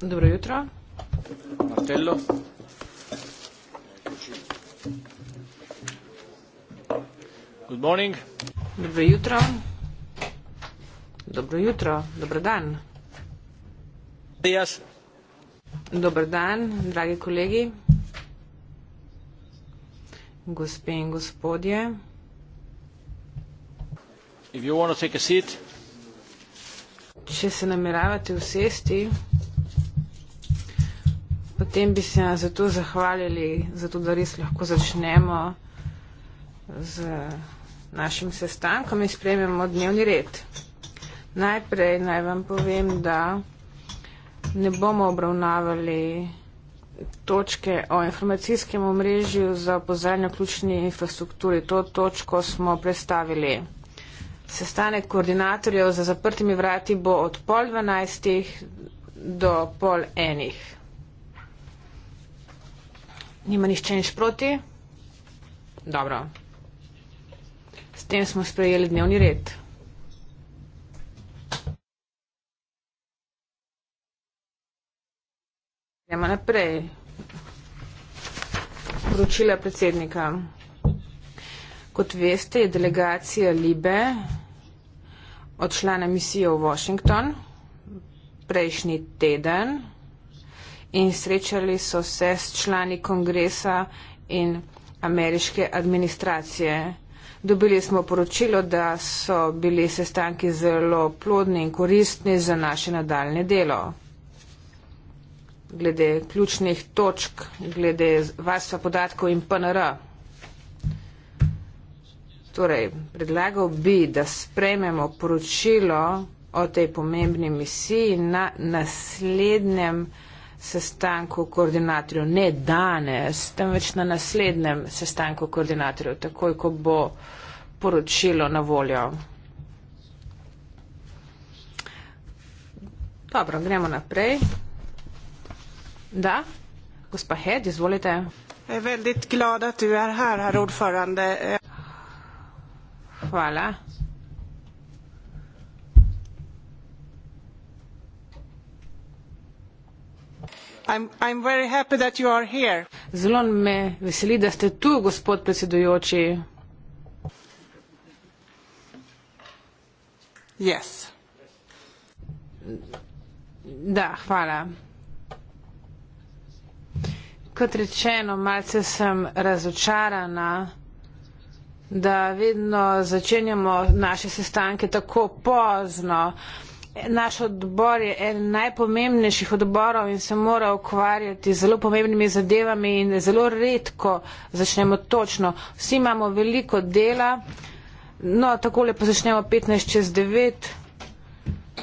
Dobro jutro. Martello. Good morning. Dobro jutro. Dobro jutro. Dobro dan. Yes. Dobro dan, dragi kolegi. Gospe in gospodje. If you want to take a seat. Če se nameravate usesti, potem bi se nam zato zahvalili, zato da res lahko začnemo z našim sestankom in spremljamo dnevni red. Najprej naj vam povem, da ne bomo obravnavali točke o informacijskem omrežju za opozarjanje ključni infrastrukturi. To točko smo predstavili. Sestanek koordinatorjev za zaprtimi vrati bo od pol dvanajstih do pol enih. Nima nišče nič proti? Dobro. S tem smo sprejeli dnevni red. Gremo naprej. Poročila predsednika. Kot veste, je delegacija Libe odšla na misijo v Washington prejšnji teden in srečali so se s člani kongresa in ameriške administracije. Dobili smo poročilo, da so bili sestanki zelo plodni in koristni za naše nadaljne delo. Glede ključnih točk, glede varstva podatkov in PNR. Torej, predlagal bi, da sprejmemo poročilo o tej pomembni misiji na naslednjem sestanku koordinatorjev. Ne danes, temveč na naslednjem sestanku koordinatorjev, takoj, ko bo poročilo na voljo. Dobro, gremo naprej. Da, gospa Hed, izvolite. Jeg er veldig glad at du er her, herr ordførende. Hvala. I'm, I'm Zelo me veseli, da ste tu, gospod predsedujoči. Yes. Da, hvala. Kot rečeno, malce sem razočarana da vedno začenjamo naše sestanke tako pozno. Naš odbor je eden najpomembnejših odborov in se mora ukvarjati z zelo pomembnimi zadevami in zelo redko začnemo točno. Vsi imamo veliko dela, no tako lepo začnemo 15 čez 9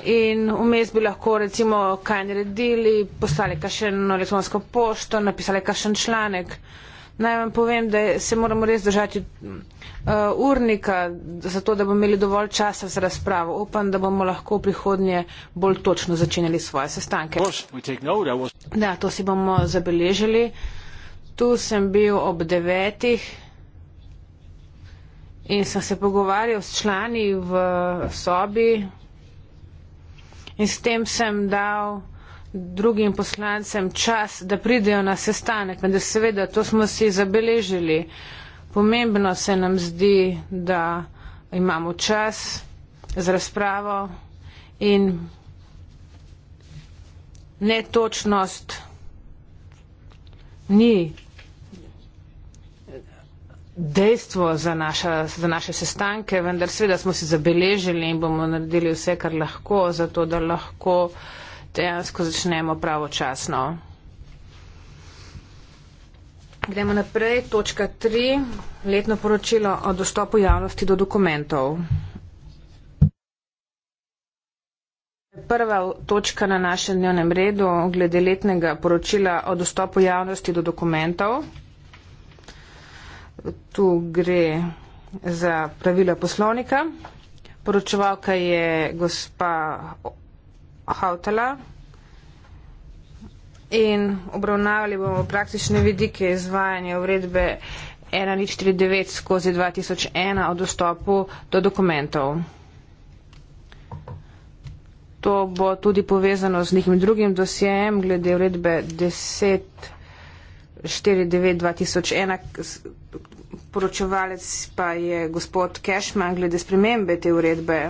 in vmes bi lahko recimo kaj naredili, poslali kakšno elektronsko pošto, napisali kakšen članek naj vam povem, da se moramo res držati uh, urnika, zato da bomo imeli dovolj časa za razpravo. Upam, da bomo lahko v prihodnje bolj točno začenjali svoje sestanke. Da, to si bomo zabeležili. Tu sem bil ob devetih in sem se pogovarjal s člani v sobi in s tem sem dal drugim poslancem čas, da pridejo na sestanek. Da seveda, to smo si zabeležili. Pomembno se nam zdi, da imamo čas z razpravo in netočnost ni dejstvo za, naša, za naše sestanke, vendar seveda smo si zabeležili in bomo naredili vse, kar lahko, zato da lahko uh, dejansko začnemo pravočasno. Gremo naprej. Točka 3. Letno poročilo o dostopu javnosti do dokumentov. Prva točka na našem dnevnem redu glede letnega poročila o dostopu javnosti do dokumentov. Tu gre za pravila poslovnika. Poročevalka je gospa hotela in obravnavali bomo praktične vidike izvajanja uredbe 149 skozi 2001 o dostopu do dokumentov. To bo tudi povezano z nekim drugim dosjejem glede uredbe 1049-2001, poročevalec pa je gospod Kešman glede spremembe te uredbe.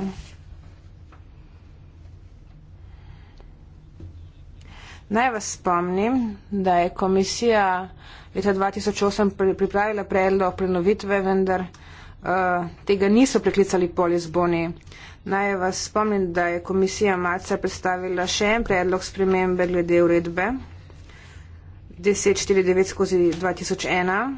Naj vas spomnim, da je komisija leta 2008 pripravila predlog prenovitve, vendar uh, tega niso preklicali po Lizboni. Naj vas spomnim, da je komisija marca predstavila še en predlog spremembe glede uredbe 1049 skozi 2001.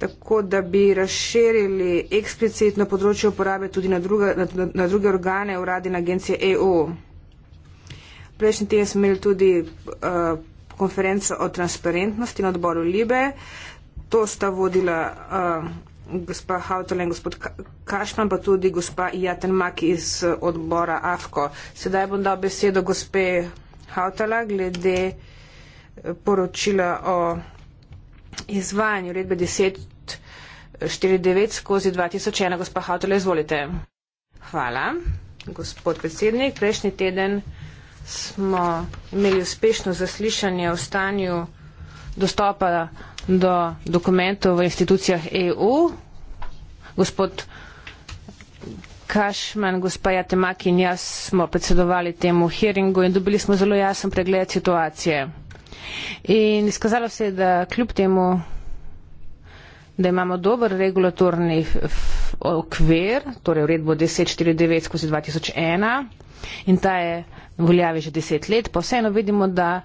Tako da bi razširili eksplicitno področje uporabe tudi na druge, na, na druge organe, uradi in agencije EU prejšnji teden smo imeli tudi uh, konferenco o transparentnosti na odboru Libe. To sta vodila uh, gospa Hautala in gospod Kašman, pa tudi gospa Jatenmak iz eh, odbora AFKO. Sedaj bom dal besedo gospe Hautala glede poročila o izvajanju redbe 1049 skozi 2001. Gospa Hautala, izvolite. Hvala, gospod predsednik. Prejšnji teden smo imeli uspešno zaslišanje o stanju dostopa do dokumentov v institucijah EU. Gospod Kašman, gospa Jatemak in jaz smo predsedovali temu hearingu in dobili smo zelo jasen pregled situacije. In izkazalo se je, da kljub temu da imamo dober regulatorni okvir, torej uredbo 1049 skozi 2001 in ta je veljavi že deset let, pa vseeno vidimo, da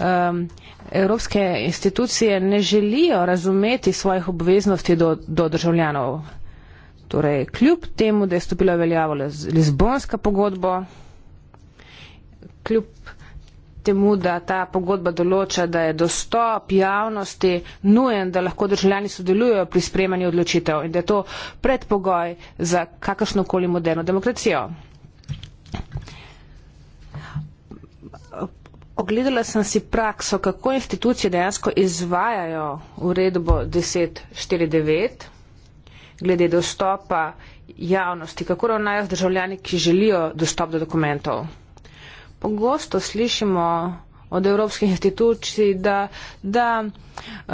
um, evropske institucije ne želijo razumeti svojih obveznosti do, do državljanov. Torej, kljub temu, da je stopila veljavo Lizbonska pogodba, kljub temu, da ta pogodba določa, da je dostop javnosti nujen, da lahko državljani sodelujo pri sprejemanju odločitev in da je to predpogoj za kakršnokoli moderno demokracijo. Ogledala sem si prakso, kako institucije dejansko izvajajo uredbo 1049 glede dostopa javnosti, kako ravnajo z državljani, ki želijo dostop do dokumentov pogosto slišimo od evropskih institucij, da, da uh,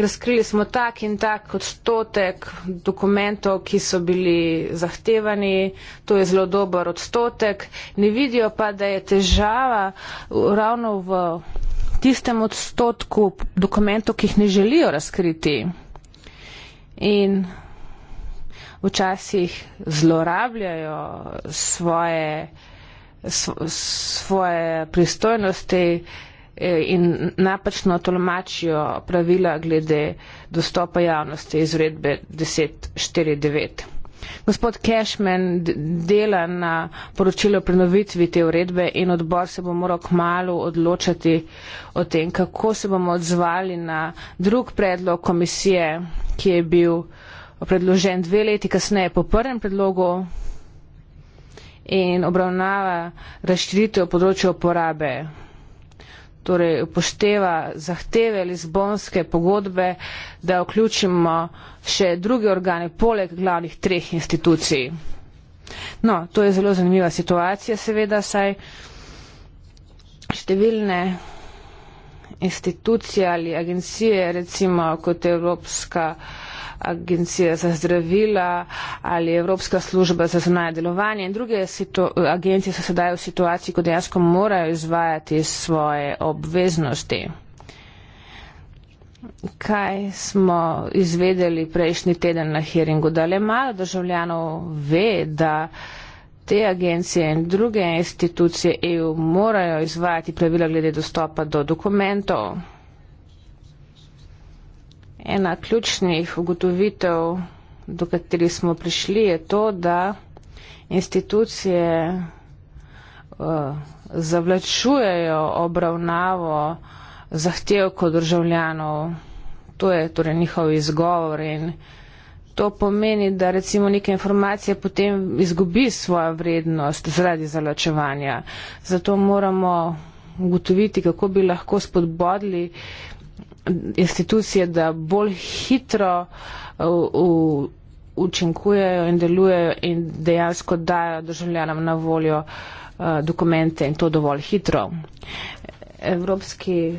razkrili smo tak in tak odstotek dokumentov, ki so bili zahtevani, to je zelo dober odstotek, ne vidijo pa, da je težava ravno v tistem odstotku dokumentov, ki jih ne želijo razkriti. In včasih zlorabljajo svoje uh, svoje pristojnosti eh, in napačno tolmačijo pravila glede dostopa javnosti iz redbe 1049. Gospod Cashman dela na poročilo prenovitvi te uredbe in odbor se bo moral kmalo odločati o tem, kako se bomo odzvali na drug predlog komisije, ki je bil predložen dve leti kasneje po prvem predlogu in obravnava razširitev področja uporabe. Torej upošteva zahteve Lizbonske pogodbe, da vključimo še druge organe poleg glavnih treh institucij. No, to je zelo zanimiva situacija, seveda, saj številne institucije ali agencije, recimo kot Evropska unija, agencija za zdravila ali Evropska služba za zunanje delovanje in druge agencije so sedaj v situaciji, ko dejansko morajo izvajati svoje obveznosti. Kaj smo izvedeli prejšnji teden na hearingu, da le malo državljanov ve, da te agencije in druge institucije EU morajo izvajati pravila glede dostopa do dokumentov? Ena ključnih ugotovitev, do katerih smo prišli, je to, da institucije uh, zavlačujejo obravnavo zahtevkov državljanov. To je torej njihov izgovor in to pomeni, da recimo neke informacije potem izgubi svojo vrednost zaradi zalačevanja. Zato moramo ugotoviti, kako bi lahko spodbodli institucije, da bolj hitro v, uh, v, učinkujejo in delujejo in dejansko dajo državljanom na voljo uh, dokumente in to dovolj hitro. Evropski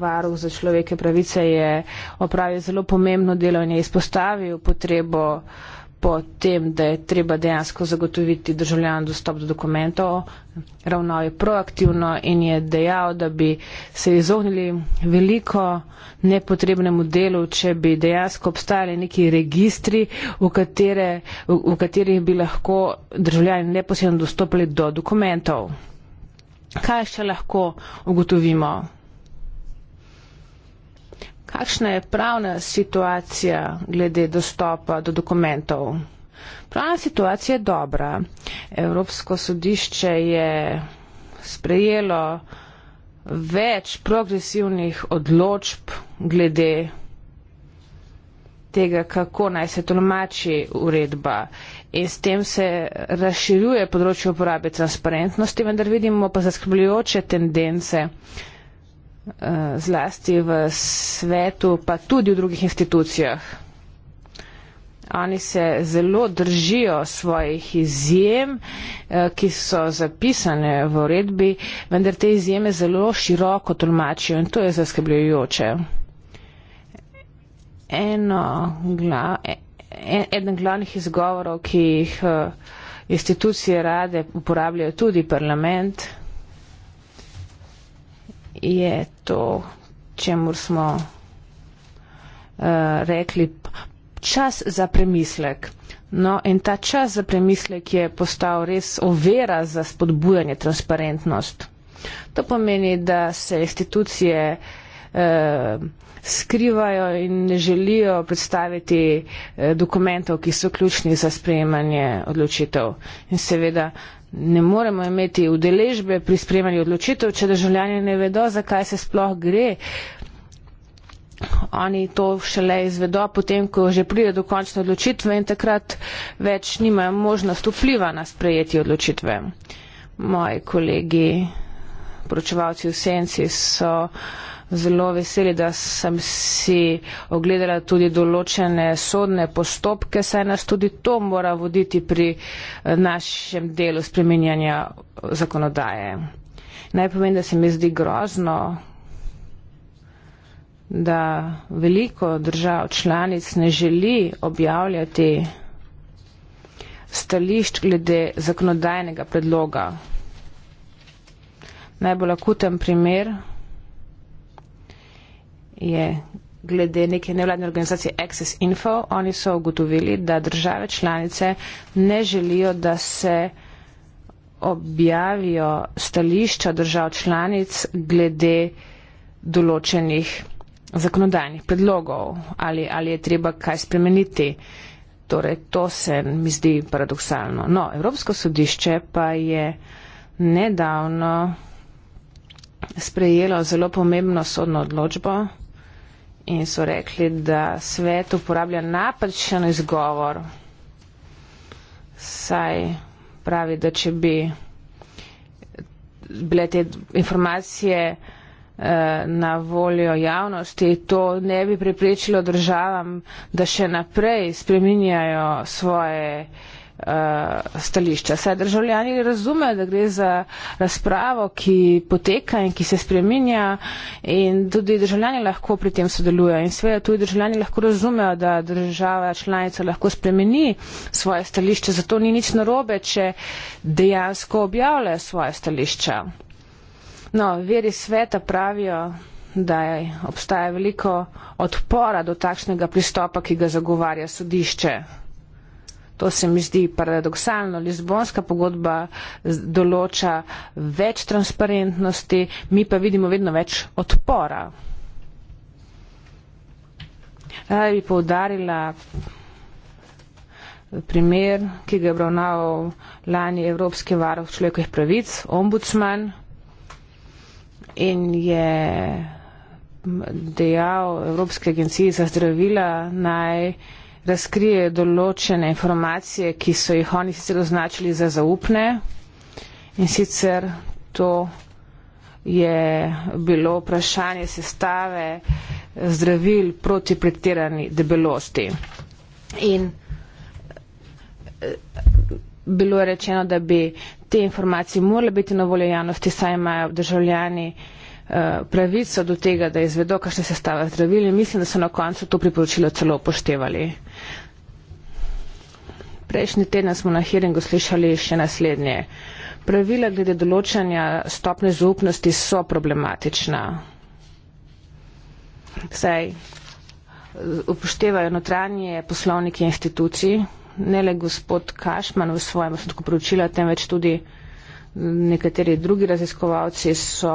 varuh za človeke pravice je opravil zelo pomembno delo in je izpostavil potrebo uh, potem, da je treba dejansko zagotoviti državljanom dostop do dokumentov, ravnal je proaktivno in je dejal, da bi se izognili veliko nepotrebnemu delu, če bi dejansko obstajali neki registri, v, katere, v, v katerih bi lahko državljani neposredno dostopali do dokumentov. Kaj še lahko ugotovimo? Kakšna je pravna situacija glede dostopa do dokumentov? Pravna situacija je dobra. Evropsko sodišče je sprejelo več progresivnih odločb glede tega, kako naj se tolmači uredba. In s tem se razširjuje področje uporabe transparentnosti, vendar vidimo pa zaskrbljujoče tendence, Eh, zlasti v svetu, pa tudi v drugih institucijah. Oni se zelo držijo svojih izjem, eh, ki so zapisane v uredbi, vendar te izjeme zelo široko tolmačijo in to je zaskrbljujoče. Eno, gla, en, e, eden glavnih izgovorov, ki jih eh, institucije rade uporabljajo, tudi parlament je to, čemu smo uh, rekli čas za premislek. No, in ta čas za premislek je postal res ovira za spodbujanje transparentnost. To pomeni, da se institucije eh, skrivajo in ne želijo predstaviti eh, dokumentov, ki so ključni za sprejemanje odločitev. In seveda ne moremo imeti udeležbe pri spremljanju odločitev, če državljani ne vedo, zakaj se sploh gre. Oni to šele izvedo potem, ko že pride do končne odločitve in takrat več nimajo možnost vpliva na sprejeti odločitve. Moji kolegi, pročevalci v senci so zelo veseli, da sem si ogledala tudi določene sodne postopke, saj nas tudi to mora voditi pri eh, našem delu spreminjanja zakonodaje. Naj povem, da se mi zdi grozno, da veliko držav članic ne želi objavljati stališč glede zakonodajnega predloga. Najbolj akuten primer je glede neke nevladne organizacije Access Info, oni so ugotovili, da države članice ne želijo, da se objavijo stališča držav članic glede določenih zakonodajnih predlogov ali, ali je treba kaj spremeniti. Torej, to se mi zdi paradoksalno. No, Evropsko sodišče pa je nedavno sprejelo zelo pomembno sodno odločbo, in so rekli, da svet uporablja napačen izgovor, saj pravi, da če bi bile te informacije eh, na voljo javnosti, to ne bi preprečilo državam, da še naprej spreminjajo svoje uh, uh, stališča. Saj državljani razumejo, da gre za razpravo, ki poteka in ki se spreminja in tudi državljani lahko pri tem sodelujo. In seveda tudi državljani lahko razumejo, da država članica lahko spremeni svoje stališče, zato ni nič narobe, če dejansko objavljajo svoje stališča. No, veri sveta pravijo da je, obstaja veliko odpora do takšnega pristopa, ki ga zagovarja sodišče. To se mi zdi paradoksalno. Lizbonska pogodba določa več transparentnosti, mi pa vidimo vedno več odpora. Rada bi poudarila primer, ki ga je obravnaval lani Evropski varuh človekovih pravic, ombudsman, in je dejal Evropske agencije za zdravila naj razkrijejo določene informacije, ki so jih oni sicer označili za zaupne in sicer to je bilo vprašanje sestave zdravil proti pretirani debelosti. In eh, bilo je rečeno, da bi te informacije morale biti na voljo javnosti, saj imajo državljani eh, Eh, pravico do tega, da izvedo, kakšne se stave zdravili. Mislim, da so na koncu to priporočilo celo upoštevali. Prejšnji teden smo na hearingu slišali še naslednje. Pravila glede določanja stopne zaupnosti so problematična. Saj eh, upoštevajo notranje poslovnike institucij, ne le gospod Kašman v svojem osnovku poročila, temveč tudi Nekateri drugi raziskovalci so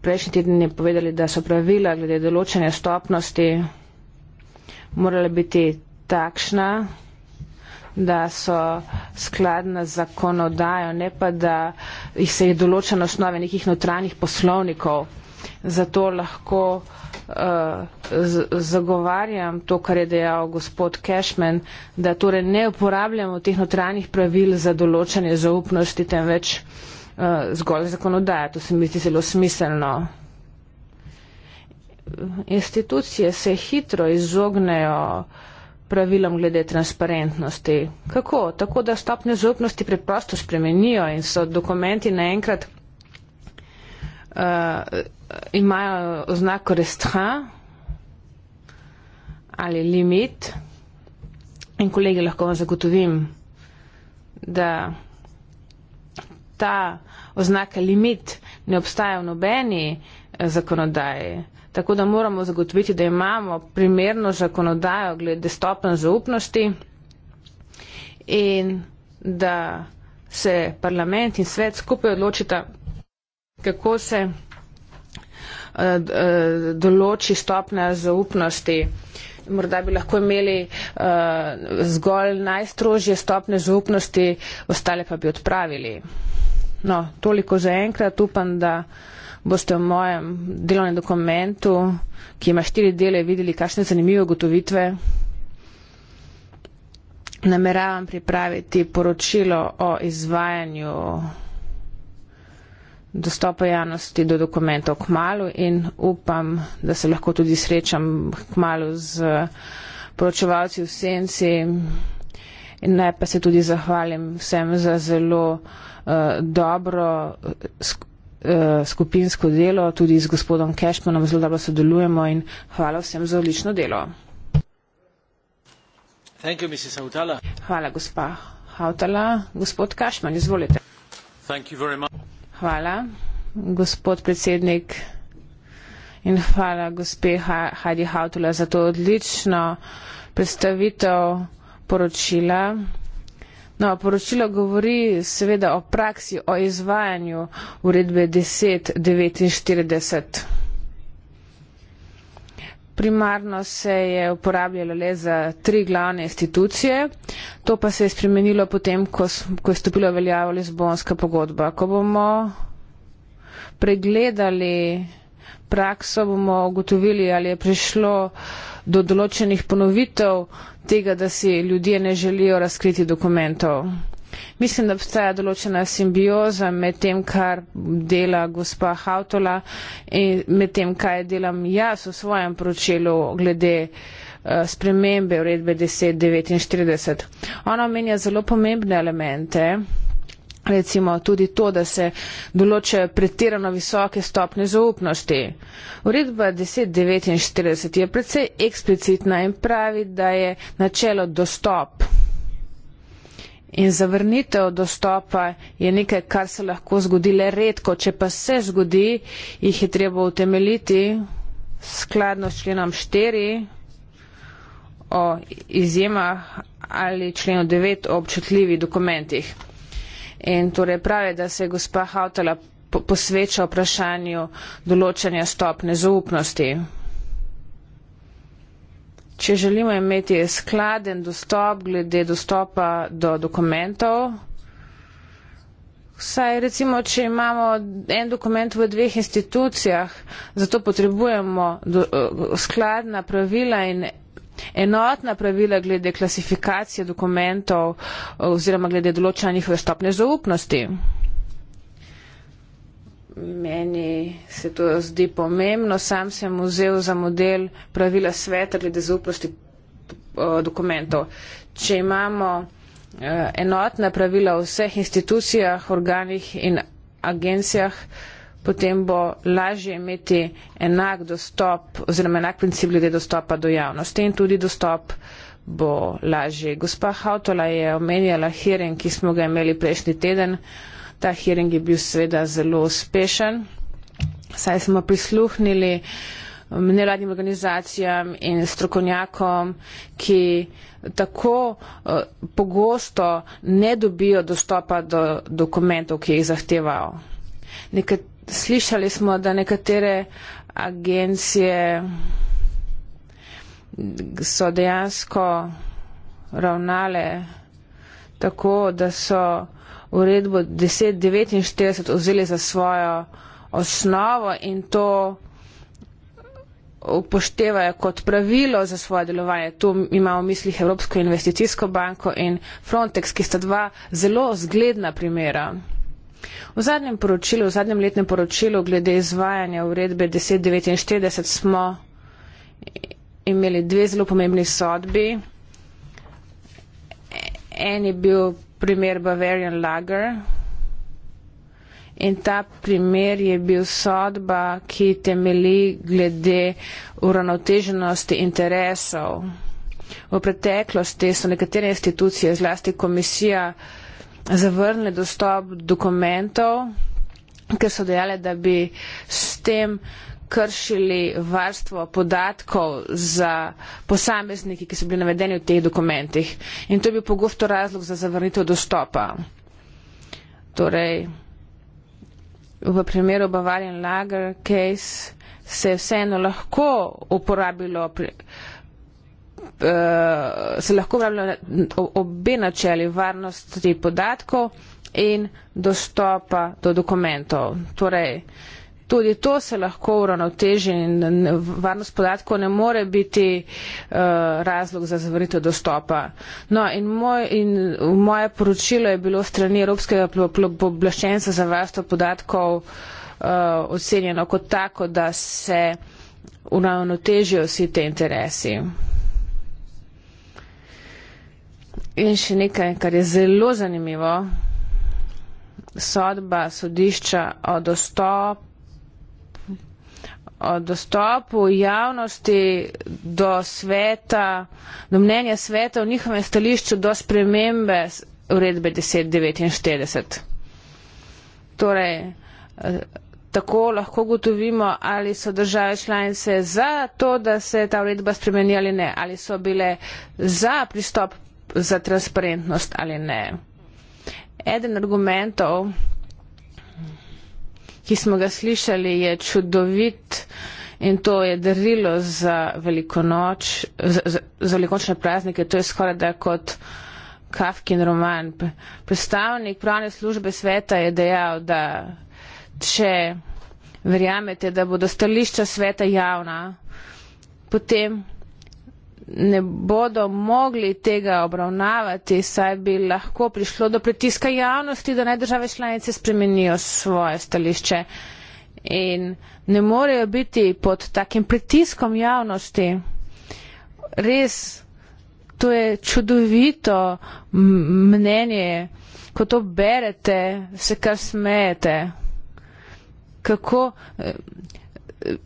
prejšnji teden povedali, da so pravila glede določene stopnosti morale biti takšna, da so skladna z zakonodajo, ne pa da jih se je določeno osnove nekih notranjih poslovnikov. Zato lahko uh, zagovarjam to, kar je dejal gospod Cashman, da torej ne uporabljamo teh notranjih pravil za določanje zaupnosti, temveč eh, zgolj zakonodaje. To se mi zdi zelo smiselno. Institucije se hitro izognejo pravilom glede transparentnosti. Kako? Tako, da stopne zaupnosti preprosto spremenijo in so dokumenti naenkrat uh, imajo oznako restrain ali limit in kolege lahko vam zagotovim, da ta oznaka limit ne obstaja v nobeni eh, zakonodaji. Tako da moramo zagotoviti, da imamo primerno zakonodajo glede stopen zaupnosti in da se parlament in svet skupaj odločita, kako se eh, eh, določi stopnja zaupnosti. Morda bi lahko imeli uh, zgolj najstrožje stopne zaupnosti, ostale pa bi odpravili. No, toliko za enkrat. Upam, da boste v mojem delovnem dokumentu, ki ima štiri dele, videli, kakšne zanimive ugotovitve. Nameravam pripraviti poročilo o izvajanju dostopa javnosti do dokumentov k malu in upam, da se lahko tudi srečam k malu z poročevalci v senci in naj pa se tudi zahvalim vsem za zelo uh, dobro eh, sk uh, skupinsko delo, tudi z gospodom Kešmanom zelo dobro sodelujemo in hvala vsem za odlično delo. Thank you, Mrs. Hvala, gospa Hautala. Gospod Kašman, izvolite. Thank you very much. Hvala, gospod predsednik in hvala gospe Hadi Hautula za to odlično predstavitev poročila. No, poročilo govori seveda o praksi, o izvajanju uredbe 1049. 10, Primarno se je uporabljalo le za tri glavne institucije, to pa se je spremenilo potem, ko, ko je stopila veljavo Lizbonska pogodba. Ko bomo pregledali prakso, bomo ugotovili, ali je prišlo do določenih ponovitev tega, da si ljudje ne želijo razkriti dokumentov. Mislim, da obstaja določena simbioza med tem, kar dela gospa Hautola in med tem, kaj delam jaz v svojem pročelu glede eh, spremembe uredbe 1049. Ona omenja zelo pomembne elemente, recimo tudi to, da se določe pretirano visoke stopne zaupnosti. Uredba 1049 je precej eksplicitna in pravi, da je načelo dostop In zavrnitev dostopa je nekaj, kar se lahko zgodi le redko. Če pa se zgodi, jih je treba utemeliti skladno s členom 4 o izjemah ali členu 9 o občutljivih dokumentih. In torej pravi, da se je gospa Hautala posveča vprašanju določanja stopne zaupnosti. Če želimo imeti skladen dostop glede dostopa do dokumentov, saj recimo, če imamo en dokument v dveh institucijah, zato potrebujemo do, eh, skladna pravila in enotna pravila glede klasifikacije dokumentov eh, oziroma glede določanih stopne zaupnosti. Meni se to zdi pomembno. Sam sem vzel za model pravila sveta glede zaupnosti eh, dokumentov. Če imamo eh, enotna pravila v vseh institucijah, organih in agencijah, potem bo lažje imeti enak dostop oziroma enak princip glede dostopa do javnosti in tudi dostop bo lažje. Gospa Hautola je omenjala hearing, ki smo ga imeli prejšnji teden. Uh, Ta hearing je bil seveda zelo uspešen, saj smo prisluhnili nevladnim organizacijam in strokovnjakom, ki tako uh, pogosto ne dobijo dostopa do dokumentov, ki jih zahtevajo. Nekat, slišali smo, da nekatere agencije mm, so dejansko ravnale tako, da so uredbo 1049 vzeli za svojo osnovo in to upoštevajo kot pravilo za svoje delovanje. Tu imamo v mislih Evropsko investicijsko banko in Frontex, ki sta dva zelo zgledna primera. V zadnjem poročilu, v zadnjem letnem poročilu glede izvajanja uredbe 1049 smo imeli dve zelo pomembni sodbi. En je bil primer Bavarian Lager. In ta primer je bil sodba, ki temeli glede uravnoteženosti interesov. V preteklosti so nekatere institucije, zlasti komisija, zavrnili dostop dokumentov, ker so dejali, da bi s tem uh, kršili varstvo podatkov za posamezniki, ki so bili navedeni v teh dokumentih. In to je bil pogosto razlog za zavrnitev dostopa. Torej, v primeru Bavarian Lager case se je vseeno lahko uporabilo. Pri, eh, se lahko uporabljajo obe načeli varnosti podatkov in dostopa do dokumentov. Torej, tudi to se lahko uravnoteži in varnost podatkov ne more biti uh, razlog za zavritev dostopa. No, in moj, in moje poročilo je bilo strani Evropskega oblaščenca za varstvo podatkov uh, ocenjeno kot tako, da se uravnotežijo vsi te interesi. In še nekaj, kar je zelo zanimivo. Sodba sodišča o dostopu dostopu javnosti do sveta, do mnenja sveta v njihovem stališču do spremembe uredbe 1049. Torej, eh, tako lahko gotovimo, ali so države članice za to, da se ta uredba spremeni ali ne, ali so bile za pristop za transparentnost ali ne. Eden argumentov, ki smo ga slišali, je čudovit in to je darilo za veliko noč, za, za, za velikočne praznike. To je skoraj da kot kafkin roman. Predstavnik pravne službe sveta je dejal, da če verjamete, da bodo stališča sveta javna, potem ne bodo mogli tega obravnavati, saj bi lahko prišlo do pritiska javnosti, da naj države članice spremenijo svoje stališče. In ne morejo biti pod takim pritiskom javnosti. Res, to je čudovito mnenje, ko to berete, se kar smete. Kako, eh,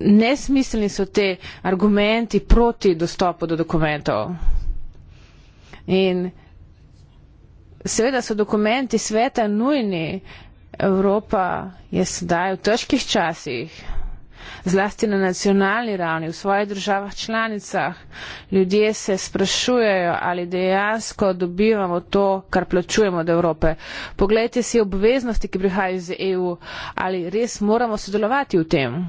nesmiselni so te argumenti proti dostopu do dokumentov. In seveda so dokumenti sveta nujni. Evropa je sedaj v težkih časih, zlasti na nacionalni ravni, v svojih državah članicah. Ljudje se sprašujejo, ali dejansko dobivamo to, kar plačujemo od Evrope. Poglejte si obveznosti, ki prihajajo iz EU, ali res moramo sodelovati v tem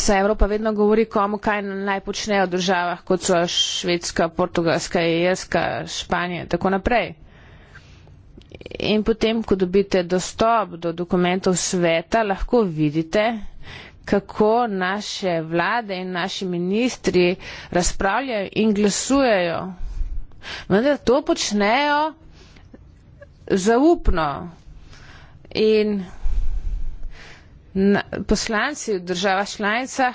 se Evropa vedno govori, komu kaj naj počnejo v državah, kot so Švedska, Portugalska, Jerska, Španija in tako naprej. In potem, ko dobite dostop do dokumentov sveta, lahko vidite, kako naše vlade in naši ministri razpravljajo in glasujejo. Vendar to počnejo zaupno. In poslanci v državah članicah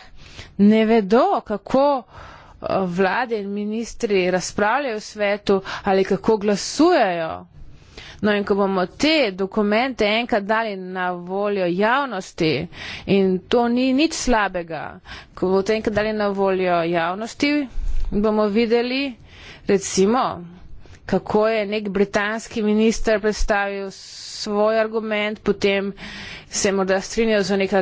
ne vedo, kako eh, vlade in ministri razpravljajo v svetu ali kako glasujejo. No in ko bomo te dokumente enkrat dali na voljo javnosti in to ni nič slabega, ko bomo to enkrat dali na voljo javnosti, bomo videli recimo kako je nek britanski minister predstavil svoj argument, potem se je morda strinjal za nek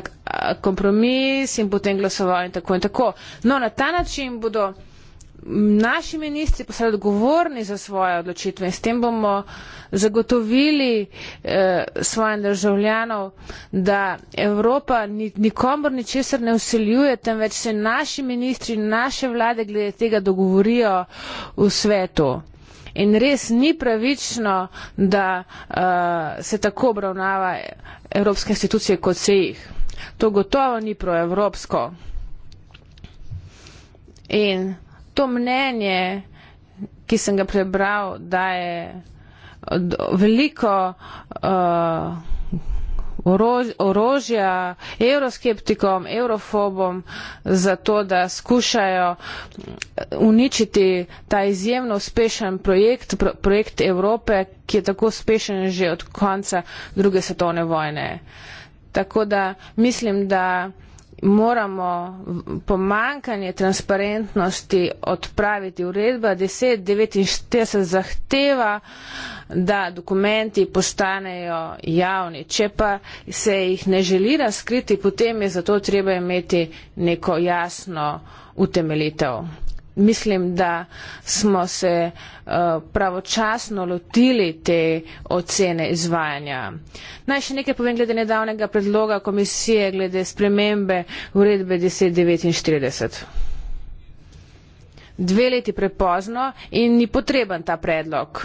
kompromis in potem glasoval in tako in tako. No, na ta način bodo naši ministri postali odgovorni za svoje odločitve in s tem bomo zagotovili eh, svojim državljanom, da Evropa ni, nikomor ničesar ne useljuje, temveč se naši ministri, naše vlade glede tega dogovorijo v svetu in res ni pravično, da uh, se tako obravnava evropske institucije kot se jih. To gotovo ni proevropsko. In to mnenje, ki sem ga prebral, da je veliko. Uh, oroz, orožja euroskeptikom, eurofobom, zato da skušajo mm, uničiti ta izjemno uspešen projekt, pro, projekt Evrope, ki je tako uspešen že od konca druge svetovne vojne. Tako da mislim, da moramo pomankanje transparentnosti odpraviti. Uredba 1049 zahteva, da dokumenti postanejo javni. Če pa se jih ne želi razkriti, potem je zato treba imeti neko jasno utemelitev mislim, da smo se uh, pravočasno lotili te ocene izvajanja. Naj še nekaj povem glede nedavnega predloga komisije glede spremembe uredbe 1049. Dve leti prepozno in ni potreben ta predlog.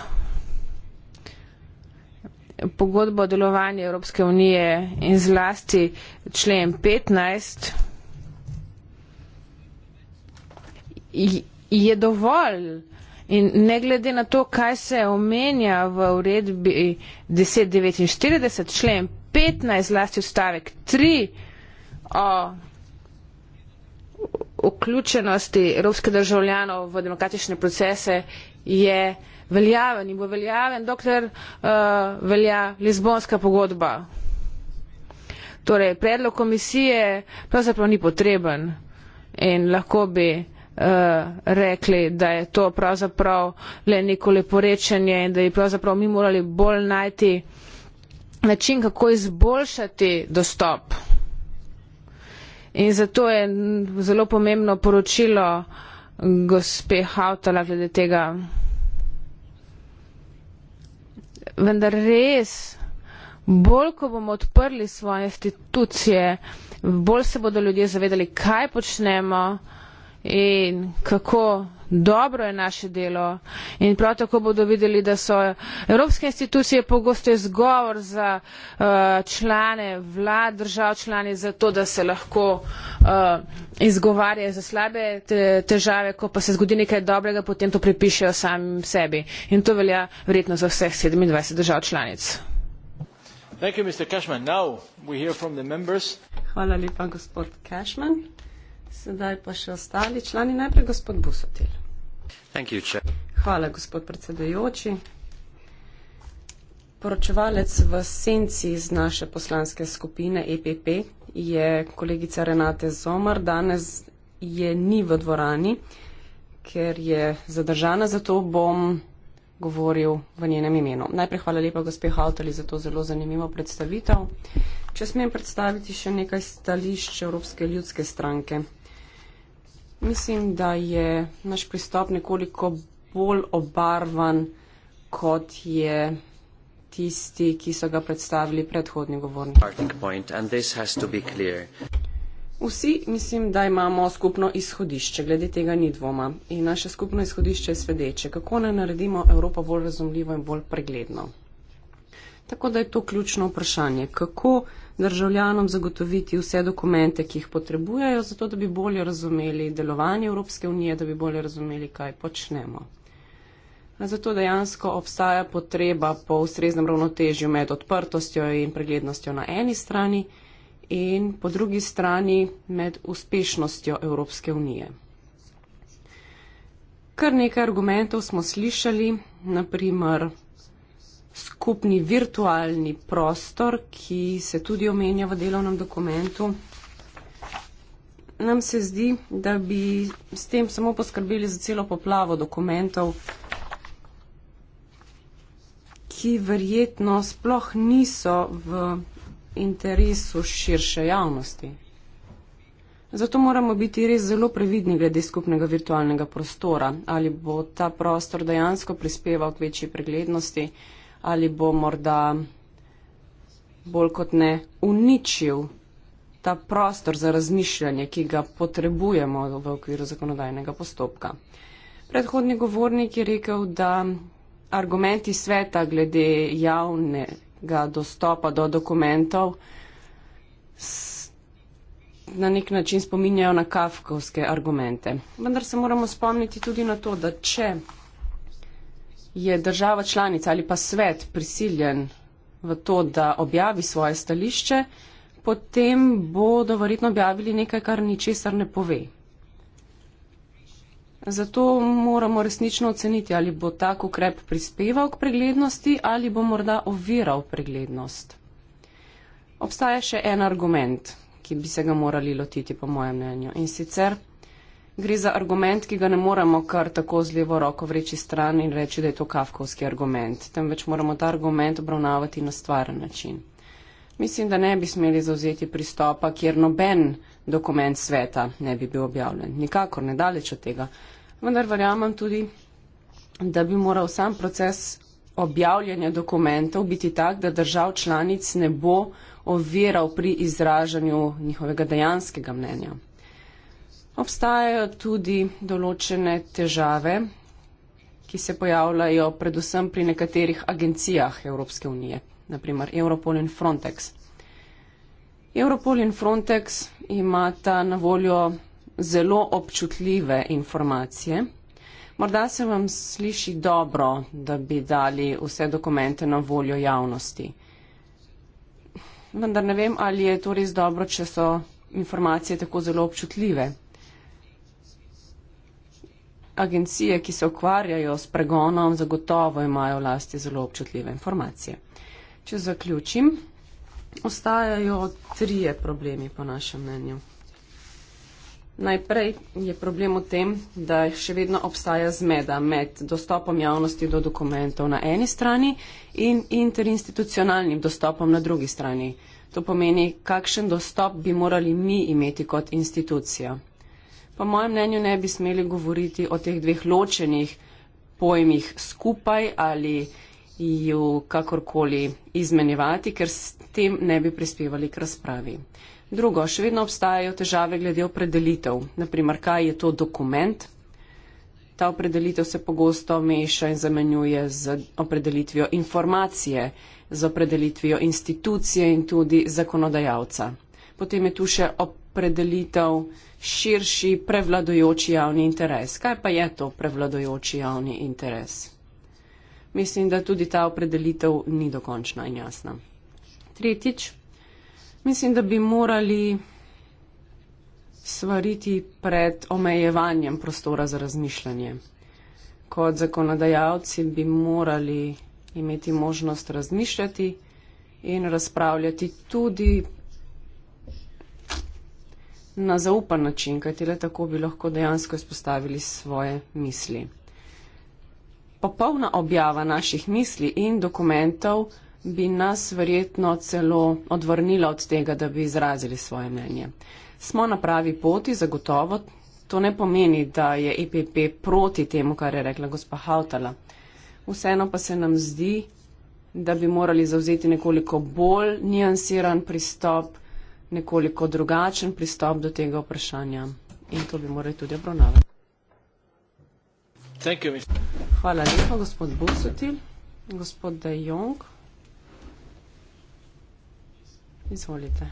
Pogodbo o delovanju Evropske unije in zlasti člen 15 je dovolj. In ne glede na to, kaj se omenja v uredbi 1049 člen 15, zlasti odstavek 3 o vključenosti evropskih državljanov v demokratične procese, je veljaven in bo veljaven, dokler uh, velja Lizbonska pogodba. Torej, predlog komisije pravzaprav ni potreben in lahko bi Eh, rekli, da je to pravzaprav le neko leporečenje in da bi pravzaprav mi morali bolj najti način, kako izboljšati dostop. In zato je zelo pomembno poročilo gospe Hautala glede tega. Vendar res, bolj ko bomo odprli svoje institucije, bolj se bodo ljudje zavedali, kaj počnemo, in kako dobro je naše delo. In prav tako bodo videli, da so evropske institucije pogosto izgovor za uh, člane vlad, držav člani, zato da se lahko uh, izgovarja za slabe te, težave, ko pa se zgodi nekaj dobrega, potem to pripišejo samim sebi. In to velja verjetno za vseh 27 držav članic. Hvala lepa, gospod Cashman. Sedaj pa še ostali člani, najprej gospod Busotel. Hvala, gospod predsedajoči. Poročevalec v senci iz naše poslanske skupine EPP je kolegica Renate Zomar. Danes je ni v dvorani, ker je zadržana, zato bom govoril v njenem imenu. Najprej hvala lepa, gospe Hauteli, za to zelo zanimivo predstavitev. Če smem predstaviti še nekaj stališč Evropske ljudske stranke. Mislim, da je naš pristop nekoliko bolj obarvan, kot je tisti, ki so ga predstavili predhodni govorniki. Vsi mislim, da imamo skupno izhodišče, glede tega ni dvoma. In naše skupno izhodišče je sledeče, kako naj naredimo Evropo bolj razumljivo in bolj pregledno. Tako da je to ključno vprašanje, kako državljanom zagotoviti vse dokumente, ki jih potrebujejo, zato da bi bolje razumeli delovanje Evropske unije, da bi bolje razumeli, kaj počnemo. Zato dejansko obstaja potreba po ustreznem ravnotežju med odprtostjo in preglednostjo na eni strani in po drugi strani med uspešnostjo Evropske unije. Kar nekaj argumentov smo slišali, naprimer skupni virtualni prostor, ki se tudi omenja v delovnem dokumentu, nam se zdi, da bi s tem samo poskrbeli za celo poplavo dokumentov, ki verjetno sploh niso v interesu širše javnosti. Zato moramo biti res zelo previdni glede skupnega virtualnega prostora, ali bo ta prostor dejansko prispeval k večji preglednosti ali bo morda bolj kot ne uničil ta prostor za razmišljanje, ki ga potrebujemo v okviru zakonodajnega postopka. Predhodni govornik je rekel, da argumenti sveta glede javnega dostopa do dokumentov na nek način spominjajo na kafkovske argumente. Vendar se moramo spomniti tudi na to, da če je država članica ali pa svet prisiljen v to, da objavi svoje stališče, potem bodo verjetno objavili nekaj, kar ničesar ne pove. Zato moramo resnično oceniti, ali bo tak ukrep prispeval k preglednosti ali bo morda oviral preglednost. Obstaja še en argument, ki bi se ga morali lotiti, po mojem mnenju, in sicer gre za argument, ki ga ne moremo kar tako z levo roko vreči stran in reči, da je to kafkovski argument, temveč moramo ta argument obravnavati na stvaren način. Mislim, da ne bi smeli zauzeti pristopa, kjer noben dokument sveta ne bi bil objavljen. Nikakor ne daleč od tega. Vendar verjamem tudi, da bi moral sam proces objavljanja dokumentov biti tak, da držav članic ne bo oviral pri izražanju njihovega dejanskega mnenja. Obstajajo tudi določene težave, ki se pojavljajo predvsem pri nekaterih agencijah Evropske unije, naprimer Europol in Frontex. Europol in Frontex imata na voljo zelo občutljive informacije. Morda se vam sliši dobro, da bi dali vse dokumente na voljo javnosti. Vendar ne vem, ali je to res dobro, če so informacije tako zelo občutljive agencije, ki se ukvarjajo s pregonom, zagotovo imajo vlasti zelo občutljive informacije. Če zaključim, ostajajo trije problemi po našem mnenju. Najprej je problem v tem, da še vedno obstaja zmeda med dostopom javnosti do dokumentov na eni strani in interinstitucionalnim dostopom na drugi strani. To pomeni, kakšen dostop bi morali mi imeti kot institucija po mojem mnenju ne bi smeli govoriti o teh dveh ločenih pojmih skupaj ali ju kakorkoli izmenjevati, ker s tem ne bi prispevali k razpravi. Drugo, še vedno obstajajo težave glede opredelitev, naprimer, kaj je to dokument. Ta opredelitev se pogosto meša in zamenjuje z opredelitvijo informacije, z opredelitvijo institucije in tudi zakonodajalca. Potem je tu še opredelitev predelitev širši prevladojoči javni interes. Kaj pa je to prevladojoči javni interes? Mislim, da tudi ta opredelitev ni dokončna in jasna. Tretjič, mislim, da bi morali svariti pred omejevanjem prostora za razmišljanje. Kot zakonodajalci bi morali imeti možnost razmišljati in razpravljati tudi na zaupan način, kajti le tako bi lahko dejansko izpostavili svoje misli. Popolna objava naših misli in dokumentov bi nas verjetno celo odvrnila od tega, da bi izrazili svoje mnenje. Smo na pravi poti, zagotovo. To ne pomeni, da je EPP proti temu, kar je rekla gospa Hautala. Vseeno pa se nam zdi, da bi morali zauzeti nekoliko bolj nijansiran pristop nekoliko drugačen pristop do tega vprašanja in to bi morali tudi obravnavati. Hvala lepa, gospod Bursutil. Gospod De Jong, izvolite.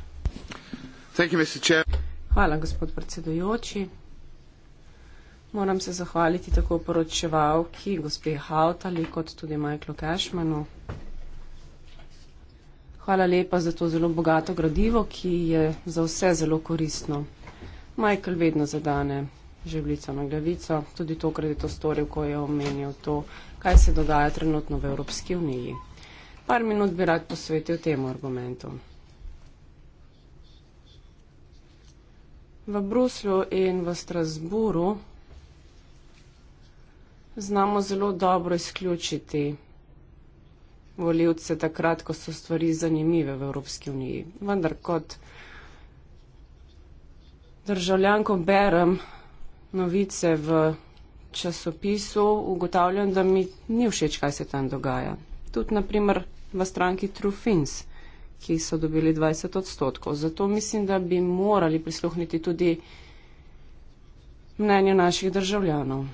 Hvala, gospod predsedujoči. Moram se zahvaliti tako poročevalki, gospe Hautali, kot tudi Michaelu Cashmanu, Hvala lepa za to zelo bogato gradivo, ki je za vse zelo koristno. Michael vedno zadane žebljico na glavico, tudi to, kar je to storil, ko je omenil to, kaj se dogaja trenutno v Evropski uniji. Par minut bi rad posvetil temu argumentu. V Bruslju in v Strasburu znamo zelo dobro izključiti voljivce takrat, ko so stvari zanimive v Evropski uniji. Vendar kot državljan, ko berem novice v časopisu, ugotavljam, da mi ni všeč, kaj se tam dogaja. Tudi naprimer v stranki Trufins, ki so dobili 20 odstotkov. Zato mislim, da bi morali prisluhniti tudi mnenju naših državljanov.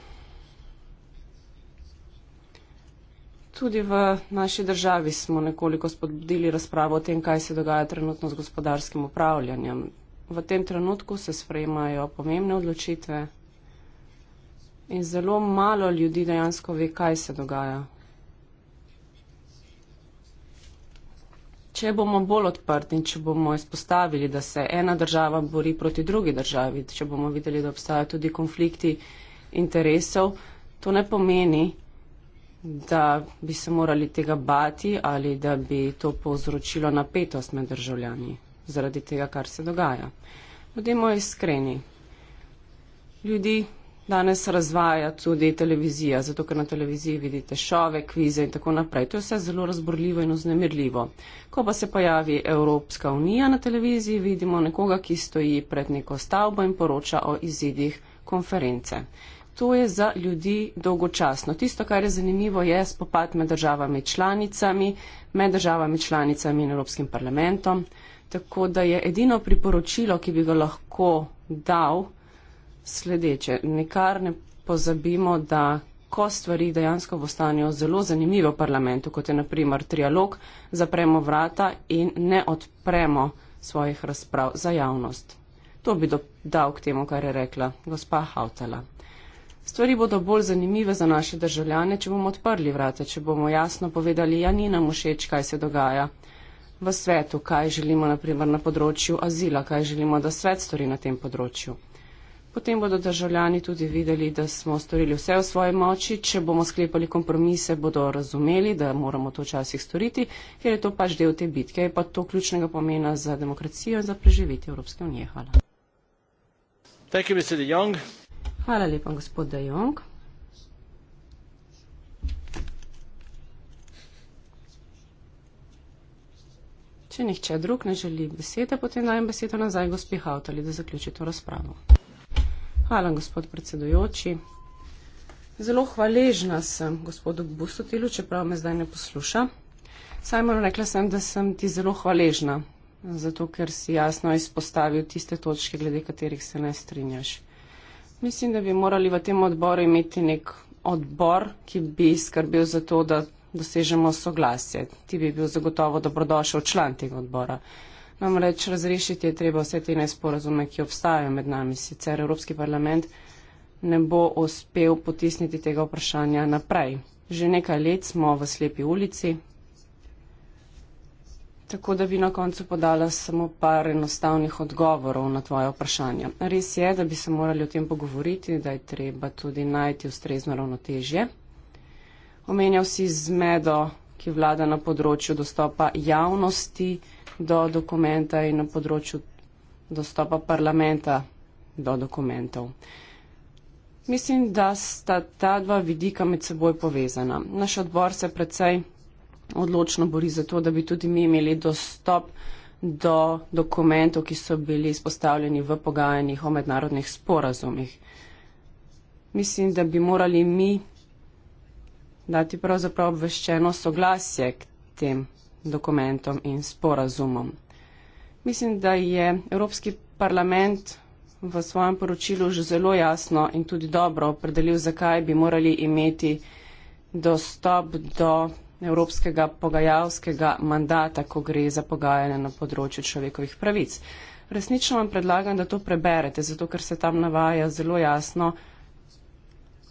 Tudi v naši državi smo nekoliko spodbudili razpravo o tem, kaj se dogaja trenutno z gospodarskim upravljanjem. V tem trenutku se sprejemajo pomembne odločitve in zelo malo ljudi dejansko ve, kaj se dogaja. Če bomo bolj odprti in če bomo izpostavili, da se ena država bori proti drugi državi, če bomo videli, da obstajajo tudi konflikti interesov, to ne pomeni, da bi se morali tega bati ali da bi to povzročilo napetost med državljani zaradi tega, kar se dogaja. Bodimo iskreni. Ljudi danes razvaja tudi televizija, zato ker na televiziji vidite šove, kvize in tako naprej. To je vse zelo razborljivo in uznemirljivo. Ko pa se pojavi Evropska unija na televiziji, vidimo nekoga, ki stoji pred neko stavbo in poroča o izidih konference to je za ljudi dolgočasno. Tisto, kar je zanimivo, je spopad med državami članicami, med državami članicami in Evropskim parlamentom. Tako da je edino priporočilo, ki bi ga lahko dal, sledeče. Nikar ne pozabimo, da ko stvari dejansko postanejo zelo zanimive v parlamentu, kot je naprimer trialog, zapremo vrata in ne odpremo svojih razprav za javnost. To bi dal k temu, kar je rekla gospa Hautala. Stvari bodo bolj zanimive za naše državljane, če bomo odprli vrate, če bomo jasno povedali, ja ni nam všeč, kaj se dogaja v svetu, kaj želimo naprimer na področju azila, kaj želimo, da svet stori na tem področju. Potem bodo državljani tudi videli, da smo storili vse v svoji moči, če bomo sklepali kompromise, bodo razumeli, da moramo to včasih storiti, ker je to pač del te bitke, je pa to ključnega pomena za demokracijo in za preživetje Evropske unije. Hvala. Thank you, Mr. De Jong. Hvala lepa, gospod De Jong. Če nihče drug ne želi besede, potem dajem besedo nazaj gospi Hautali, da zaključi to razpravo. Hvala, gospod predsedujoči. Zelo hvaležna sem gospodu Bustotilu, čeprav me zdaj ne posluša. Samo rekla sem, da sem ti zelo hvaležna, zato ker si jasno izpostavil tiste točke, glede katerih se ne strinjaš. Mislim, da bi morali v tem odboru imeti nek odbor, ki bi skrbel za to, da dosežemo soglasje. Ti bi bil zagotovo dobrodošel član tega odbora. Namreč razrešiti je treba vse te nesporazume, ki obstajajo med nami. Sicer Evropski parlament ne bo uspel potisniti tega vprašanja naprej. Že nekaj let smo v slepi ulici, Tako da bi na koncu podala samo par enostavnih odgovorov na tvoje vprašanje. Res je, da bi se morali o tem pogovoriti, da je treba tudi najti ustrezno ravnotežje. Omenjal si zmedo, ki vlada na področju dostopa javnosti do dokumenta in na področju dostopa parlamenta do dokumentov. Mislim, da sta ta dva vidika med seboj povezana. Naš odbor se predvsej odločno bori za to, da bi tudi mi imeli dostop do dokumentov, ki so bili izpostavljeni v pogajanjih o mednarodnih sporazumih. Mislim, da bi morali mi dati pravzaprav obveščeno soglasje k tem dokumentom in sporazumom. Mislim, da je Evropski parlament v svojem poročilu že zelo jasno in tudi dobro opredelil, zakaj bi morali imeti dostop do evropskega pogajalskega mandata, ko gre za pogajanje na področju človekovih pravic. Resnično vam predlagam, da to preberete, zato ker se tam navaja zelo jasno,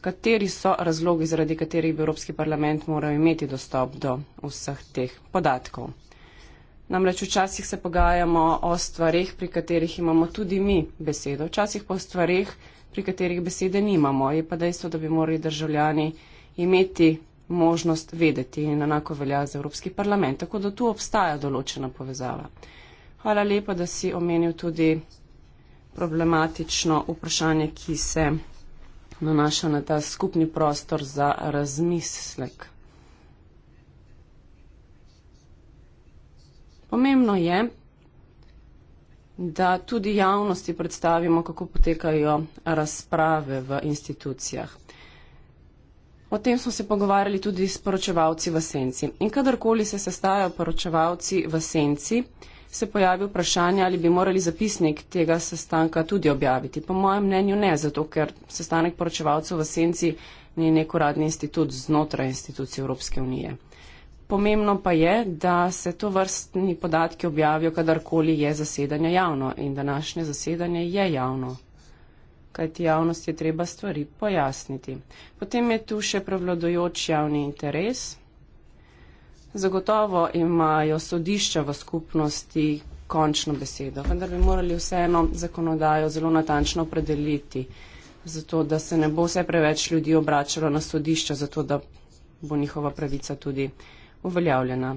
kateri so razlogi, zaradi katerih bi Evropski parlament moral imeti dostop do vseh teh podatkov. Namreč včasih se pogajamo o stvarih, pri katerih imamo tudi mi besedo, včasih pa o stvarih, pri katerih besede nimamo. Je pa dejstvo, da bi morali državljani imeti možnost vedeti in enako velja za Evropski parlament, tako da tu obstaja določena povezava. Hvala lepa, da si omenil tudi problematično vprašanje, ki se nanaša na ta skupni prostor za razmislek. Pomembno je, da tudi javnosti predstavimo, kako potekajo razprave v institucijah. O tem smo se pogovarjali tudi s poročevalci v senci. In kadarkoli se sestajajo poročevalci v senci, se pojavi vprašanje, ali bi morali zapisnik tega sestanka tudi objaviti. Po mojem mnenju ne, zato ker sestanek poročevalcev v senci ni nek uradni institut znotraj institucij Evropske unije. Pomembno pa je, da se to vrstni podatki objavijo, kadarkoli je zasedanje javno in današnje zasedanje je javno kajti javnosti je treba stvari pojasniti. Potem je tu še prevladojoč javni interes. Zagotovo imajo sodišča v skupnosti končno besedo, vendar bi morali vseeno zakonodajo zelo natančno predeliti, zato da se ne bo vse preveč ljudi obračalo na sodišča, zato da bo njihova pravica tudi uveljavljena.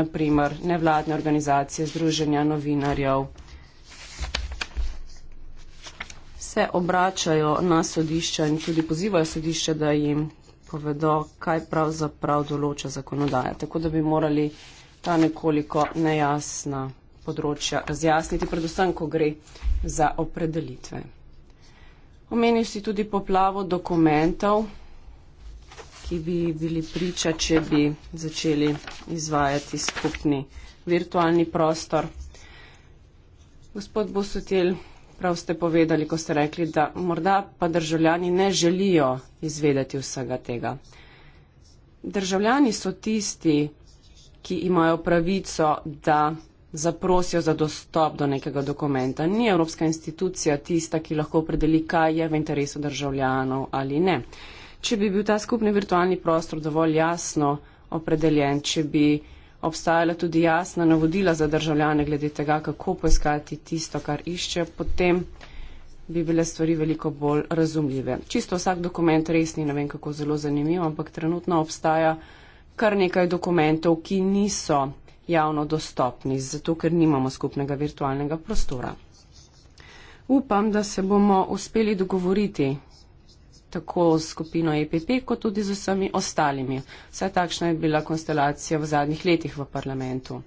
Naprimer, nevladne organizacije, združenja novinarjev. se obračajo na sodišča in tudi pozivajo sodišče, da jim povedo, kaj pravzaprav določa zakonodaja. Tako da bi morali ta nekoliko nejasna področja razjasniti, predvsem, ko gre za opredelitve. Omenil si tudi poplavo dokumentov, ki bi bili priča, če bi začeli izvajati skupni virtualni prostor. Gospod Bosotel, prav ste povedali, ko ste rekli, da morda pa državljani ne želijo izvedeti vsega tega. Državljani so tisti, ki imajo pravico, da zaprosijo za dostop do nekega dokumenta. Ni Evropska institucija tista, ki lahko predeli, kaj je v interesu državljanov ali ne. Če bi bil ta skupni virtualni prostor dovolj jasno opredeljen, če bi obstajala tudi jasna navodila za državljane glede tega, kako poiskati tisto, kar išče, potem bi bile stvari veliko bolj razumljive. Čisto vsak dokument res ni, ne vem kako zelo zanimiv, ampak trenutno obstaja kar nekaj dokumentov, ki niso javno dostopni, zato ker nimamo skupnega virtualnega prostora. Upam, da se bomo uspeli dogovoriti tako s skupino EPP, kot tudi z vsemi ostalimi. Vse takšna je bila konstelacija v zadnjih letih v parlamentu.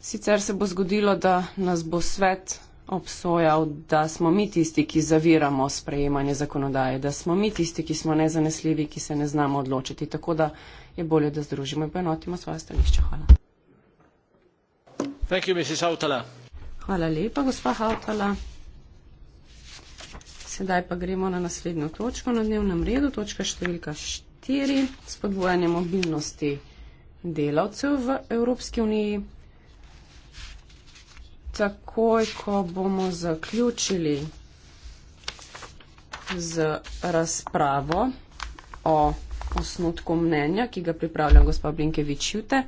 Sicer se bo zgodilo, da nas bo svet obsojal, da smo mi tisti, ki zaviramo sprejemanje zakonodaje, da smo mi tisti, ki smo nezanesljivi, ki se ne znamo odločiti. Tako da je bolje, da združimo in poenotimo svoje stališče. Hvala. Thank you, Mrs. Hvala lepa, gospa Hautala. Sedaj pa gremo na naslednjo točko na dnevnem redu, točka številka 4, spodbujanje mobilnosti delavcev v Evropski uniji. Takoj, ko bomo zaključili z razpravo o osnutku mnenja, ki ga pripravlja gospa Blinkevič Jute,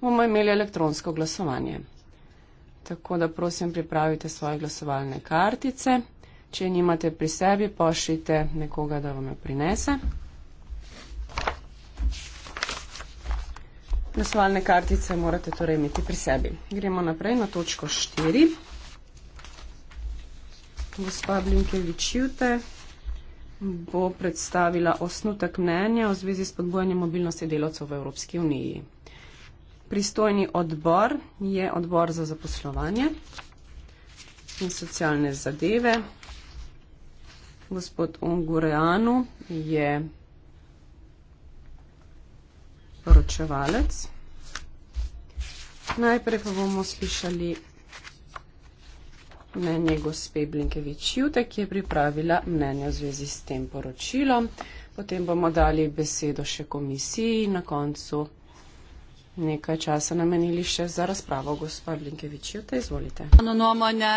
bomo imeli elektronsko glasovanje. Tako da prosim, pripravite svoje glasovalne kartice. Če nimate pri sebi, pošljite nekoga, da vam jo prinese. Glasovalne kartice morate torej imeti pri sebi. Gremo naprej na točko 4. Gospa Blinkevič Jute bo predstavila osnutek mnenja v zvezi s podbojanjem mobilnosti delavcev v Evropski uniji. Pristojni odbor je odbor za zaposlovanje in socialne zadeve, gospod Ongureanu je poročevalec. Najprej pa bomo slišali mnenje gospe Blinkevič Jute, ki je pripravila mnenje v zvezi s tem poročilom. Potem bomo dali besedo še komisiji in na koncu nekaj časa namenili še za razpravo. Gospa Blinkevič Jute, izvolite. Anonoma ne,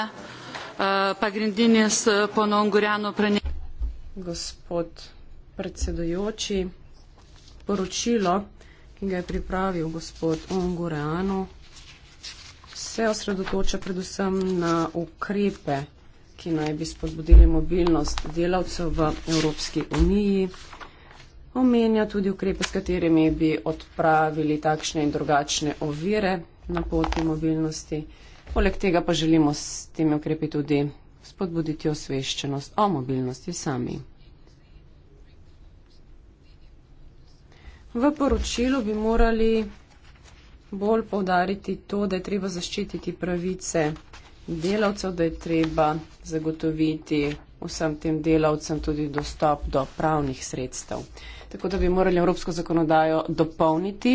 pa Grindinis ponovno Gorjano prenesel gospod predsedujoči. Poročilo, ki ga je pripravil gospod Ungureano, se osredotoča predvsem na ukrepe, ki naj bi spodbudili mobilnost delavcev v Evropski uniji. Omenja tudi ukrepe, s katerimi bi odpravili takšne in drugačne ovire na poti mobilnosti. Poleg tega pa želimo s temi ukrepi tudi spodbuditi osveščenost o mobilnosti sami. V poročilu bi morali bolj povdariti to, da je treba zaščititi pravice delavcev, da je treba zagotoviti vsem tem delavcem tudi dostop do pravnih sredstev. Tako da bi morali evropsko zakonodajo dopolniti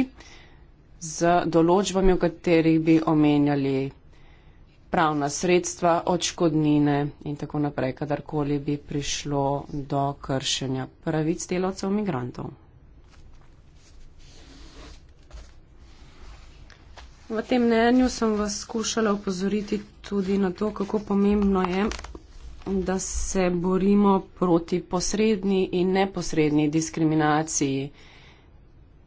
z določbami, v katerih bi omenjali pravna sredstva, odškodnine in tako naprej, kadarkoli bi prišlo do kršenja pravic delavcev imigrantov. V tem mnenju sem vas skušala upozoriti tudi na to, kako pomembno je, da se borimo proti posredni in neposredni diskriminaciji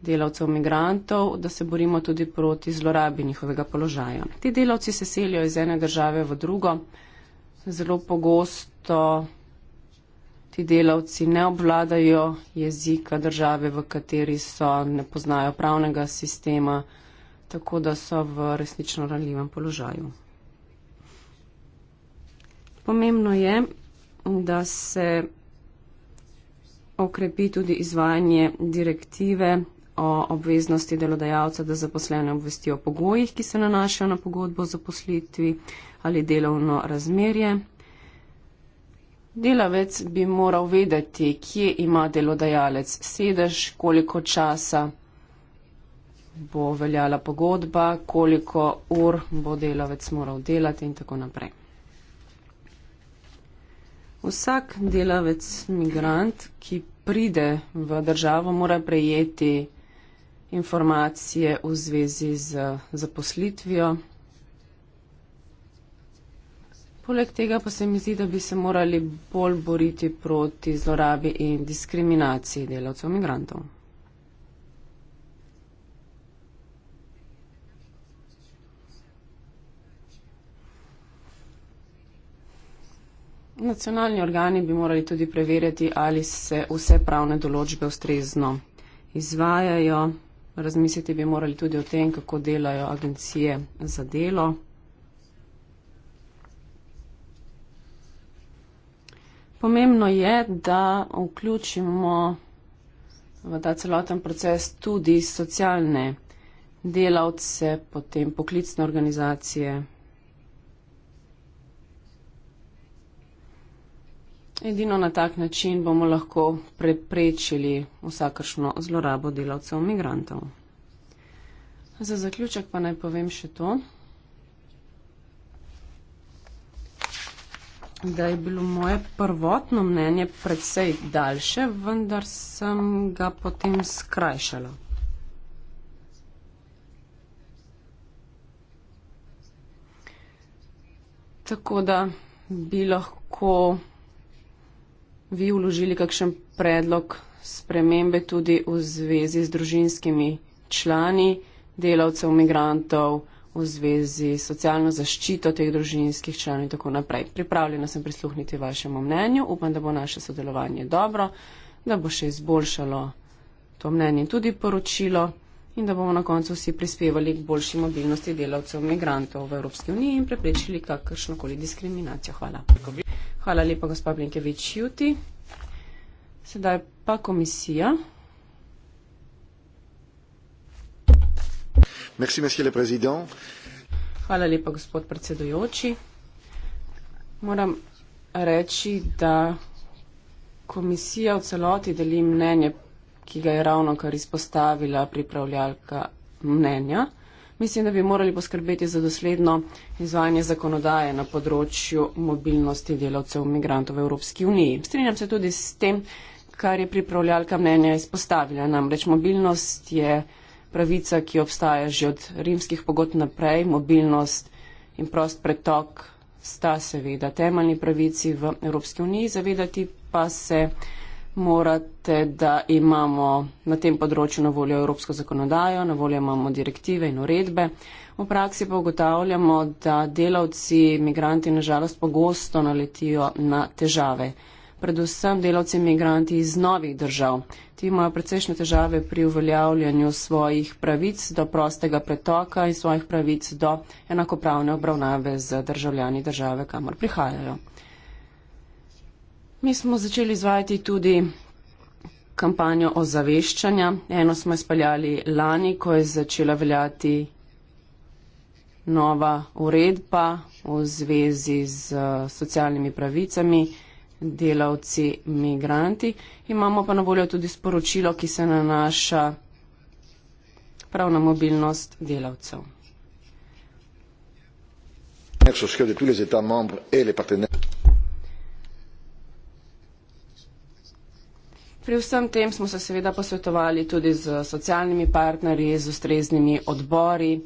delavcev migrantov, da se borimo tudi proti zlorabi njihovega položaja. Ti delavci se selijo iz ene države v drugo, zelo pogosto ti delavci ne obvladajo jezika države, v kateri so, ne poznajo pravnega sistema, tako da so v resnično ranljivem položaju. Pomembno je, da se okrepi tudi izvajanje direktive o obveznosti delodajalca, da zaposlene obvestijo o pogojih, ki se nanašajo na pogodbo o zaposlitvi ali delovno razmerje. Delavec bi moral vedeti, kje ima delodajalec sedež, koliko časa bo veljala pogodba, koliko ur bo delavec moral delati in tako naprej. Vsak delavec, migrant, ki pride v državo, mora prejeti informacije v zvezi z zaposlitvijo. Poleg tega pa se mi zdi, da bi se morali bolj boriti proti zlorabi in diskriminaciji delavcev migrantov. Nacionalni organi bi morali tudi preverjati, ali se vse pravne določbe ustrezno izvajajo razmisliti bi morali tudi o tem, kako delajo agencije za delo. Pomembno je, da vključimo v ta celoten proces tudi socialne delavce, potem poklicne organizacije, Edino na tak način bomo lahko preprečili vsakršno zlorabo delavcev imigrantov. Za zaključek pa naj povem še to, da je bilo moje prvotno mnenje predvsej daljše, vendar sem ga potem skrajšala. Tako da bi lahko vi vložili kakšen predlog spremembe tudi v zvezi z družinskimi člani delavcev, migrantov, v zvezi s socialno zaščito teh družinskih članov in tako naprej. Pripravljena sem prisluhniti vašemu mnenju, upam, da bo naše sodelovanje dobro, da bo še izboljšalo to mnenje in tudi poročilo in da bomo na koncu vsi prispevali k boljši mobilnosti delavcev, migrantov v Evropski uniji in preprečili kakršnokoli diskriminacijo. Hvala. Hvala lepa, gospa Blinkevič Juti. Sedaj pa komisija. Merci, monsieur le président. Hvala lepa, gospod predsedujoči. Moram reči, da komisija v celoti deli mnenje, ki ga je ravno kar izpostavila pripravljalka mnenja mislim, da bi morali poskrbeti za dosledno izvajanje zakonodaje na področju mobilnosti delavcev migrantov v Evropski uniji. Strinjam se tudi s tem, kar je pripravljalka mnenja izpostavila. Namreč mobilnost je pravica, ki obstaja že od rimskih pogodb naprej. Mobilnost in prost pretok sta seveda temeljni pravici v Evropski uniji, zavedati pa se, morate, da imamo na tem področju na voljo evropsko zakonodajo, na voljo imamo direktive in uredbe. V praksi pa ugotavljamo, da delavci, imigranti nažalost pogosto naletijo na težave. Predvsem delavci, imigranti iz novih držav. Ti imajo precejšnje težave pri uveljavljanju svojih pravic do prostega pretoka in svojih pravic do enakopravne obravnave z državljani države, kamor prihajajo. Mi smo začeli izvajati tudi kampanjo ozaveščanja. Eno smo izpeljali lani, ko je začela veljati nova uredba v zvezi z eh, socialnimi pravicami delavci migranti. Imamo pa na voljo tudi sporočilo, ki se nanaša prav na mobilnost delavcev. Pri vsem tem smo se seveda posvetovali tudi z socialnimi partnerji, z ustreznimi odbori,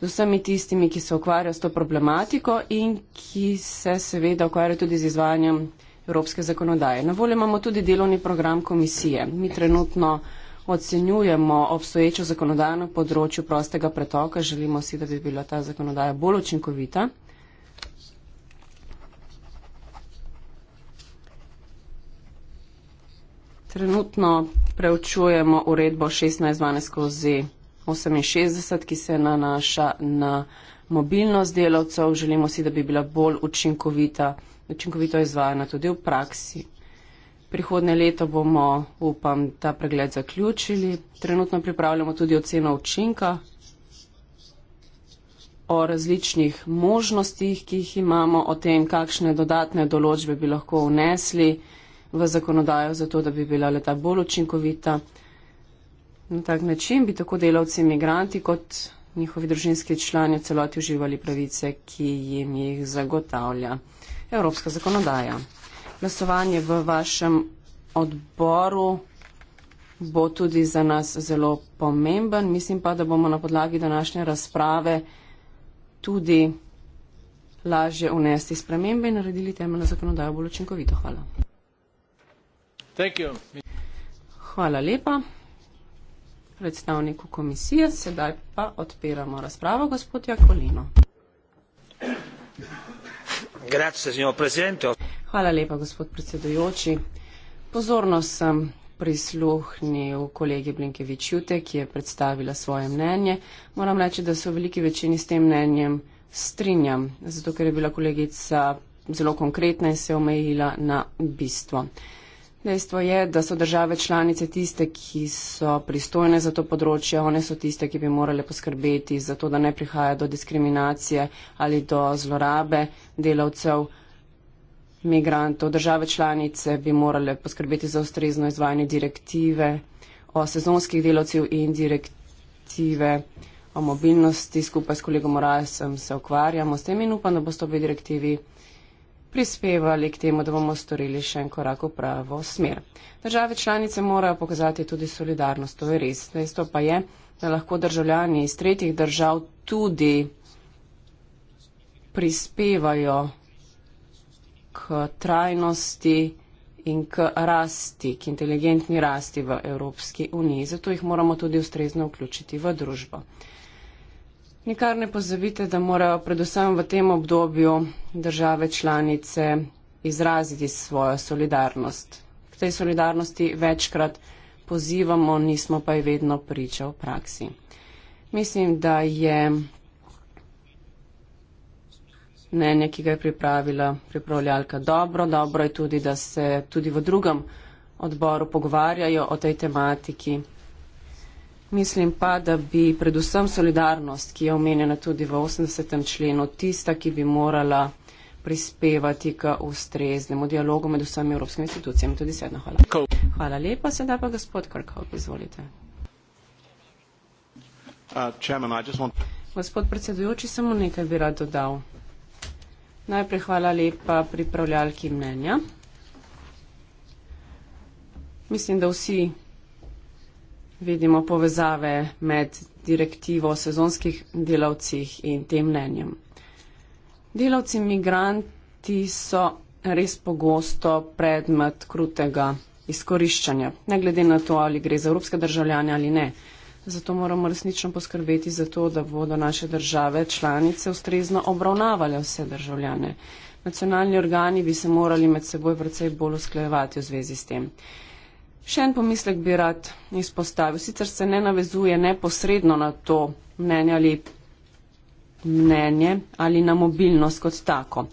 z vsemi tistimi, ki se ukvarjajo s to problematiko in ki se seveda ukvarjajo tudi z izvajanjem evropske zakonodaje. Na voljo imamo tudi delovni program komisije. Mi trenutno ocenjujemo obstoječo zakonodajo na področju prostega pretoka. Želimo si, da bi bila ta zakonodaja bolj učinkovita. Trenutno preučujemo uredbo 1612 skozi 68, ki se nanaša na mobilnost delavcev. Želimo si, da bi bila bolj učinkovita, učinkovito izvajana tudi v praksi. Prihodne leto bomo, upam, ta pregled zaključili. Trenutno pripravljamo tudi oceno učinka o različnih možnostih, ki jih imamo, o tem, kakšne dodatne določbe bi lahko vnesli v zakonodajo, zato da bi bila leta bolj učinkovita. Na tak način bi tako delavci imigranti kot njihovi družinski člani celoti uživali pravice, ki jim jih zagotavlja evropska zakonodaja. Glasovanje v vašem odboru bo tudi za nas zelo pomemben. Mislim pa, da bomo na podlagi današnje razprave tudi lažje unesti spremembe in naredili temeljno zakonodajo bolj učinkovito. Hvala. Hvala lepa predstavniku komisije. Sedaj pa odpiramo razpravo. Gospod Jakolino. Hvala lepa, gospod predsedujoči. Pozorno sem prisluhnil kolegi Blinkevič Jute, ki je predstavila svoje mnenje. Moram reči, da se v veliki večini s tem mnenjem strinjam, zato ker je bila kolegica zelo konkretna in se omejila na bistvo. Dejstvo je, da so države članice tiste, ki so pristojne za to področje, one so tiste, ki bi morale poskrbeti za to, da ne prihaja do diskriminacije ali do zlorabe delavcev, migrantov. Države članice bi morale poskrbeti za ustrezno izvajanje direktive o sezonskih delavcev in direktive o mobilnosti. Skupaj s kolegom Morajem se ukvarjamo s tem in upam, da boste obe direktivi prispevali k temu, da bomo storili še en korak v pravo smer. Države članice morajo pokazati tudi solidarnost, to je res. Dejstvo pa je, da lahko državljani iz tretjih držav tudi prispevajo k trajnosti in k rasti, k inteligentni rasti v Evropski uniji. Zato jih moramo tudi ustrezno vključiti v družbo. Nikar ne pozabite, da morajo predvsem v tem obdobju države članice izraziti svojo solidarnost. K tej solidarnosti večkrat pozivamo, nismo pa je vedno priča v praksi. Mislim, da je mnenje, ki ga je pripravila pripravljalka dobro. Dobro je tudi, da se tudi v drugem odboru pogovarjajo o tej tematiki. Mislim pa, da bi predvsem solidarnost, ki je omenjena tudi v 80. členu, tista, ki bi morala prispevati k ustreznemu dialogu med vsemi evropskimi institucijami. Tudi sedno hvala. Hvala lepa, sedaj pa gospod Krkov, izvolite. Uh, chairman, want... Gospod predsedujoči, samo nekaj bi rad dodal. Najprej hvala lepa pripravljalki mnenja. Mislim, da vsi vidimo povezave med direktivo o sezonskih delavcih in tem mnenjem. Delavci migranti so res pogosto predmet krutega izkoriščanja, ne glede na to, ali gre za evropske državljane ali ne. Zato moramo resnično poskrbeti za to, da bodo naše države članice ustrezno obravnavale vse državljane. Nacionalni organi bi se morali med seboj precej bolj usklajevati v zvezi s tem. Še en pomislek bi rad izpostavil. Sicer se ne navezuje neposredno na to mnenje ali mnenje ali na mobilnost kot tako.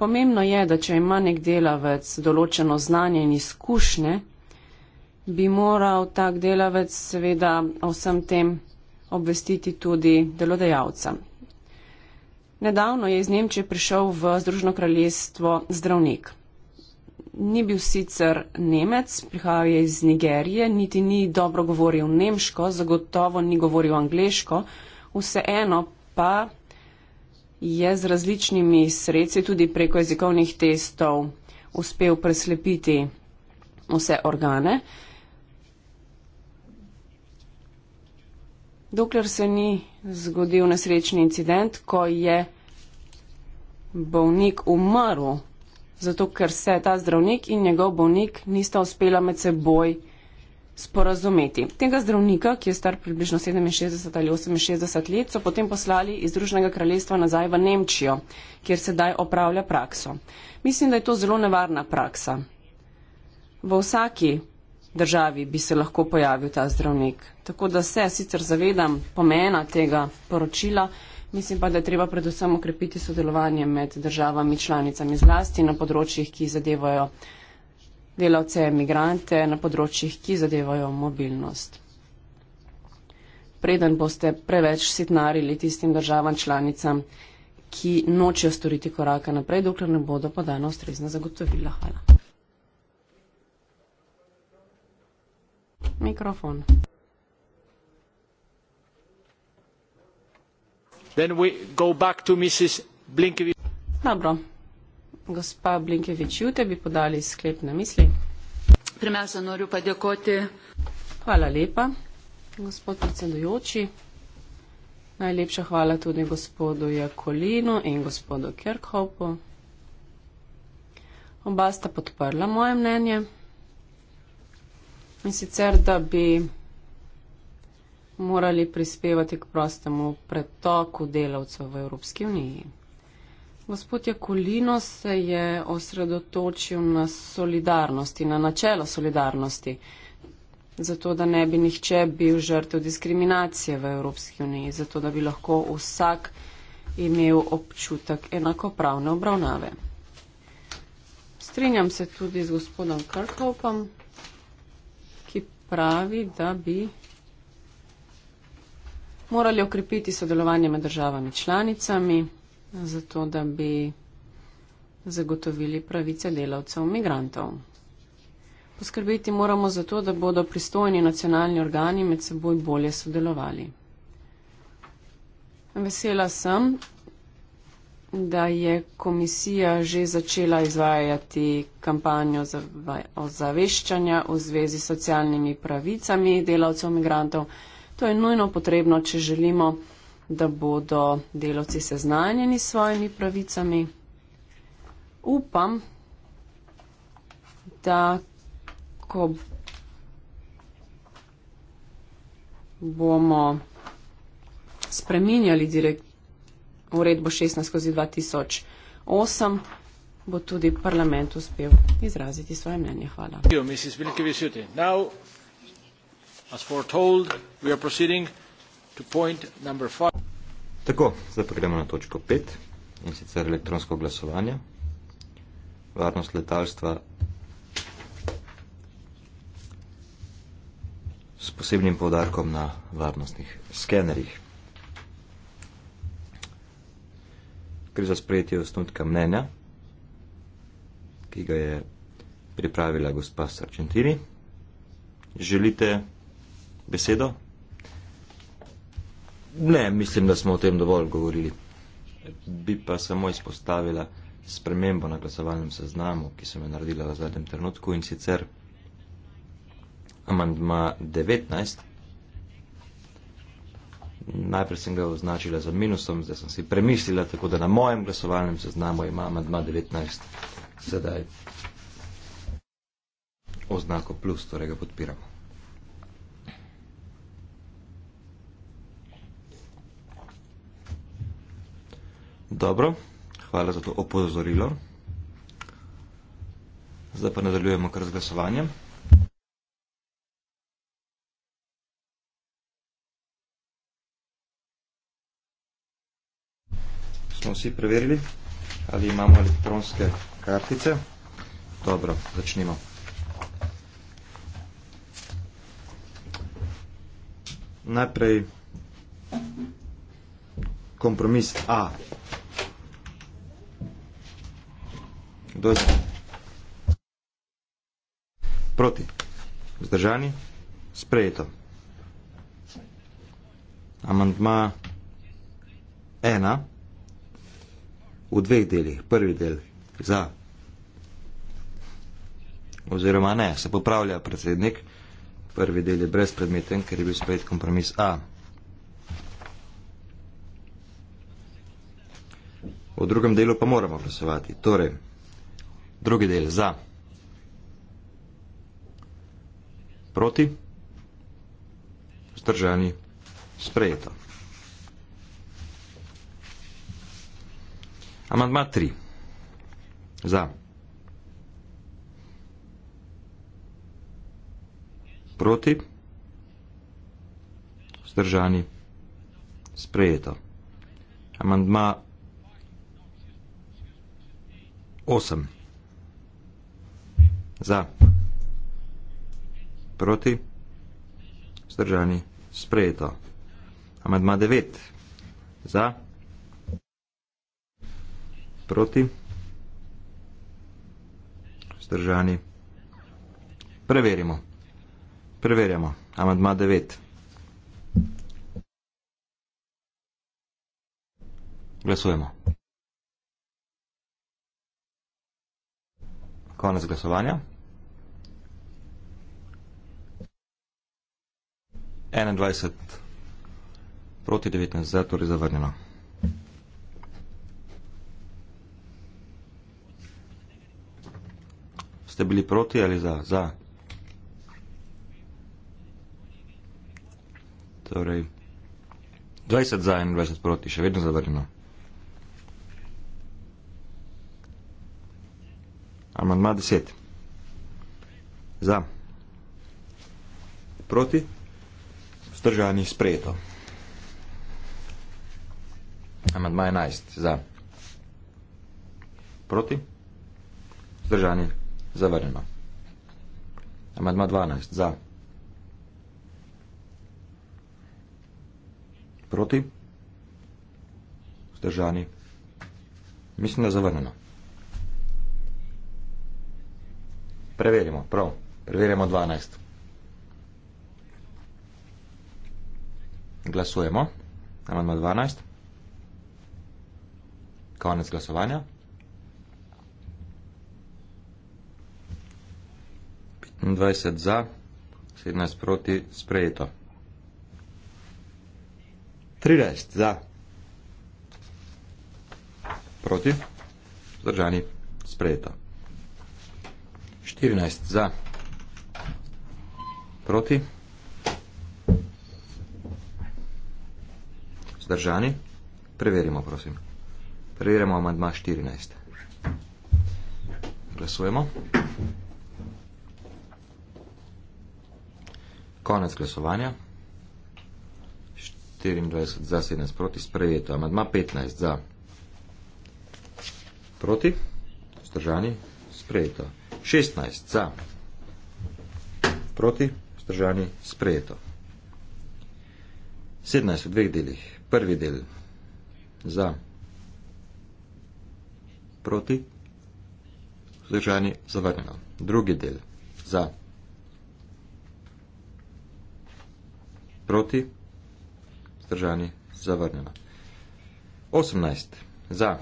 Pomembno je, da če ima nek delavec določeno znanje in izkušnje, bi moral tak delavec seveda o vsem tem obvestiti tudi delodajalca. Nedavno je iz Nemčije prišel v Združno kraljestvo zdravnik ni bil sicer Nemec, prihajal je iz Nigerije, niti ni dobro govoril nemško, zagotovo ni govoril angliško, vseeno pa je z različnimi sredstvi, tudi preko jezikovnih testov, uspel preslepiti vse organe. Dokler se ni zgodil nesrečni incident, ko je bolnik umrl zato ker se ta zdravnik in njegov bolnik nista uspela med seboj sporazumeti. Tega zdravnika, ki je star približno 67 ali 68 let, so potem poslali iz Združenega kraljestva nazaj v Nemčijo, kjer sedaj opravlja prakso. Mislim, da je to zelo nevarna praksa. V vsaki državi bi se lahko pojavil ta zdravnik. Tako da se sicer zavedam pomena tega poročila, Mislim pa, da je treba predvsem okrepiti sodelovanje med državami članicami zlasti na področjih, ki zadevajo delavce, emigrante, na področjih, ki zadevajo mobilnost. Preden boste preveč sitnarili tistim državam članicam, ki nočejo storiti koraka naprej, dokler ne bodo podano ustrezna zagotovila. Hvala. Mikrofon. Dobro. Gospa Blinkevič, jutri bi podali sklepne misli. Hvala lepa, gospod predsedujoči. Najlepša hvala tudi gospodu Jakolinu in gospodu Kerkhopu. Oba sta podprla moje mnenje. In sicer, da bi morali prispevati k prostemu pretoku delavcev v Evropski uniji. Gospod Jakolino se je osredotočil na solidarnosti, na načelo solidarnosti, zato da ne bi nihče bil žrtev diskriminacije v Evropski uniji, zato da bi lahko vsak imel občutek enakopravne obravnave. Strinjam se tudi z gospodom Krkovom, ki pravi, da bi morali okrepiti sodelovanje med državami članicami, zato da bi zagotovili pravice delavcev migrantov. Poskrbeti moramo za to, da bodo pristojni nacionalni organi med seboj bolje sodelovali. Vesela sem, da je komisija že začela izvajati kampanjo o zaveščanja v zvezi s socialnimi pravicami delavcev migrantov. To je nujno potrebno, če želimo, da bodo delavci seznanjeni s svojimi pravicami. Upam, da ko bomo spreminjali uredbo 16 skozi 2008, bo tudi parlament uspel izraziti svoje mnenje. Hvala. Thank you, As foretold, we are proceeding to point number five. Tako, zdaj pa gremo na točko 5 in sicer elektronsko glasovanje. Varnost letalstva s posebnim povdarkom na varnostnih skenerjih. Gre za sprejetje osnutka mnenja, ki ga je pripravila gospa Sarčentini. Želite? besedo? Ne, mislim, da smo o tem dovolj govorili. Bi pa samo izpostavila spremembo na glasovalnem seznamu, ki sem jo naredila v zadnjem trenutku in sicer amandma 19. Najprej sem ga označila za minusom, zdaj sem si premislila, tako da na mojem glasovalnem seznamu ima amandma 19 sedaj oznako plus, torej ga podpiramo. Dobro, hvala za to opozorilo. Zdaj pa nadaljujemo kar z glasovanjem. Smo vsi preverili, ali imamo elektronske kartice. Dobro, začnimo. Najprej kompromis A. Kdo je za? Proti. Zdržani. Sprejeto. Amandma ena v dveh delih. Prvi del za oziroma ne, se popravlja predsednik. Prvi del je brezpredmeten, ker je bil sprejet kompromis A. V drugem delu pa moramo glasovati. Torej, Drugi del za. Proti. Zdržani. Sprejeto. Amandma 3. Za. Proti. Zdržani. Sprejeto. Amandma 8. Za. Proti. Zdržani. Sprejeto. Amadma 9. Za. Proti. Zdržani. Preverimo. Preverjamo. Amadma 9. Glasujemo. Konec glasovanja. 21 proti 19, zdaj torej zavrnjeno. Ste bili proti ali za? Za. Torej, 20 za, 21 proti, še vedno zavrnjeno. Amandma 10. Za. Proti. Zdržani sprejeto. Amandma 11. Za. Proti. Zdržani. Zavrnjeno. Amandma 12. Za. Proti. Zdržani. Mislim, da zavrnjeno. Preverimo. Prav. Preverimo 12. Glasujemo. Amandma 12. Konec glasovanja. 25 za, 17 proti, sprejeto. 13 za, proti, zdržani, sprejeto. 14 za, proti, sprejeto. Zdržani? Preverimo, prosim. Preverimo amandma 14. Glasujemo. Konec glasovanja. 24 za, 17 proti, sprejeto. Amadma 15 za, proti, vzdržani, sprejeto. 16 za, proti, vzdržani, sprejeto. 17 v dveh delih, prvi del. Za. Proti. Zdržani. Zavrnjeno. Drugi del. Za. Proti. Zdržani. Zavrnjeno. 18. Za.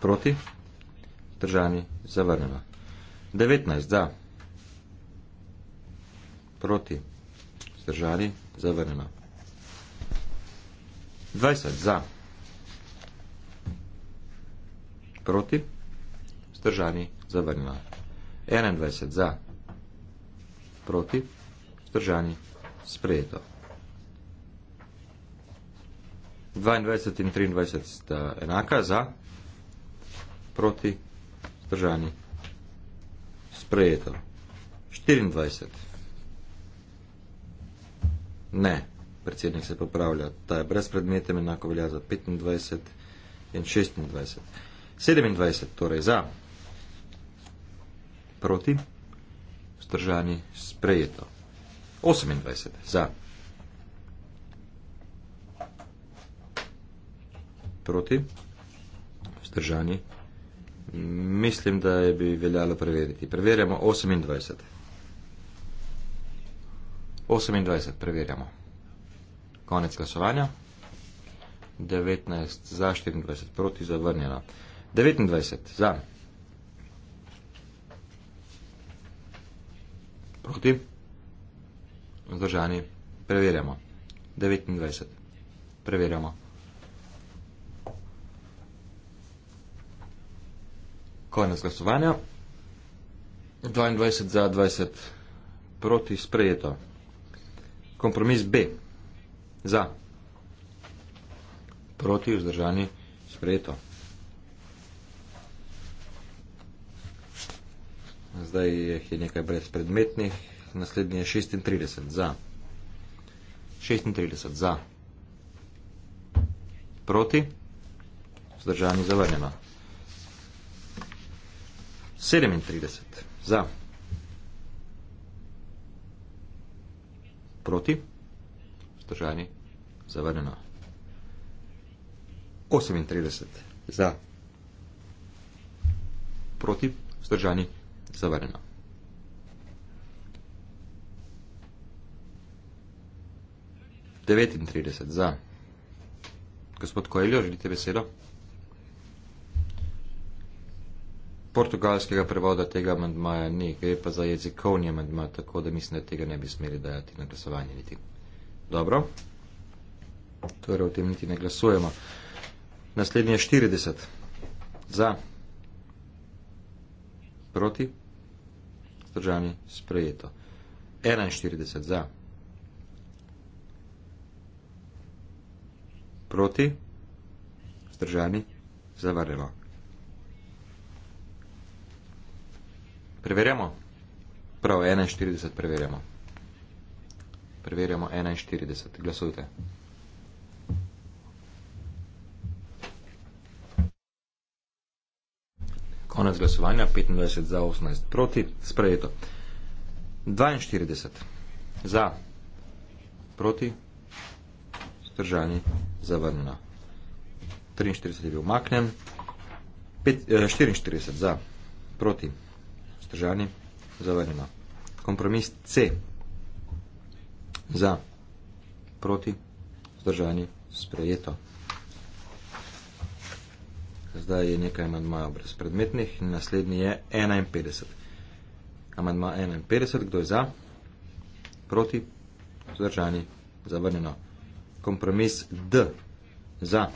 Proti. Zdržani. Zavrnjeno. 19. Za. Proti. Zdržani. Zavrnjeno. 20 za. Proti. Zdržani. Zavrnjeno. 21 za. Proti. Zdržani. Sprejeto. 22 in 23 sta enaka za. Proti. Zdržani. Sprejeto. 24. Ne, predsednik se popravlja, ta je brez predmetem enako velja za 25 in 26. 27, torej za. Proti. Vzdržani sprejeto. 28, za. Proti. Vzdržani. Mislim, da je bi veljalo preveriti. Preverjamo 28. 28, preverjamo. Konec glasovanja. 19 za, 24 proti, zavrnjeno. 29 za. Proti. Zdržani. Preverjamo. 29. Preverjamo. Konec glasovanja. 22 za 20 proti sprejeto. Kompromis B. Za. Proti vzdržani sprejeto. Zdaj je nekaj brezpredmetnih. Naslednji je 36. Za. 36. Za. Proti. Vzdržani zavrnjeno. 37. Za. proti? Vzdržani, zavrnjeno. 38 za. Proti, vzdržani, zavrnjeno. Devetintrideset za. Gospod Koeljo, želite besedo? portugalskega prevoda tega amandmaja ni, gre pa za jezikovni amandma, tako da mislim, da tega ne bi smeli dajati na glasovanje niti. Dobro, torej o tem niti ne glasujemo. Naslednji je 40. Za. Proti. Zdržani. Sprejeto. 41. Za. Proti. Zdržani. Zavarjeno. Preverjamo? Prav, 41 preverjamo. Preverjamo 41. Glasujte. Konec glasovanja, 25 za 18 proti, sprejeto. 42 za, proti, stržani, zavrnjeno. 43 je bil maknen, 44 eh, za, proti, Zdržani? Zavrnjeno. Kompromis C. Za. Proti. Zdržani. Sprejeto. Zdaj je nekaj amandmajev brezpredmetnih in naslednji je 51. Amandma 51. Kdo je za? Proti. Zdržani. Zavrnjeno. Kompromis D. Za.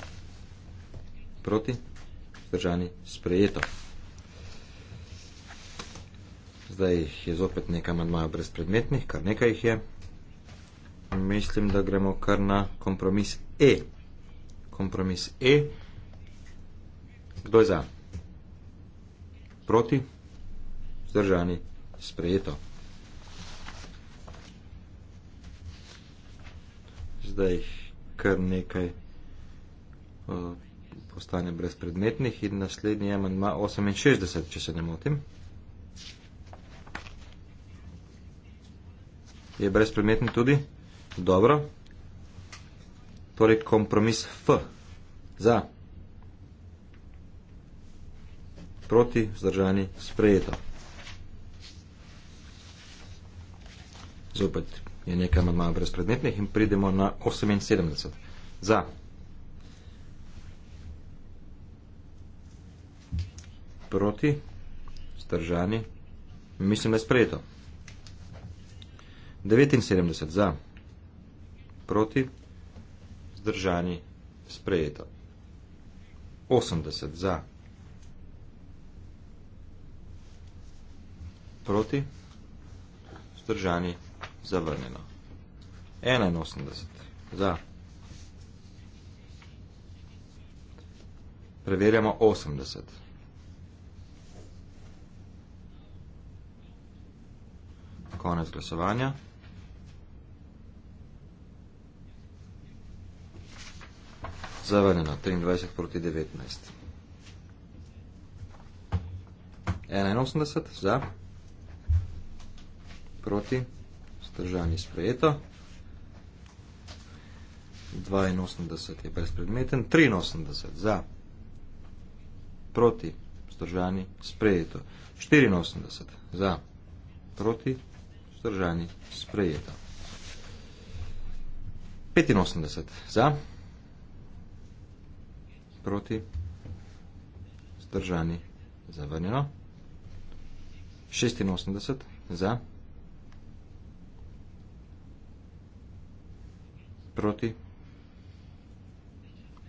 Proti. Zdržani. Sprejeto. Zdaj je zopet nekaj manj brez predmetnih, kar nekaj jih je. Mislim, da gremo kar na kompromis E. Kompromis E. Kdo je za? Proti? Zdržani? Sprejeto. Zdaj kar nekaj eh, postane brez predmetnih in naslednji je manj 68, če se ne motim. je brezpredmetni tudi. Dobro. Torej kompromis F za proti vzdržani sprejeto. Zopet je nekaj manj brezpredmetnih in pridemo na 78. Za proti vzdržani mislim, da je sprejeto. 79 za, proti, zdržani, sprejeto. 80 za, proti, zdržani, zavrnjeno. 81 za. Preverjamo 80. Konec glasovanja. Zavrnjeno, 23 proti 19. 81 za, proti, stržanje sprejeto. 82 je brezpredmeten, 83 za, proti, stržanje sprejeto. 84 za, proti, stržanje sprejeto. 85 za, proti, sprejeto. 85 za, proti, zdržani, zavrnjeno, 86 za, proti,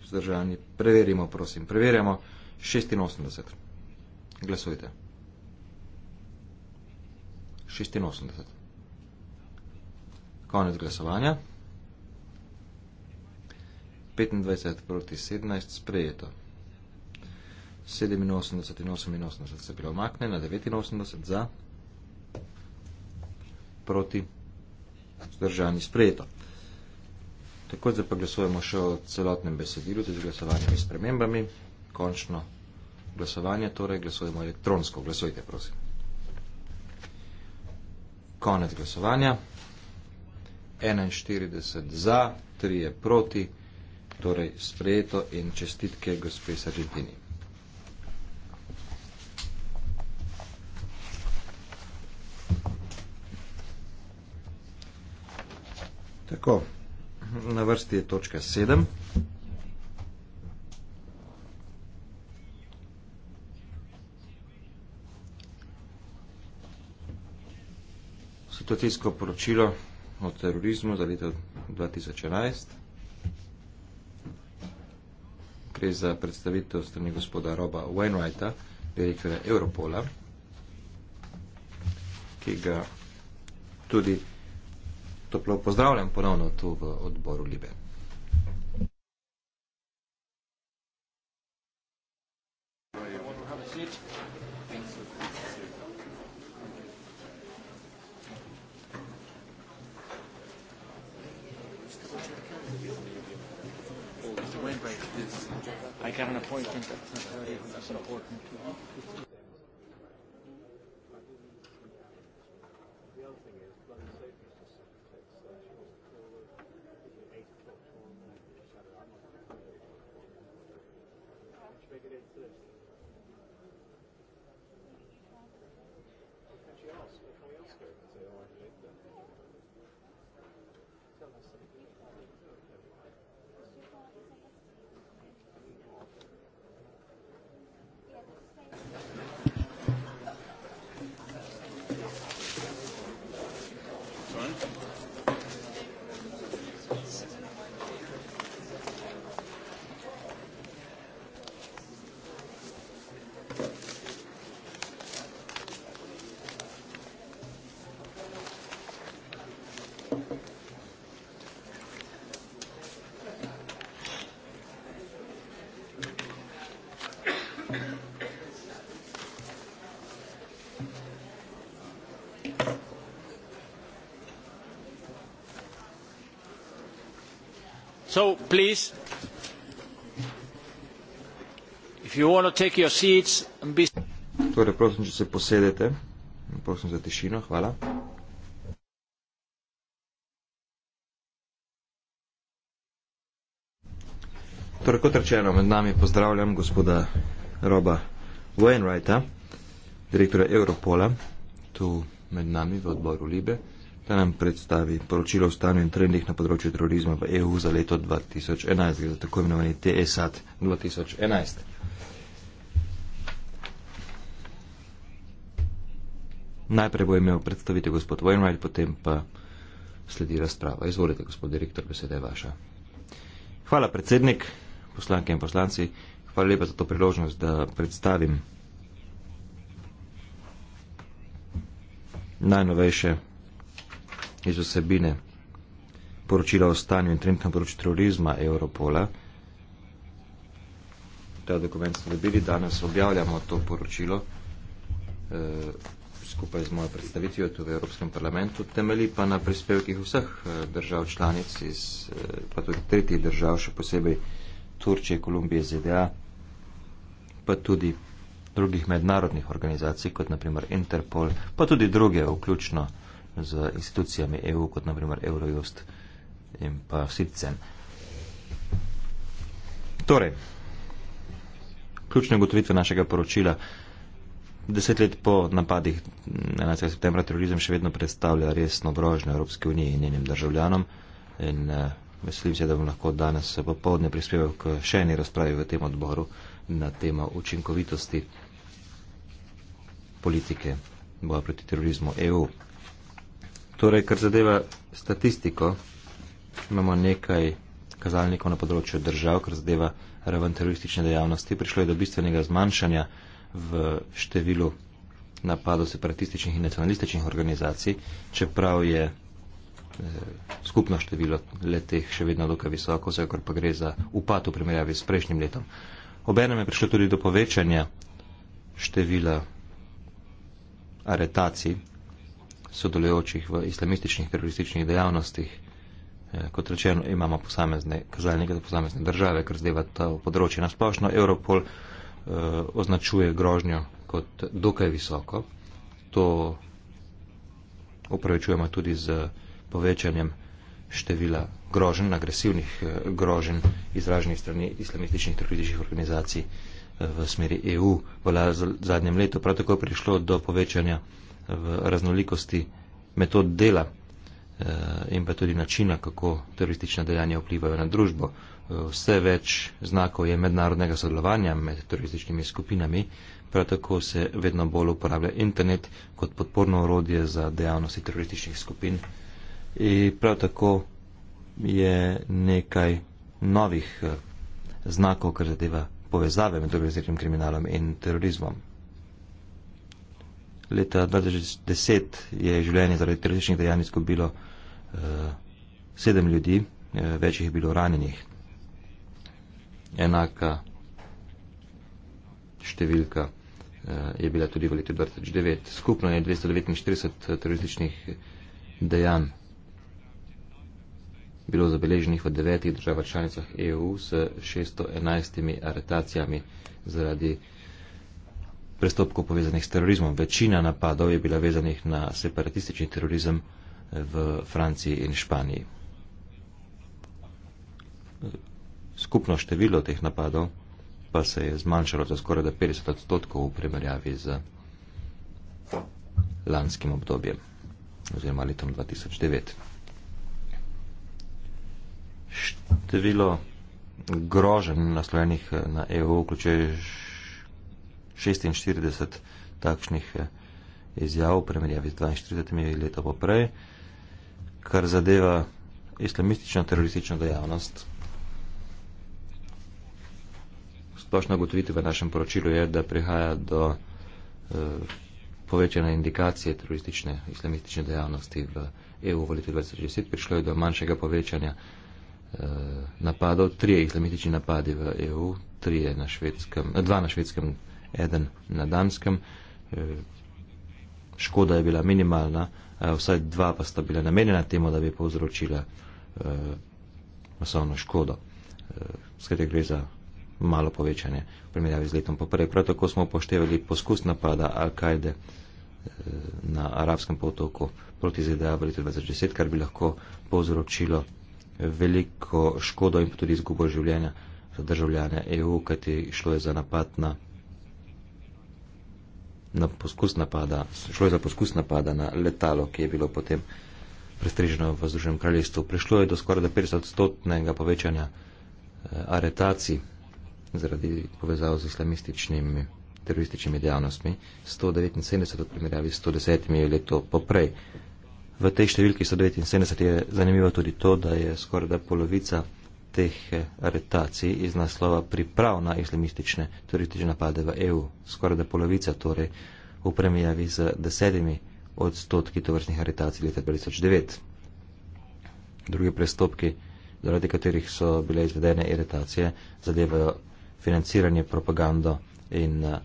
zdržani, preverimo, prosim, preverjamo, 86, glasujte, 86, konec glasovanja. 25 proti 17 sprejeto. 87 in 88 se bilo omakne na 89 za proti zdržani sprejeto. Tako zdaj pa glasujemo še o celotnem besedilu, tudi z glasovanjem in spremembami. Končno glasovanje, torej glasujemo elektronsko. Glasujte, prosim. Konec glasovanja. 41 za, 3 proti torej sprejeto in čestitke gospe Sargentini. Tako, na vrsti je točka 7. Situacijsko poročilo o terorizmu za leto 2011 gre za predstavitev strani gospoda Roba Wainwrighta, direktorja Europola, ki ga tudi toplo pozdravljam ponovno tu v odboru Libe. I got an appointment that's not very important. so please if you want to take your seats and be torej prosim če se posedete prosim za tišino hvala Torej, kot rečeno, med nami pozdravljam gospoda Roba Wainwrighta, direktora Europola, tu med nami v odboru Libe da nam predstavi poročilo o stanju in trendih na področju terorizma v EU za leto 2011, gre za tako imenovani TSAT e 2011. Najprej bo imel predstavitev gospod Wainwright, potem pa sledi razprava. Izvolite, gospod direktor, beseda je vaša. Hvala, predsednik, poslanke in poslanci. Hvala lepa za to priložnost, da predstavim najnovejše iz osebine poročila o stanju in trenutnem poročju terorizma Europola. Ta dokument ste dobili, danes objavljamo to poročilo eh, skupaj z mojo predstavitvijo tu v Evropskem parlamentu, temeli pa na prispevkih vseh eh, držav članic, iz, eh, pa tudi tretjih držav, še posebej Turčije, Kolumbije, ZDA, pa tudi drugih mednarodnih organizacij, kot naprimer Interpol, pa tudi druge, vključno z institucijami EU, kot naprimer Eurojust in pa Sitcen. Torej, ključne ugotovitve našega poročila. Deset let po napadih 11. septembra terorizem še vedno predstavlja resno brožnjo Evropske unije in njenim državljanom. In uh, veselim se, da bom lahko danes popovdne prispeval k še eni razpravi v tem odboru na temo učinkovitosti politike boja proti terorizmu EU. Torej, kar zadeva statistiko, imamo nekaj kazalnikov na področju držav, kar zadeva raven teroristične dejavnosti. Prišlo je do bistvenega zmanjšanja v številu napadov separatističnih in nacionalističnih organizacij, čeprav je eh, skupno število letih še vedno dokaj visoko, vsekakor pa gre za upad v primerjavi s prejšnjim letom. Obenem je prišlo tudi do povečanja števila aretacij sodelujočih v islamističnih terorističnih dejavnostih. Eh, kot rečeno, imamo posamezne kazalnike za posamezne države, ker zdaj to področje na splošno. Europol eh, označuje grožnjo kot dokaj visoko. To upravičujemo tudi z povečanjem števila grožen, agresivnih eh, grožen izraženih strani islamističnih terorističnih organizacij v smeri EU. V zadnjem letu prav tako je prišlo do povečanja eh, v raznolikosti metod dela eh, in pa tudi načina, kako turistična dejanja vplivajo na družbo. Eh, vse več znakov je mednarodnega sodelovanja med turističnimi skupinami, prav tako se vedno bolj uporablja internet kot podporno orodje za dejavnosti turističnih skupin. In prav tako je nekaj novih eh, znakov, kar zadeva povezave med organiziranim kriminalom in terorizmom. Leta 2010 je življenje zaradi terorističnih dejanj izgubilo eh, sedem ljudi, eh, več jih je bilo ranjenih. Enaka številka eh, je bila tudi v letu 2009. Skupno je 249 eh, terorističnih dejanj bilo zabeleženih v devetih državah članicah EU s 611 aretacijami zaradi terorističnih dejanj prestopkov povezanih s terorizmom. Večina napadov je bila vezanih na separatistični terorizem v Franciji in Španiji. Skupno število teh napadov pa se je zmanjšalo za skoraj 50 odstotkov v primerjavi z lanskim obdobjem oziroma letom 2009. Število groženj naslovenih na EU vključuje 46 takšnih eh, izjav, v primerjavi z 42 leti poprej, kar zadeva islamistično teroristično dejavnost. Splošna ugotovitev v našem poročilu je, da prihaja do eh, povečane indikacije teroristične islamistične dejavnosti v EU v letu 2010. Prišlo je do manjšega povečanja eh, napadov, trije islamistični napadi v EU, trije na švedskem, eh, dva na švedskem eden na Danskem. E, škoda je bila minimalna, e, vsaj dva pa sta bila namenjena temu, da bi povzročila e, masovno škodo, s katero gre za malo povečanje v primerjavi z letom poprej. Prav tako smo upoštevali poskus napada Al-Kaide na arabskem potoku proti ZDA v letu 2010, kar bi lahko povzročilo veliko škodo in tudi izgubo življenja za državljane EU, kajti šlo je za napad na na poskus napada, šlo je za poskus napada na letalo, ki je bilo potem prestriženo v Združenem kraljestvu. Prišlo je do skoraj 50-stotnega povečanja eh, aretacij zaradi povezav z islamističnimi terorističnimi dejavnostmi, 179 v primerjavi s 110 leto poprej. V tej številki 179 je zanimivo tudi to, da je skoraj da polovica teh eh, aretacij iz naslova priprav na islamistične turistične napade v EU, skoraj da polovica torej v premijavi z desetimi odstotki tovrstnih aretacij leta 2009. Drugi prestopki, zaradi katerih so bile izvedene aretacije, zadevajo financiranje, propagando in eh,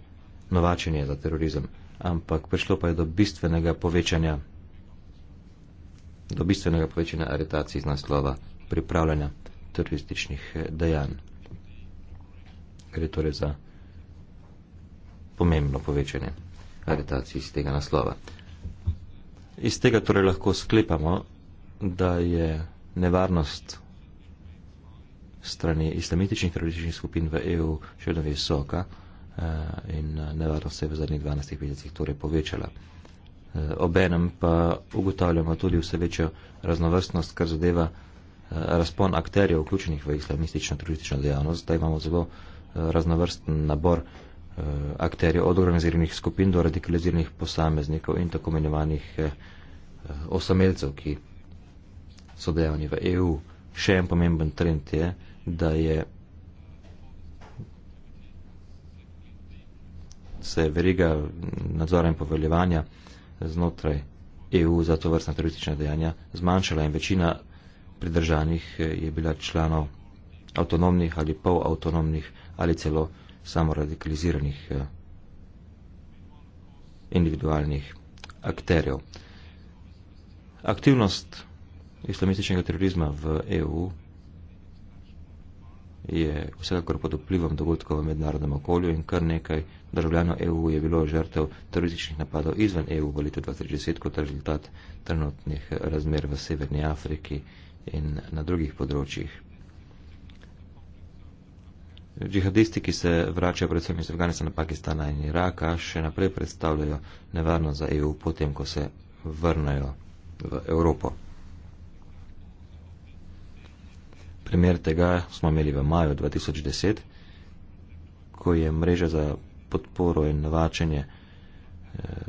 novačenje za terorizem. Ampak prišlo pa je do bistvenega povečanja do bistvenega povečanja aretacij iz naslova pripravljanja terorističnih eh, dejanj. Gre torej za pomembno povečanje aretacij iz tega naslova. Iz tega torej lahko sklepamo, da je nevarnost strani islamističnih terorističnih skupin v EU še vedno visoka eh, in eh, nevarnost se je v zadnjih 12 mesecih torej povečala. Obenem pa ugotavljamo tudi vse večjo raznovrstnost, kar zadeva razpon akterjev, vključenih v islamistično turistično dejavnost, da imamo zelo eh, raznovrsten nabor eh, akterjev, od organiziranih skupin do radikaliziranih posameznikov in tako imenovanih eh, osamelcev, ki so dejavni v EU. Še en pomemben trend je, da je se veriga nadzora in poveljevanja znotraj EU za to vrstna turistična dejanja zmanjšala in večina pridržanih eh, je bila članov avtonomnih ali polavtonomnih ali celo samoradikaliziranih eh, individualnih akterjev. Aktivnost islamističnega terorizma v EU je vsekakor pod vplivom dogodkov v mednarodnem okolju in kar nekaj državljanov EU je bilo žrtev terorističnih napadov izven EU v letu 2010 kot rezultat trenutnih razmer v Severni Afriki in na drugih področjih. Džihadisti, ki se vračajo predvsem iz Afganistana, Pakistana in Iraka, še naprej predstavljajo nevarnost za EU, potem ko se vrnajo v Evropo. Primer tega smo imeli v maju 2010, ko je mreža za podporo in navačenje, eh,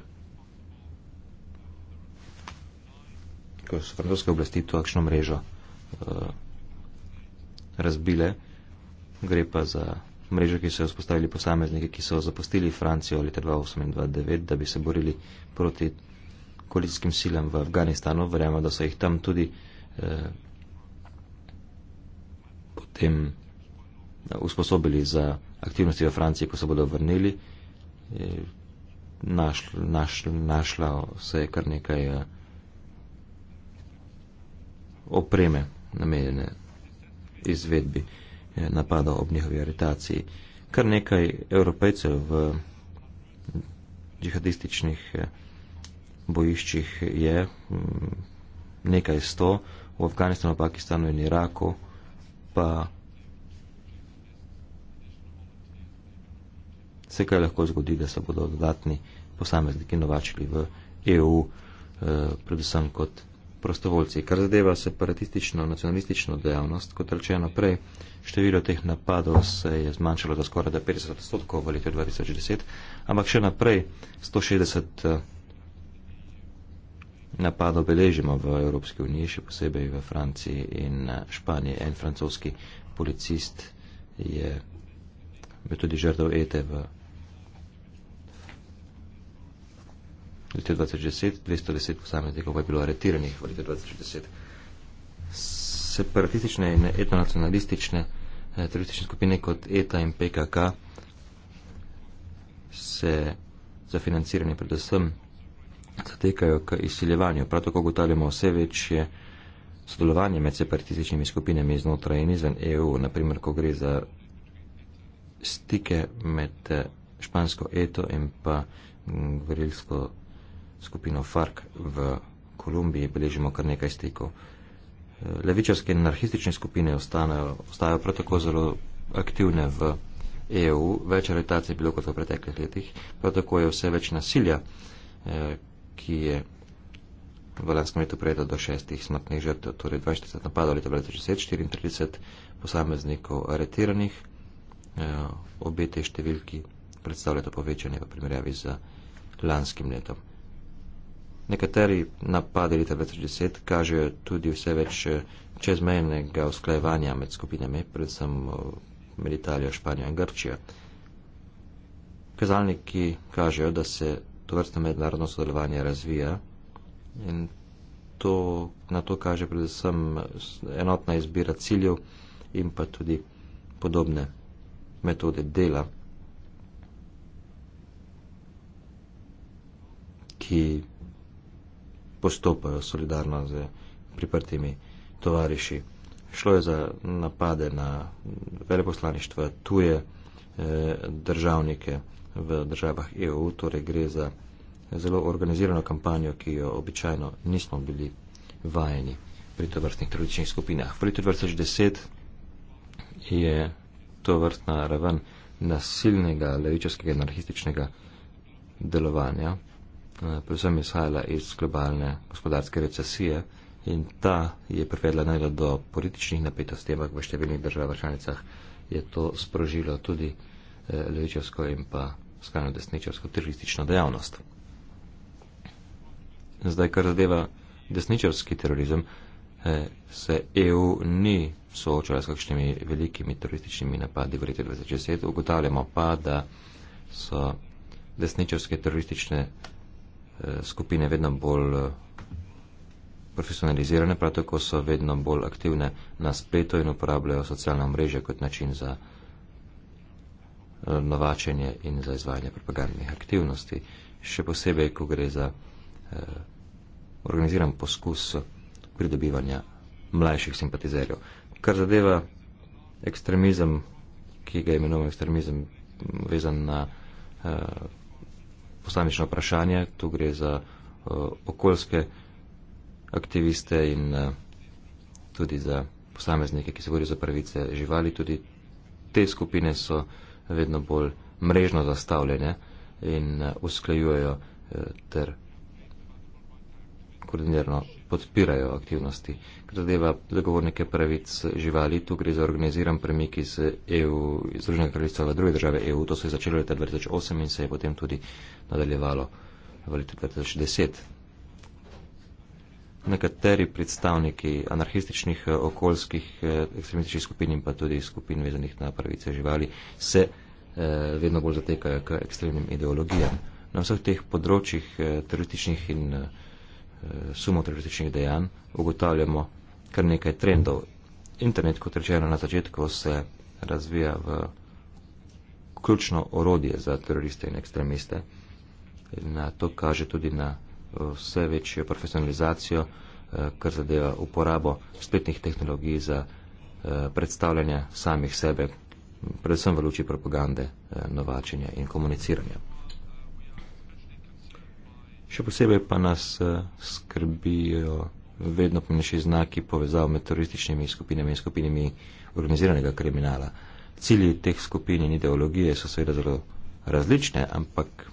ko so francoske oblasti to akšno mrežo Eh, razbile. Gre pa za mrežo, ki so jo vzpostavili posamezniki, ki so zapustili Francijo leta 2008-2009, da bi se borili proti koalicijskim silam v Afganistanu. Verjamemo, da so jih tam tudi eh, potem eh, usposobili za aktivnosti v Franciji, ko se bodo vrnili. Eh, naš, naš, našla se je kar nekaj opreme, namenjene izvedbi eh, napadov ob njihovi aretaciji. Kar nekaj evropejcev v džihadističnih eh, bojiščih je, mm, nekaj sto v Afganistanu, Pakistanu in Iraku, pa se kaj lahko zgodi, da se bodo dodatni posamezniki novačili v EU, eh, predvsem kot prostovoljci. Kar zadeva separatistično, nacionalistično dejavnost, kot rečeno prej, število teh napadov se je zmanjšalo za skoraj 50 odstotkov v letu 2010, ampak še naprej 160 eh, napadov beležimo v Evropski uniji, še posebej v Franciji in eh, Španiji. En francoski policist je bil tudi žrtev ETE v leta 2010, 210 posameznikov pa je bilo aretiranih v letu 2010. Separatistične in etnonacionalistične eh, teroristične skupine kot ETA in PKK se za financiranje predvsem zatekajo k izsiljevanju. Prav tako ugotavljamo vse večje sodelovanje med separatističnimi skupinami znotraj in izven EU, naprimer, ko gre za stike med eh, špansko eto in pa mm, gverilsko skupino FARC v Kolumbiji, beležimo kar nekaj stikov. Eh, levičarske in anarhistične skupine ostanejo, ostajajo prav tako zelo aktivne v EU, več aretacij je bilo kot v preteklih letih, prav tako je vse več nasilja, eh, ki je v lanskem letu prejeto do šestih smrtnih žrtev, torej 42 napadov leta 2010, 34 posameznikov aretiranih, eh, obe te številki predstavljajo povečanje v primerjavi z lanskim letom. Nekateri napadi leta 2010 kažejo tudi vse več eh, čezmejnega usklajevanja med skupinami, predvsem eh, med Italijo, Španijo in Grčijo. Kazalniki kažejo, da se to vrstno mednarodno sodelovanje razvija in to, na to kaže predvsem enotna izbira ciljev in pa tudi podobne metode dela, ki postopajo solidarno z priprtimi tovariši. Šlo je za napade na veleposlaništva tuje eh, državnike v državah EU, torej gre za zelo organizirano kampanjo, ki jo običajno nismo bili vajeni pri tovrstnih tradičnih skupinah. V letu 2010 je to vrstna raven nasilnega levičarskega anarhističnega delovanja Eh, predvsem izhajala iz globalne gospodarske recesije in ta je privedla najdo do političnih napetosti, ampak v številnih državah članicah je to sprožilo tudi eh, levičarsko in pa skrajno desničarsko teroristično dejavnost. Zdaj, kar zadeva desničarski terorizem, eh, se EU ni soočala s kakšnimi velikimi terorističnimi napadi v letu 2010, ugotavljamo pa, da so desničarske teroristične skupine vedno bolj eh, profesionalizirane, prav tako so vedno bolj aktivne na spletu in uporabljajo socialna mreža kot način za eh, novačenje in za izvajanje propagandnih aktivnosti. Še posebej, ko gre za eh, organiziran poskus pridobivanja mlajših simpatizerjev. Kar zadeva ekstremizem, ki ga imenujemo ekstremizem vezan na posamična vprašanja, tu gre za uh, okoljske aktiviste in uh, tudi za posameznike, ki se borijo za pravice živali. Tudi te skupine so vedno bolj mrežno zastavljene in uh, usklajujejo uh, ter koordinirno podpirajo aktivnosti. Kar zadeva zagovornike pravic živali, tu gre za organiziran premik iz EU, iz Združenega kraljestva v druge države EU. To se je začelo leta 2008 in se je potem tudi nadaljevalo v letu 2010. Nekateri predstavniki anarhističnih, eh, okoljskih, eh, ekstremističnih skupin in pa tudi skupin vezanih na pravice živali se eh, vedno bolj zatekajo k ekstremnim ideologijam. Na vseh teh področjih eh, terorističnih in eh, sumo terorističnih dejanj, ugotavljamo kar nekaj trendov. Internet, kot rečeno na začetku, se razvija v ključno orodje za teroriste in ekstremiste. Na to kaže tudi na vse večjo profesionalizacijo, eh, kar zadeva uporabo spletnih tehnologij za eh, predstavljanje samih sebe, predvsem v luči propagande, eh, novačenja in komuniciranja. Še posebej pa nas eh, skrbijo vedno pomenjši znaki povezav med terorističnimi skupinami in skupinami organiziranega kriminala. Cilji teh skupin in ideologije so seveda zelo različne, ampak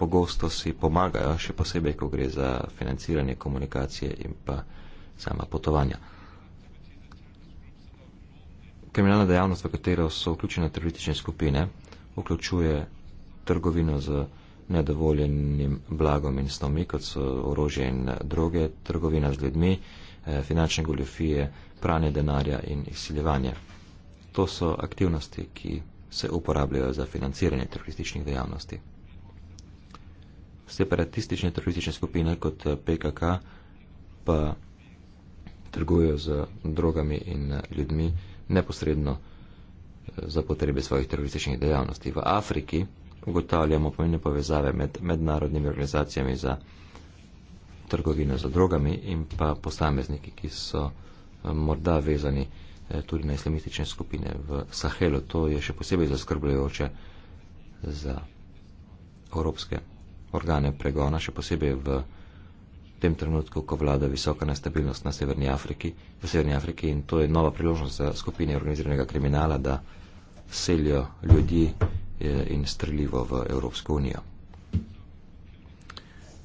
pogosto si pomagajo, še posebej, ko gre za financiranje komunikacije in pa sama potovanja. Kriminalna dejavnost, v katero so vključene teroristične skupine, vključuje trgovino z nedovoljenim blagom in snovmi, kot so orožje in droge, trgovina z ljudmi, eh, finančne goljofije, pranje denarja in izsiljevanje. To so aktivnosti, ki se uporabljajo za financiranje terorističnih dejavnosti. Separatistične teroristične skupine kot eh, PKK pa trgujejo z drogami in eh, ljudmi neposredno za potrebe svojih terorističnih dejavnosti. V Afriki ugotavljamo pomembne povezave med mednarodnimi organizacijami za trgovino za drogami in pa posamezniki, ki so eh, morda vezani eh, tudi na islamistične skupine v Sahelu. To je še posebej zaskrbljujoče za evropske organe pregona, še posebej v tem trenutku, ko vlada visoka nestabilnost na Severni Afriki, v Severni Afriki in to je nova priložnost za skupine organiziranega kriminala, da selijo ljudi Eh, in streljivo v Evropsko unijo.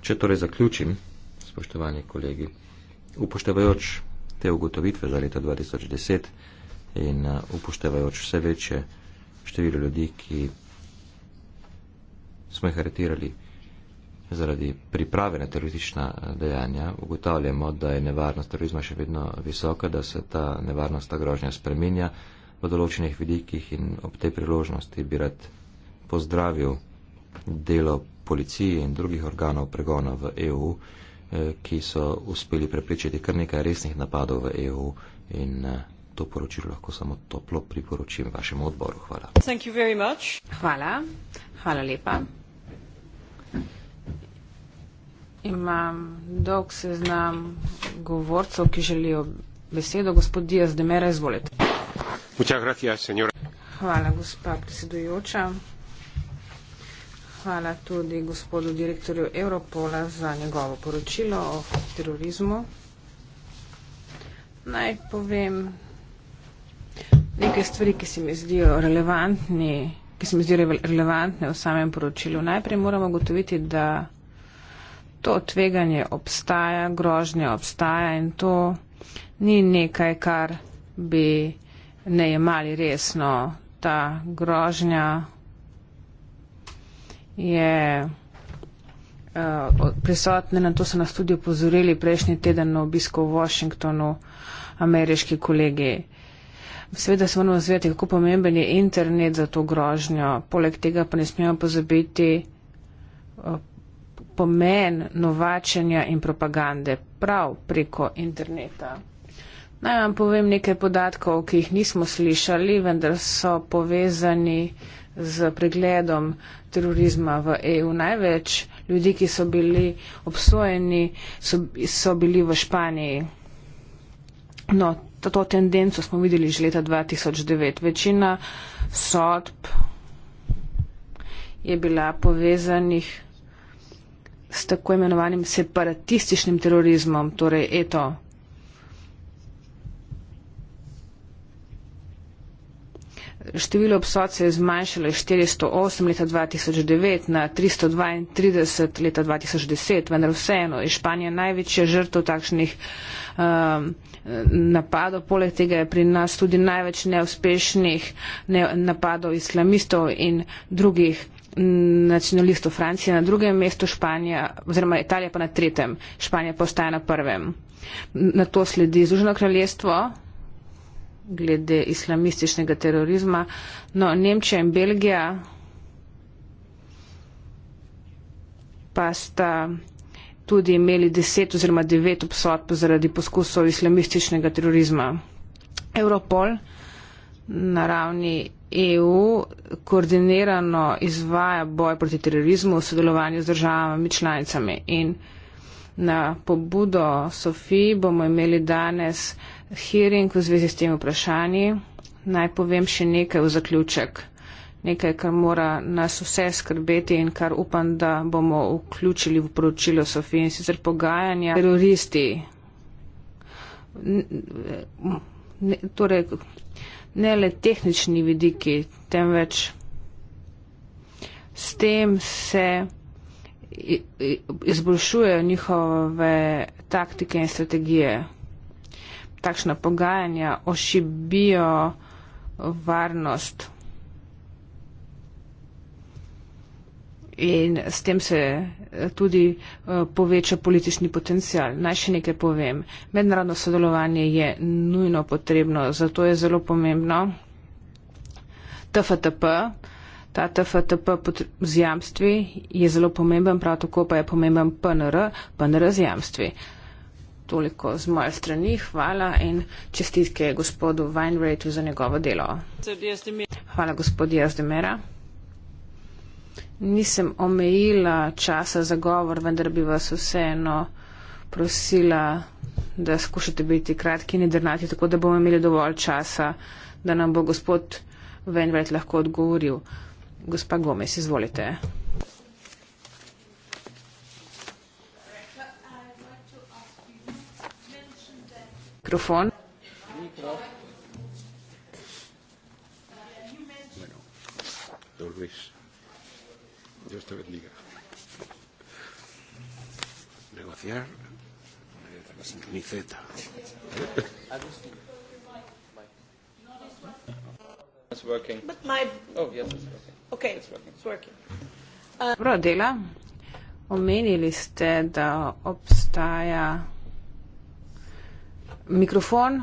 Če torej zaključim, spoštovani kolegi, upoštevajoč te ugotovitve za leto 2010 in eh, upoštevajoč vse večje število ljudi, ki smo jih aretirali zaradi priprave na teroristična eh, dejanja, ugotavljamo, da je nevarnost terorizma še vedno visoka, da se ta nevarnost, ta grožnja spreminja v določenih vidikih in ob tej priložnosti bi rad pozdravil delo policije in drugih organov pregona v EU, eh, ki so uspeli prepričati kar nekaj resnih napadov v EU in eh, to poročilo lahko samo toplo priporočim vašemu odboru. Hvala. Hvala. Hvala lepa. Imam dolg seznam govorcev, ki želijo besedo. Gospod Diaz de Mera, izvolite. Hvala, gospa predsedujoča hvala tudi gospodu direktorju Europola za njegovo poročilo o terorizmu. Naj povem nekaj stvari, ki se mi zdijo relevantni, ki se mi zdijo relevantne v samem poročilu. Najprej moramo ugotoviti, da to tveganje obstaja, grožnje obstaja in to ni nekaj, kar bi ne jemali resno. Ta grožnja je uh, prisotne, na to so nas tudi opozorili prejšnji teden na obisku v Washingtonu ameriški kolegi. Seveda se moramo zvedeti, kako pomemben je internet za to grožnjo. Poleg tega pa ne smemo pozabiti eh, pomen novačenja in propagande prav preko interneta. Naj vam povem nekaj podatkov, ki jih nismo slišali, vendar so povezani z pregledom terorizma v EU. Največ ljudi, ki so bili obsojeni, so, so bili v Španiji. No, to, to tendenco smo videli že leta 2009. Večina sodb je bila povezanih s tako imenovanim separatističnim terorizmom, torej eto Število obsod se je zmanjšalo iz 408 leta 2009 na 332 leta 2010, vendar vseeno je Španija največja žrtev takšnih um, napadov. Poleg tega je pri nas tudi največ neuspešnih ne napadov islamistov in drugih nacionalistov. Francija na drugem mestu, Španija oziroma Italija pa na tretjem, Španija pa ostaja na prvem. Na to sledi Združeno kraljestvo, glede islamističnega terorizma. No, Nemčija in Belgija pa sta tudi imeli deset oziroma devet obsodb zaradi poskusov islamističnega terorizma. Europol na ravni EU koordinirano izvaja boj proti terorizmu v sodelovanju z državami članicami. In na pobudo Sofiji bomo imeli danes hearing v zvezi s tem vprašanji. Naj povem še nekaj v zaključek. Nekaj, kar mora nas vse skrbeti in kar upam, da bomo vključili v poročilo Sofije in sicer pogajanja teroristi. Ne, torej, ne le tehnični vidiki, temveč s tem se izboljšujejo njihove taktike in strategije takšna pogajanja ošibijo varnost. In s tem se eh, tudi eh, poveča politični potencial. Naj še nekaj povem. Mednarodno sodelovanje je nujno potrebno, zato je zelo pomembno. TFTP, ta TFTP z jamstvi je zelo pomemben, prav tako pa je pomemben PNR, PNR z jamstvi toliko z moje strani. Hvala in čestitke gospodu Weinreitu za njegovo delo. Hvala gospodi Jazdemera. Nisem omejila časa za govor, vendar bi vas vseeno prosila, da skušate biti kratki in drnati, tako da bomo imeli dovolj časa, da nam bo gospod Weinreit lahko odgovoril. Gospa Gomez, izvolite. Hvala. mikrofon. Bueno, don Luis, Dios te bendiga. Negociar, ni Z. It's working. But my... Oh, yes, it's working. Okay, it's working. It's working. Dobro, dela. Omenili ste, da obstaja mikrofon,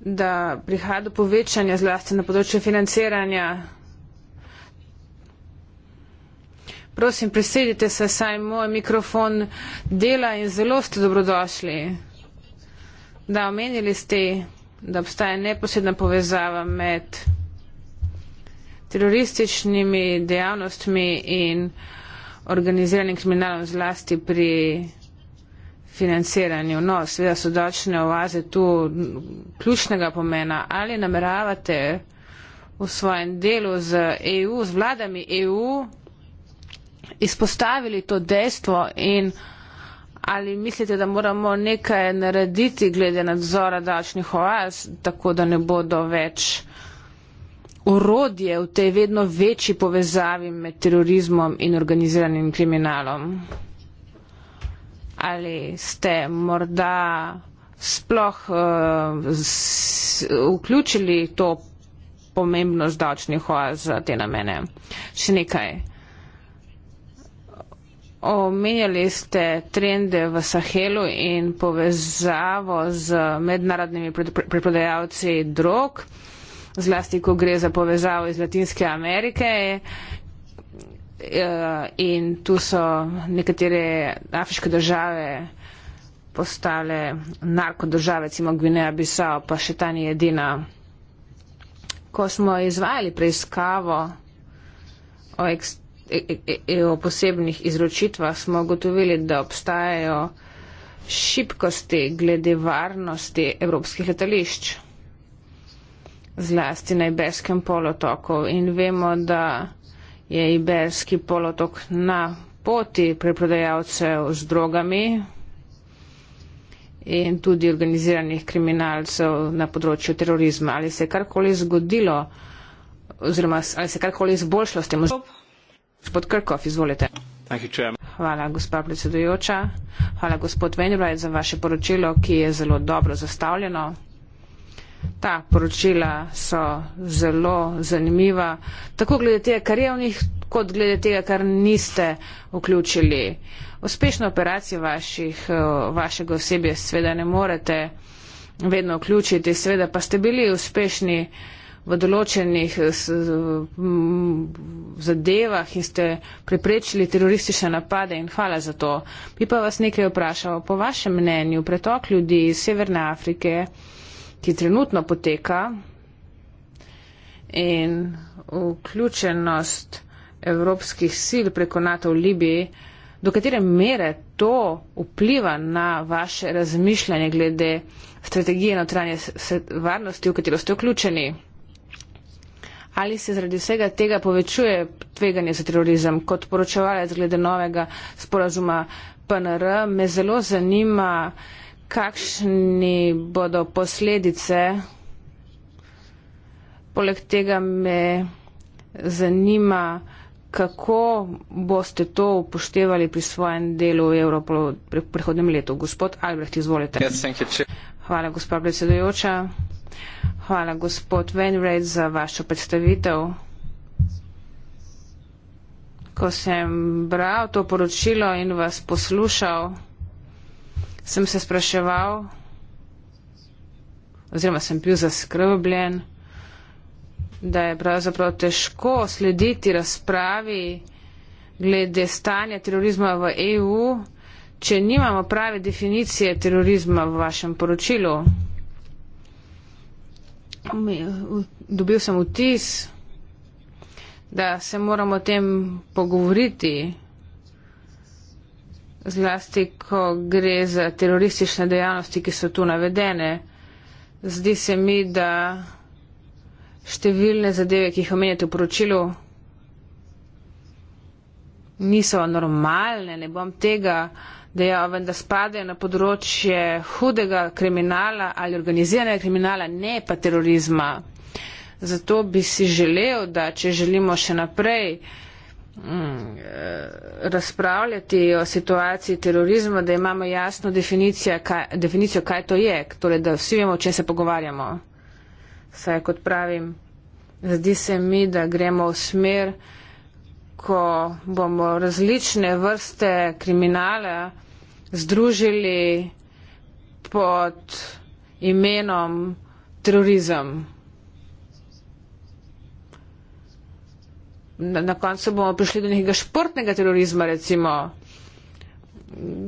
da prihaja do povečanja zlasti na področju financiranja. Prosim, presedite se, saj moj mikrofon dela in zelo ste dobrodošli. Da, omenili ste, da obstaja neposredna povezava med terorističnimi dejavnostmi in organiziranim kriminalom zlasti pri financiranju. No, seveda so davčne oaze tu ključnega pomena. Ali nameravate v svojem delu z EU, z vladami EU, izpostavili to dejstvo in ali mislite, da moramo nekaj narediti glede nadzora davčnih oaz, tako da ne bodo več urodje v tej vedno večji povezavi med terorizmom in organiziranim kriminalom? ali ste morda sploh uh, vključili to pomembnost davčnih oaz za te namene. Še nekaj. Omenjali ste trende v Sahelu in povezavo z mednarodnimi preprodajalci drog, zlasti ko gre za povezavo iz Latinske Amerike. Uh, Eh, in tu so nekatere afriške države postale narko države, recimo Gvineja Bisao, pa še ta ni edina. Ko smo izvajali preiskavo o, e e, e e o posebnih izročitvah, smo ugotovili, da obstajajo šibkosti glede varnosti evropskih letališč, zlasti na Iberskem polotoku. In vemo, da je Iberski polotok na poti preprodajalcev z drogami in tudi organiziranih kriminalcev na področju terorizma. Ali se je karkoli zgodilo oziroma ali se je karkoli izboljšalo s tem? Gospod Krkov, izvolite. Hvala, gospa predsedujoča. Hvala, gospod Venjulaj, za vaše poročilo, ki je zelo dobro zastavljeno ta poročila so zelo zanimiva, tako glede tega, kar je v njih, kot glede tega, kar niste vključili. Uspešno operacijo vaših, eh, vašega osebja sveda ne morete vedno vključiti, sveda pa ste bili uspešni v določenih eh, zadevah in ste preprečili teroristične napade in hvala za to. Bi pa vas nekaj vprašal, po vašem mnenju, pretok ljudi iz Severne Afrike, ki trenutno poteka in vključenost evropskih sil preko NATO v Libiji, do katere mere to vpliva na vaše razmišljanje glede strategije notranje varnosti, v katero ste vključeni? Ali se zaradi vsega tega povečuje tveganje za terorizem? Kot poročevalec glede novega sporazuma PNR me zelo zanima, kakšni bodo posledice. Poleg tega me zanima, kako boste to upoštevali pri svojem delu v Evropo pri prihodnem letu. Gospod Albrecht, izvolite. Hvala, gospod predsedujoča. Hvala, gospod Venred, za vašo predstavitev. Ko sem bral to poročilo in vas poslušal, sem se spraševal, oziroma sem bil zaskrbljen, da je pravzaprav težko slediti razpravi glede stanja terorizma v EU, če nimamo prave definicije terorizma v vašem poročilu. Dobil sem vtis, da se moramo o tem pogovoriti zlasti, ko gre za teroristične dejavnosti, ki so tu navedene. Zdi se mi, da številne zadeve, ki jih omenjate v poročilu, niso normalne, ne bom tega dejal, vendar spadajo na področje hudega kriminala ali organiziranega kriminala, ne pa terorizma. Zato bi si želel, da če želimo še naprej, Eh, razpravljati o situaciji terorizma, da imamo jasno kaj, definicijo, kaj to je, torej da vsi vemo, o čem se pogovarjamo. Saj, kot pravim, zdi se mi, da gremo v smer, ko bomo različne vrste kriminala združili pod imenom terorizem. na koncu bomo prišli do nekega športnega terorizma, recimo.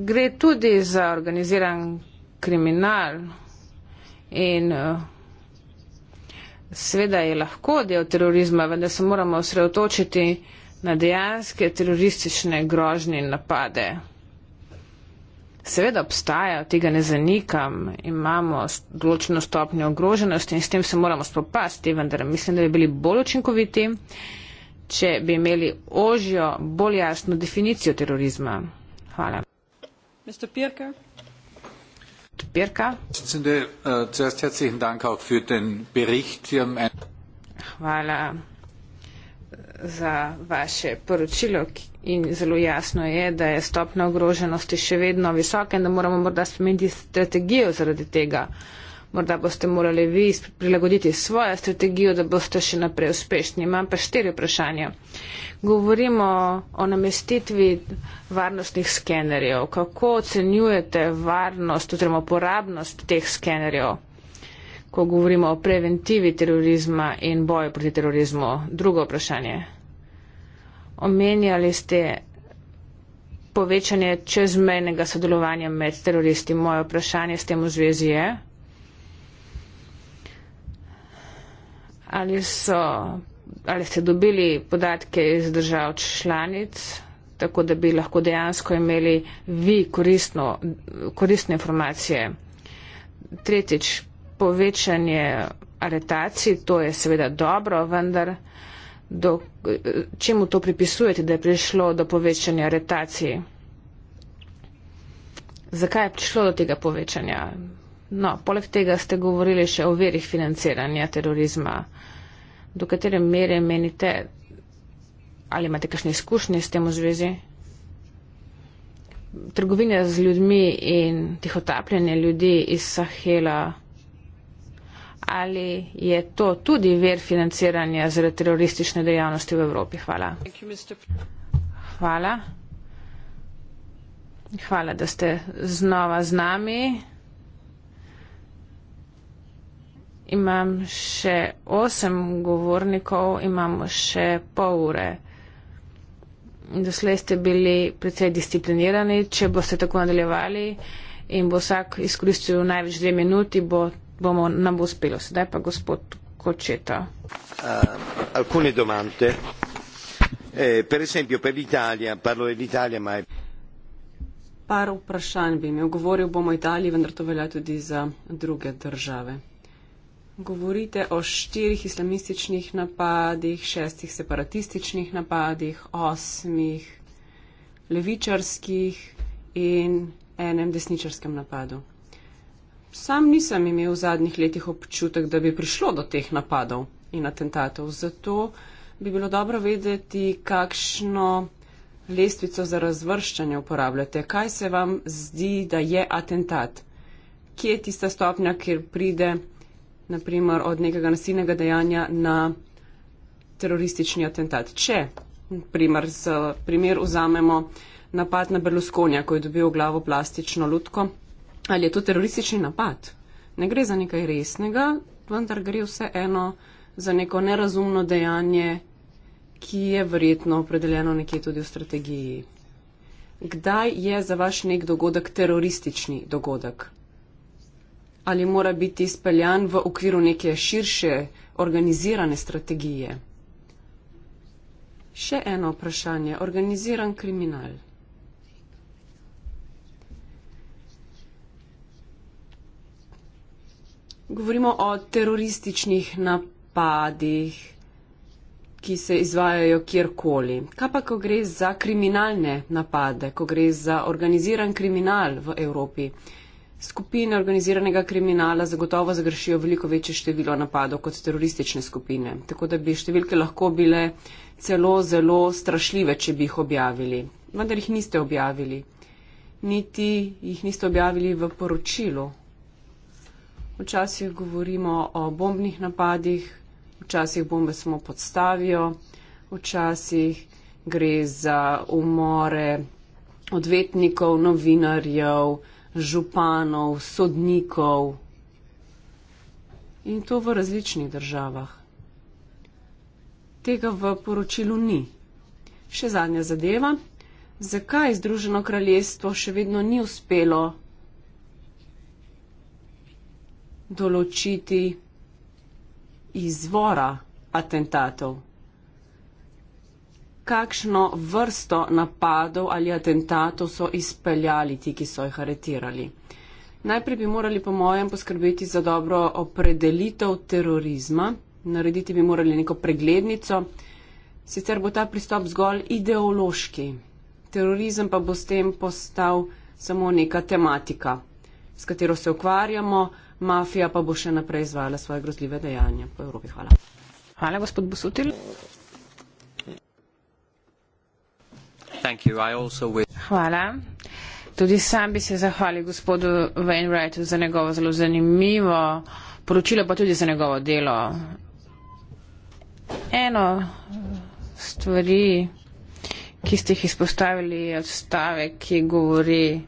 Gre tudi za organiziran kriminal in eh, sveda je lahko del terorizma, vendar se moramo osredotočiti na dejanske teroristične grožnje in napade. Seveda obstajajo, tega ne zanikam, imamo določeno stopnjo ogroženosti in s tem se moramo spopasti, vendar mislim, da bi bili bolj učinkoviti če bi imeli ožjo, bolj jasno definicijo terorizma. Hvala. Eh, Hvala eh, za vaše poročilo in zelo jasno je, da je stopna ogroženosti še vedno visoka in da moramo morda spremeniti strategijo zaradi tega morda boste morali vi prilagoditi svojo strategijo, da boste še naprej uspešni. Imam pa štiri vprašanja. Govorimo o namestitvi varnostnih skenerjev. Kako ocenjujete varnost oziroma uporabnost teh skenerjev, ko govorimo o preventivi terorizma in boju proti terorizmu? Drugo vprašanje. Omenjali ste povečanje čezmejnega sodelovanja med teroristi. Moje vprašanje s tem v zvezi je, Ali, so, ali ste dobili podatke iz držav članic, tako da bi lahko dejansko imeli vi koristno, koristne informacije? Tretjič, povečanje aretacij, to je seveda dobro, vendar do, čemu to pripisujete, da je prišlo do povečanja aretacij? Zakaj je prišlo do tega povečanja? No, poleg tega ste govorili še o verih financiranja terorizma. Do katere mere menite, ali imate kakšne izkušnje s tem v zvezi? Trgovine z ljudmi in tihotapljanje ljudi iz Sahela, ali je to tudi ver financiranja zaradi teroristične dejavnosti v Evropi? Hvala. Hvala. Hvala, da ste znova z nami. imam še osem govornikov, imamo še pol ure. Doslej ste bili precej disciplinirani, če boste tako nadaljevali in bo vsak izkoristil največ dve minuti, bo, bomo nam bo uspelo. Sedaj pa gospod Kočeta. Uh, alcune domande. Eh, per esempio per l'Italia, parlo dell'Italia ma è... Par vprašanj bi imel. Govoril bomo o Italiji, vendar to velja tudi za druge države. Govorite o štirih islamističnih napadih, šestih separatističnih napadih, osmih levičarskih in enem desničarskem napadu. Sam nisem imel v zadnjih letih občutek, da bi prišlo do teh napadov in atentatov. Zato bi bilo dobro vedeti, kakšno lestvico za razvrščanje uporabljate. Kaj se vam zdi, da je atentat? Kje je tista stopnja, kjer pride? naprimer od nekega nasilnega dejanja na teroristični atentat. Če, primer, z primer vzamemo napad na Berlusconija, ko je dobil glavo plastično lutko, ali je to teroristični napad? Ne gre za nekaj resnega, vendar gre vse eno za neko nerazumno dejanje, ki je verjetno opredeljeno nekje tudi v strategiji. Kdaj je za vaš nek dogodek teroristični dogodek? ali mora biti izpeljan v okviru neke širše organizirane strategije? Še eno vprašanje. Organiziran kriminal. Govorimo o terorističnih napadih, ki se izvajajo kjerkoli. Kaj pa, ko gre za kriminalne napade, ko gre za organiziran kriminal v Evropi? Skupine organiziranega kriminala zagotovo zagrešijo veliko večje število napadov kot teroristične skupine, tako da bi številke lahko bile celo zelo strašljive, če bi jih objavili. Vendar jih niste objavili. Niti jih niste objavili v poročilu. Včasih govorimo o bombnih napadih, včasih bombe samo podstavijo, včasih gre za umore odvetnikov, novinarjev, županov, sodnikov in to v različnih državah. Tega v poročilu ni. Še zadnja zadeva. Zakaj Združeno kraljestvo še vedno ni uspelo določiti izvora atentatov? kakšno vrsto napadov ali atentatov so izpeljali ti, ki so jih aretirali. Najprej bi morali, po mojem, poskrbeti za dobro opredelitev terorizma, narediti bi morali neko preglednico, sicer bo ta pristop zgolj ideološki, terorizem pa bo s tem postal samo neka tematika, s katero se ukvarjamo, mafija pa bo še naprej izvala svoje grozljive dejanja po Evropi. Hvala. Hvala, gospod Busutil. Hvala. Tudi sam bi se zahvalil gospodu Wainwrightu za njegovo zelo zanimivo poročilo, pa tudi za njegovo delo. Eno stvari, ki ste jih izpostavili, je odstavek, ki govori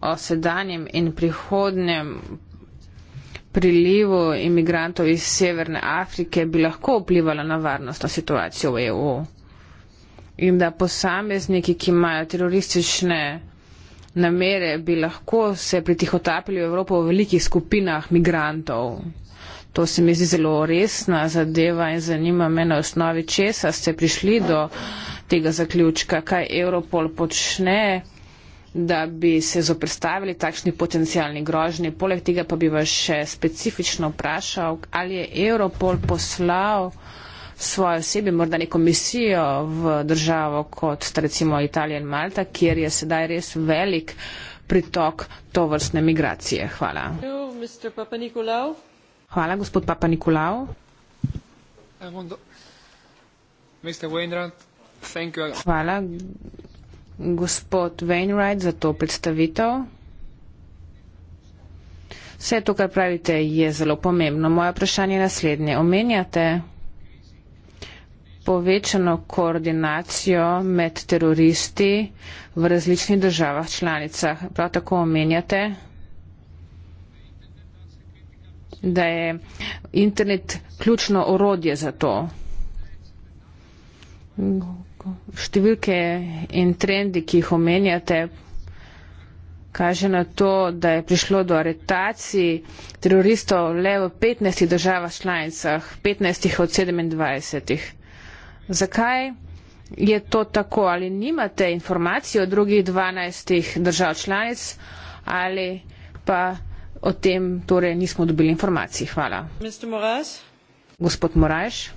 o sedanjem in prihodnem prilivu imigrantov iz Severne Afrike, bi lahko vplivalo na varnostno situacijo v EU in da posamezniki, ki imajo teroristične namere, bi lahko se pritihotapili v Evropo v velikih skupinah migrantov. To se mi zdi zelo resna zadeva in zanima me na osnovi česa ste prišli do tega zaključka, kaj Europol počne, da bi se zoprstavili takšni potencijalni grožnji. Poleg tega pa bi vas še specifično vprašal, ali je Europol poslal uh, svoje osebi, morda neko misijo v državo kot recimo Italija in Malta, kjer je sedaj res velik pritok to vrstne migracije. Hvala. Hvala, gospod Papa Nikolau. Hvala, gospod Wainwright, za to predstavitev. Vse to, kar pravite, je zelo pomembno. Moje vprašanje je naslednje. Omenjate, povečano koordinacijo med teroristi v različnih državah članicah. Prav tako omenjate, da je internet ključno orodje za to. Številke in trendi, ki jih omenjate, kaže na to, da je prišlo do aretacij teroristov le v 15 državah članicah, 15 od 27. Zakaj je to tako? Ali nimate informacije o drugih 12 držav članic ali pa o tem torej nismo dobili informacij? Hvala. Moraes. Gospod Moraš.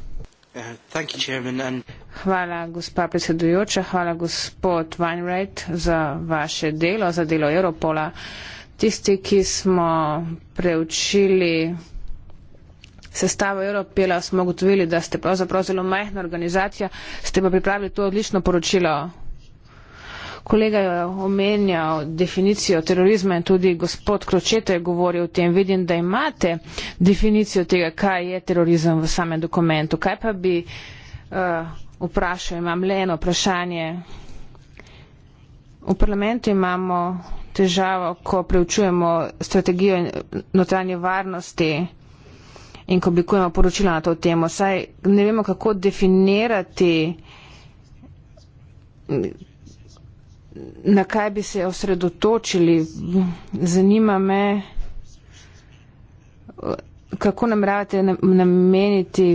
Uh, hvala, gospa predsedujoča, hvala, gospod Weinreit, za vaše delo, za delo Europola. Tisti, ki smo preučili sestavo Europela smo ugotovili, da ste pravzaprav zelo majhna organizacija, ste pa pripravili to odlično poročilo. Kolega je omenjal definicijo terorizma in tudi gospod Kročeta je govoril o tem. Vidim, da imate definicijo tega, kaj je terorizem v samem dokumentu. Kaj pa bi uh, vprašal, imam le eno vprašanje. V parlamentu imamo težavo, ko preučujemo strategijo notranje varnosti in ko oblikujemo poročila na to temo. Saj ne vemo, kako definirati, na kaj bi se osredotočili. Zanima me, kako nameravate nameniti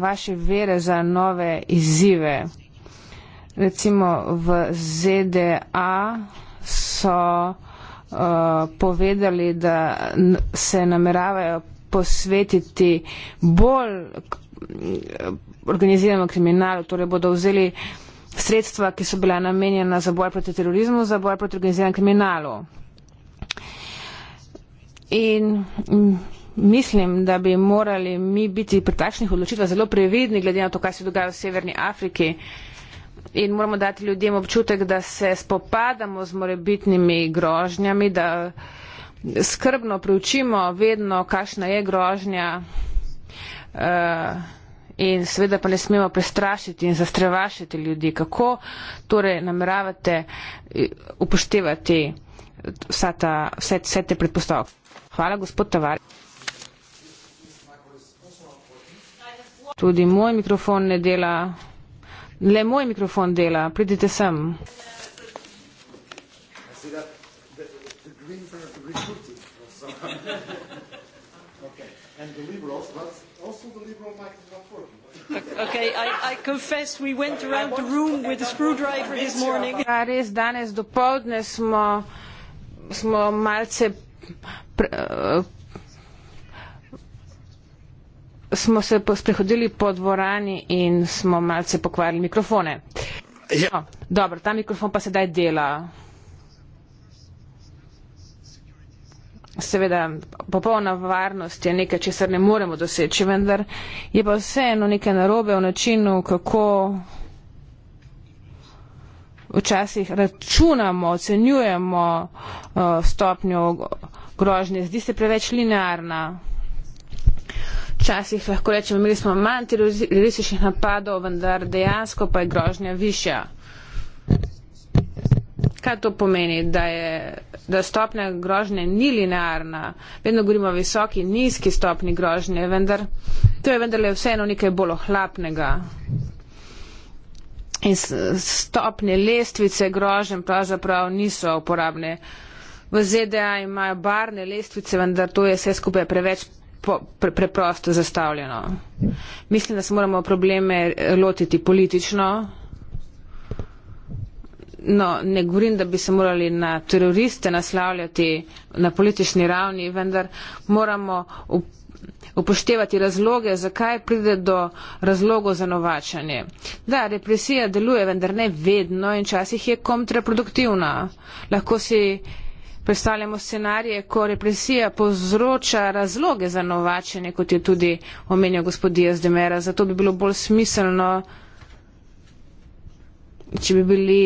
vaše vere za nove izzive. Recimo v ZDA so uh, povedali, da se nameravajo posvetiti bolj organiziranemu kriminalu, torej bodo vzeli sredstva, ki so bila namenjena za boj proti terorizmu, za boj proti organiziranemu kriminalu. In mm, mislim, da bi morali mi biti pri takšnih odločitvah zelo previdni, glede na to, kaj se dogaja v Severni Afriki. In moramo dati ljudem občutek, da se spopadamo z morebitnimi grožnjami, da skrbno preučimo vedno, kakšna je grožnja uh, in seveda pa ne smemo prestrašiti in zastrevašiti ljudi, kako torej nameravate eh, upoštevati vsa ta, vse, vse te predpostavke. Hvala, gospod Tavar. Tudi moj mikrofon ne dela. Le moj mikrofon dela. Pridite sem. Yeah recruited. okay, and the liberals, but also the liberal mic is not working. okay, I, I confess we went around the room with a screwdriver this morning. Ja, res, danes do povdne smo, smo malce pre, uh, smo se sprehodili po dvorani in smo malce pokvarili mikrofone. Ja. No, dobro, ta mikrofon pa sedaj dela. Seveda, popolna varnost je nekaj, če se ne moremo doseči, vendar je pa vseeno nekaj narobe v načinu, kako včasih računamo, ocenjujemo uh, stopnjo grožnje. Zdi se preveč linearna. Včasih lahko rečemo, imeli smo manj terorističnih napadov, vendar dejansko pa je grožnja višja kaj to pomeni, da, je, da stopnja grožnje ni linearna. Vedno govorimo o visoki, nizki stopni grožnje, vendar to je vendarle vseeno nekaj bolj ohlapnega. In stopnje lestvice grožen pravzaprav niso uporabne. V ZDA imajo barne lestvice, vendar to je vse skupaj preveč pre, preprosto zastavljeno. Mislim, da se moramo probleme lotiti politično. No, ne govorim, da bi se morali na teroriste naslavljati na politični ravni, vendar moramo upoštevati razloge, zakaj pride do razlogov za novačanje. Da, represija deluje, vendar ne vedno in včasih je kontraproduktivna. Lahko si predstavljamo scenarije, ko represija povzroča razloge za novačanje, kot je tudi omenjal gospodija Zdemera. Zato bi bilo bolj smiselno, če bi bili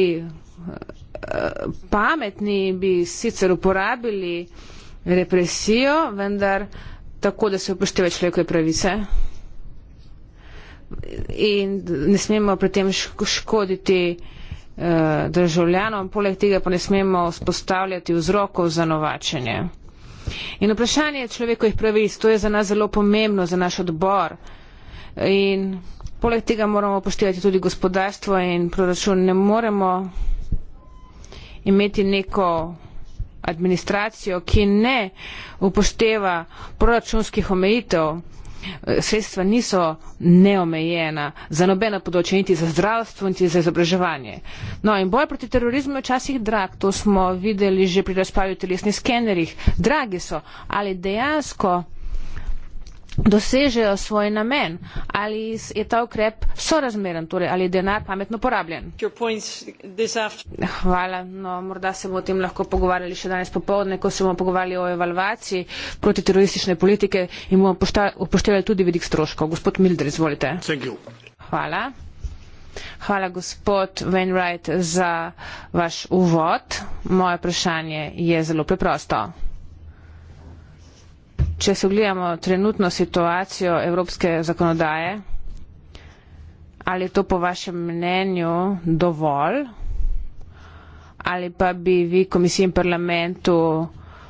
pametni bi sicer uporabili represijo, vendar tako, da se upošteva človekove pravice in ne smemo pri tem škoditi eh, državljanom, poleg tega pa ne smemo spostavljati vzrokov za novačenje. In vprašanje človekovih pravic, to je za nas zelo pomembno, za naš odbor. In poleg tega moramo upoštevati tudi gospodarstvo in proračun. Ne moremo imeti neko administracijo, ki ne upošteva proračunskih omejitev. Sredstva niso neomejena za nobeno področje, niti za zdravstvo, niti za izobraževanje. No in boj proti terorizmu je včasih drag, to smo videli že pri razpravi o telesnih skenerjih. Dragi so, ali dejansko dosežejo svoj namen, ali je ta ukrep sorazmeren, torej ali je denar pametno porabljen. Hvala, no morda se bomo o tem lahko pogovarjali še danes popovdne, ko se bomo pogovarjali o evalvaciji protiteroristične politike in bomo upoštevali tudi vidik stroškov. Gospod Milder, izvolite. Hvala. Hvala gospod Wainwright za vaš uvod. Moje vprašanje je zelo preprosto. Če se gledamo trenutno situacijo evropske zakonodaje, ali je to po vašem mnenju dovolj, ali pa bi vi komisiji in parlamentu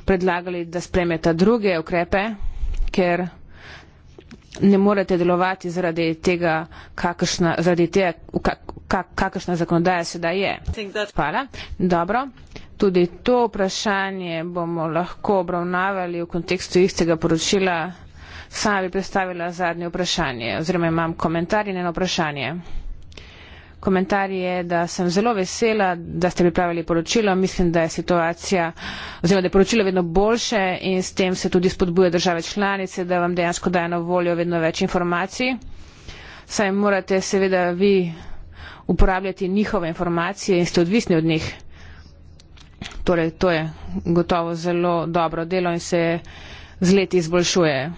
predlagali, da spremeta druge ukrepe, ker ne morete delovati zaradi tega, kakršna, zaradi tega, kak, kakršna zakonodaja sedaj je. Hvala. Dobro. Tudi to vprašanje bomo lahko obravnavali v kontekstu istega poročila. Sama bi predstavila zadnje vprašanje oziroma imam komentar in eno vprašanje. Komentar je, da sem zelo vesela, da ste pripravili poročilo. Mislim, da je situacija oziroma da je poročilo vedno boljše in s tem se tudi spodbuje države članice, da vam dejansko daje na voljo vedno več informacij. Saj morate seveda vi uporabljati njihove informacije in ste odvisni od njih. Torej, to je gotovo zelo dobro delo in se z leti izboljšuje.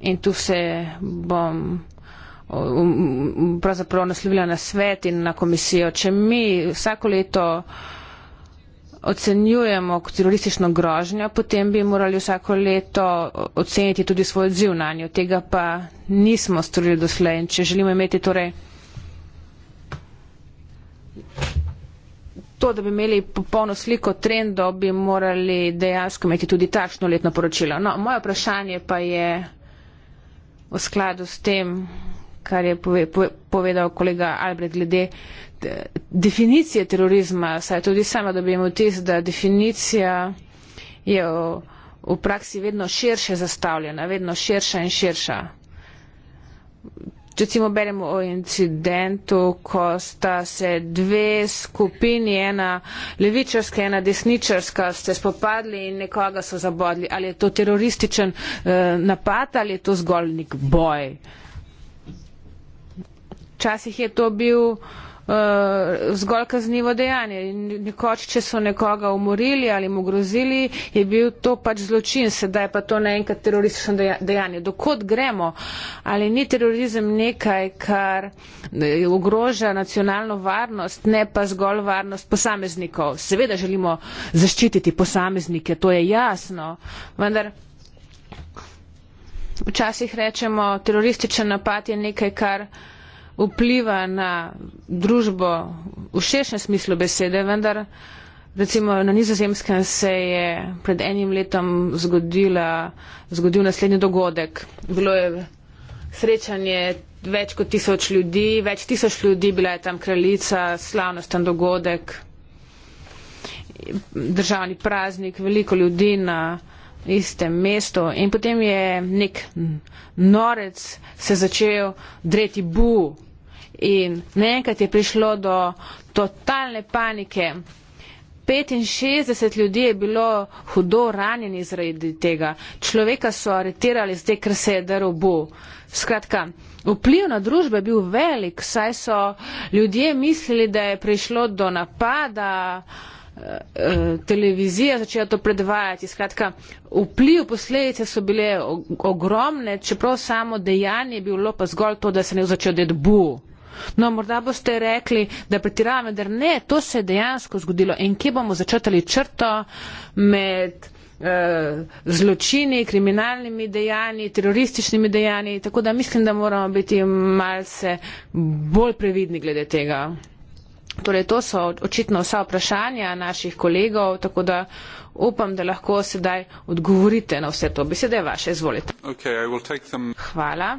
In tu se bom um, pravzaprav naslovila na svet in na komisijo. Če mi vsako leto ocenjujemo kot teroristično grožnjo, potem bi morali vsako leto oceniti tudi svoj odziv na njo. Tega pa nismo storili doslej. In če želimo imeti torej to, da bi imeli popolno sliko trendov, bi morali dejansko imeti tudi takšno letno poročilo. No, moje vprašanje pa je v skladu s tem, kar je pove, pove, povedal kolega Albrecht glede de, eh, definicije terorizma. Saj tudi sama dobim vtis, da definicija je v, v praksi vedno širše zastavljena, vedno širša in širša. Če recimo beremo o incidentu, ko sta se dve skupini, ena levičarska, ena desničarska, ste spopadli in nekoga so zabodli, ali je to terorističen eh, napad ali je to zgolj nek boj? Včasih je to bil. Eh, zgolj kaznivo dejanje. Nekoč, če so nekoga umorili ali mu grozili, je bil to pač zločin, sedaj pa to naenkrat teroristično dejanje. Dokot gremo, ali ni terorizem nekaj, kar eh, ogroža nacionalno varnost, ne pa zgolj varnost posameznikov. Seveda želimo zaščititi posameznike, to je jasno, vendar. Včasih rečemo, terorističen napad je nekaj, kar vpliva na družbo v širšem smislu besede, vendar recimo na nizozemskem se je pred enim letom zgodila, zgodil naslednji dogodek. Bilo je srečanje več kot tisoč ljudi, več tisoč ljudi bila je tam kraljica, slavnosten dogodek, državni praznik, veliko ljudi na istem mestu in potem je nek norec se začel dreti bu In naenkrat je prišlo do totalne panike. 65 ljudi je bilo hudo ranjenih zaradi tega. Človeka so aretirali zdaj, ker se je drl bo. Skratka, vpliv na družbe je bil velik, saj so ljudje mislili, da je prišlo do napada, eh, eh, televizija začela to predvajati. Skratka, vpliv posledice so bile ogromne, čeprav samo dejanje je bilo pa zgolj to, da se je začel deti bo. No, morda boste rekli, da pretiravam, vendar ne, to se je dejansko zgodilo in kje bomo začrtali črto med eh, zločini, kriminalnimi dejanji, terorističnimi dejanji, tako da mislim, da moramo biti malce bolj previdni glede tega. Torej, to so očitno vsa vprašanja naših kolegov, tako da upam, da lahko sedaj odgovorite na vse to. Beseda je vaše, izvolite. Okay, Hvala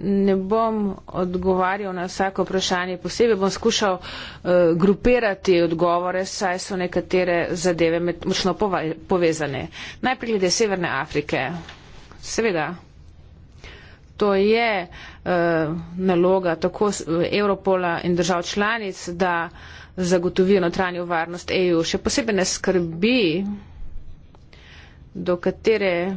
ne bom odgovarjal na vsako vprašanje posebej, bom skušal uh, grupirati odgovore, saj so nekatere zadeve močno povezane. Najprej glede Severne Afrike. Seveda, to je uh, naloga tako Evropola in držav članic, da zagotovijo notranjo varnost EU. Še posebej ne skrbi, do katere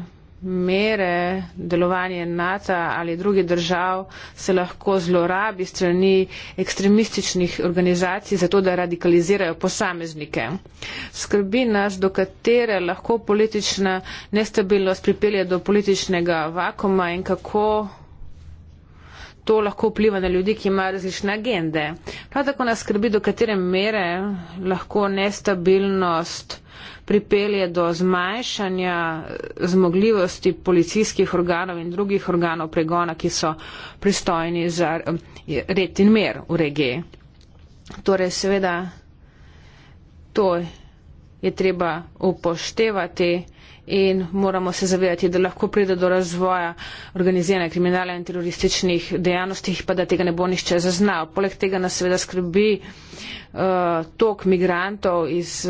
mere delovanje NATO ali drugih držav se lahko zlorabi strani ekstremističnih organizacij zato, da radikalizirajo posameznike. Skrbi nas, do katere lahko politična nestabilnost pripelje do političnega vakuma in kako to lahko vpliva na ljudi, ki imajo različne agende. Prav tako nas skrbi, do katere mere lahko nestabilnost pripelje do zmanjšanja zmogljivosti policijskih organov in drugih organov pregona, ki so pristojni za eh, red in mer v regiji. Torej, seveda, to je treba upoštevati in moramo se zavedati, da lahko pride do razvoja organizirane kriminale in terorističnih dejavnosti, pa da tega ne bo nišče zaznal. Poleg tega nas seveda skrbi uh, tok migrantov iz,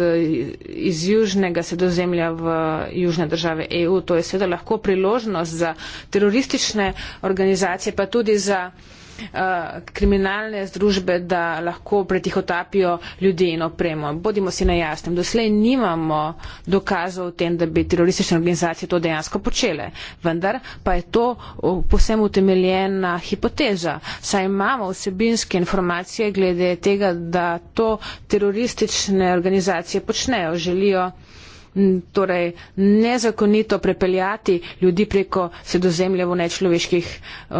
iz južnega sredozemlja v južne države EU. To je seveda lahko priložnost za teroristične organizacije, pa tudi za. Eh, kriminalne združbe, da lahko pretihotapijo ljudi in opremo. Bodimo si najjasnem, doslej nimamo dokazov o tem, da bi teroristične organizacije to dejansko počele, vendar pa je to posebno utemeljena hipoteza. Saj imamo vsebinske informacije glede tega, da to teroristične organizacije počnejo, želijo torej nezakonito prepeljati ljudi preko sredozemlja v nečloveških uh,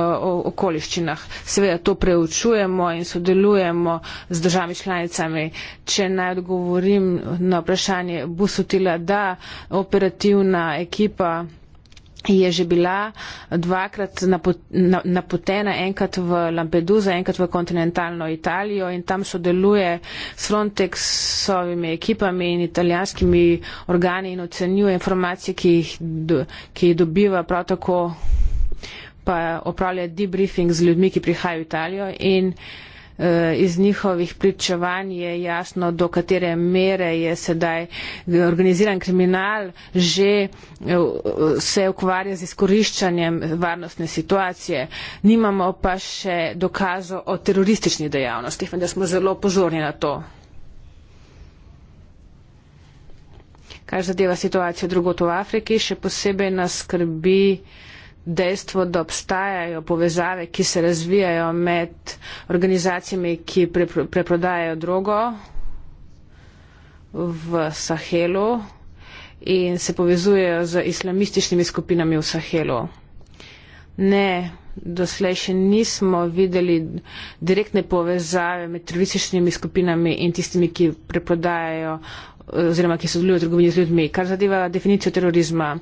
okoliščinah. Seveda to preučujemo in sodelujemo z državami članicami. Če naj odgovorim na vprašanje Busutila, da operativna ekipa je že bila dvakrat napotena, enkrat v Lampedusa, enkrat v kontinentalno Italijo in tam sodeluje s Frontexovimi ekipami in italijanskimi organi in ocenjuje informacije, ki jih, ki jih dobiva, prav tako pa opravlja debriefing z ljudmi, ki prihajajo v Italijo. In, uh, Eh, iz njihovih pričevanj je jasno, do katere mere je sedaj organiziran kriminal že eh, se ukvarja z izkoriščanjem varnostne situacije. Nimamo pa še dokazov o terorističnih dejavnostih, vendar smo zelo pozorni na to. Kar zadeva situacijo drugot v Afriki, še posebej nas skrbi uh, dejstvo, da obstajajo povezave, ki se razvijajo med organizacijami, ki preprodajajo drogo v Sahelu in se povezujejo z islamističnimi skupinami v Sahelu. Ne, doslej še nismo videli direktne povezave med terorističnimi skupinami in tistimi, ki preprodajajo oziroma ki sodelujejo v trgovini z ljudmi. Kar zadeva definicijo terorizma,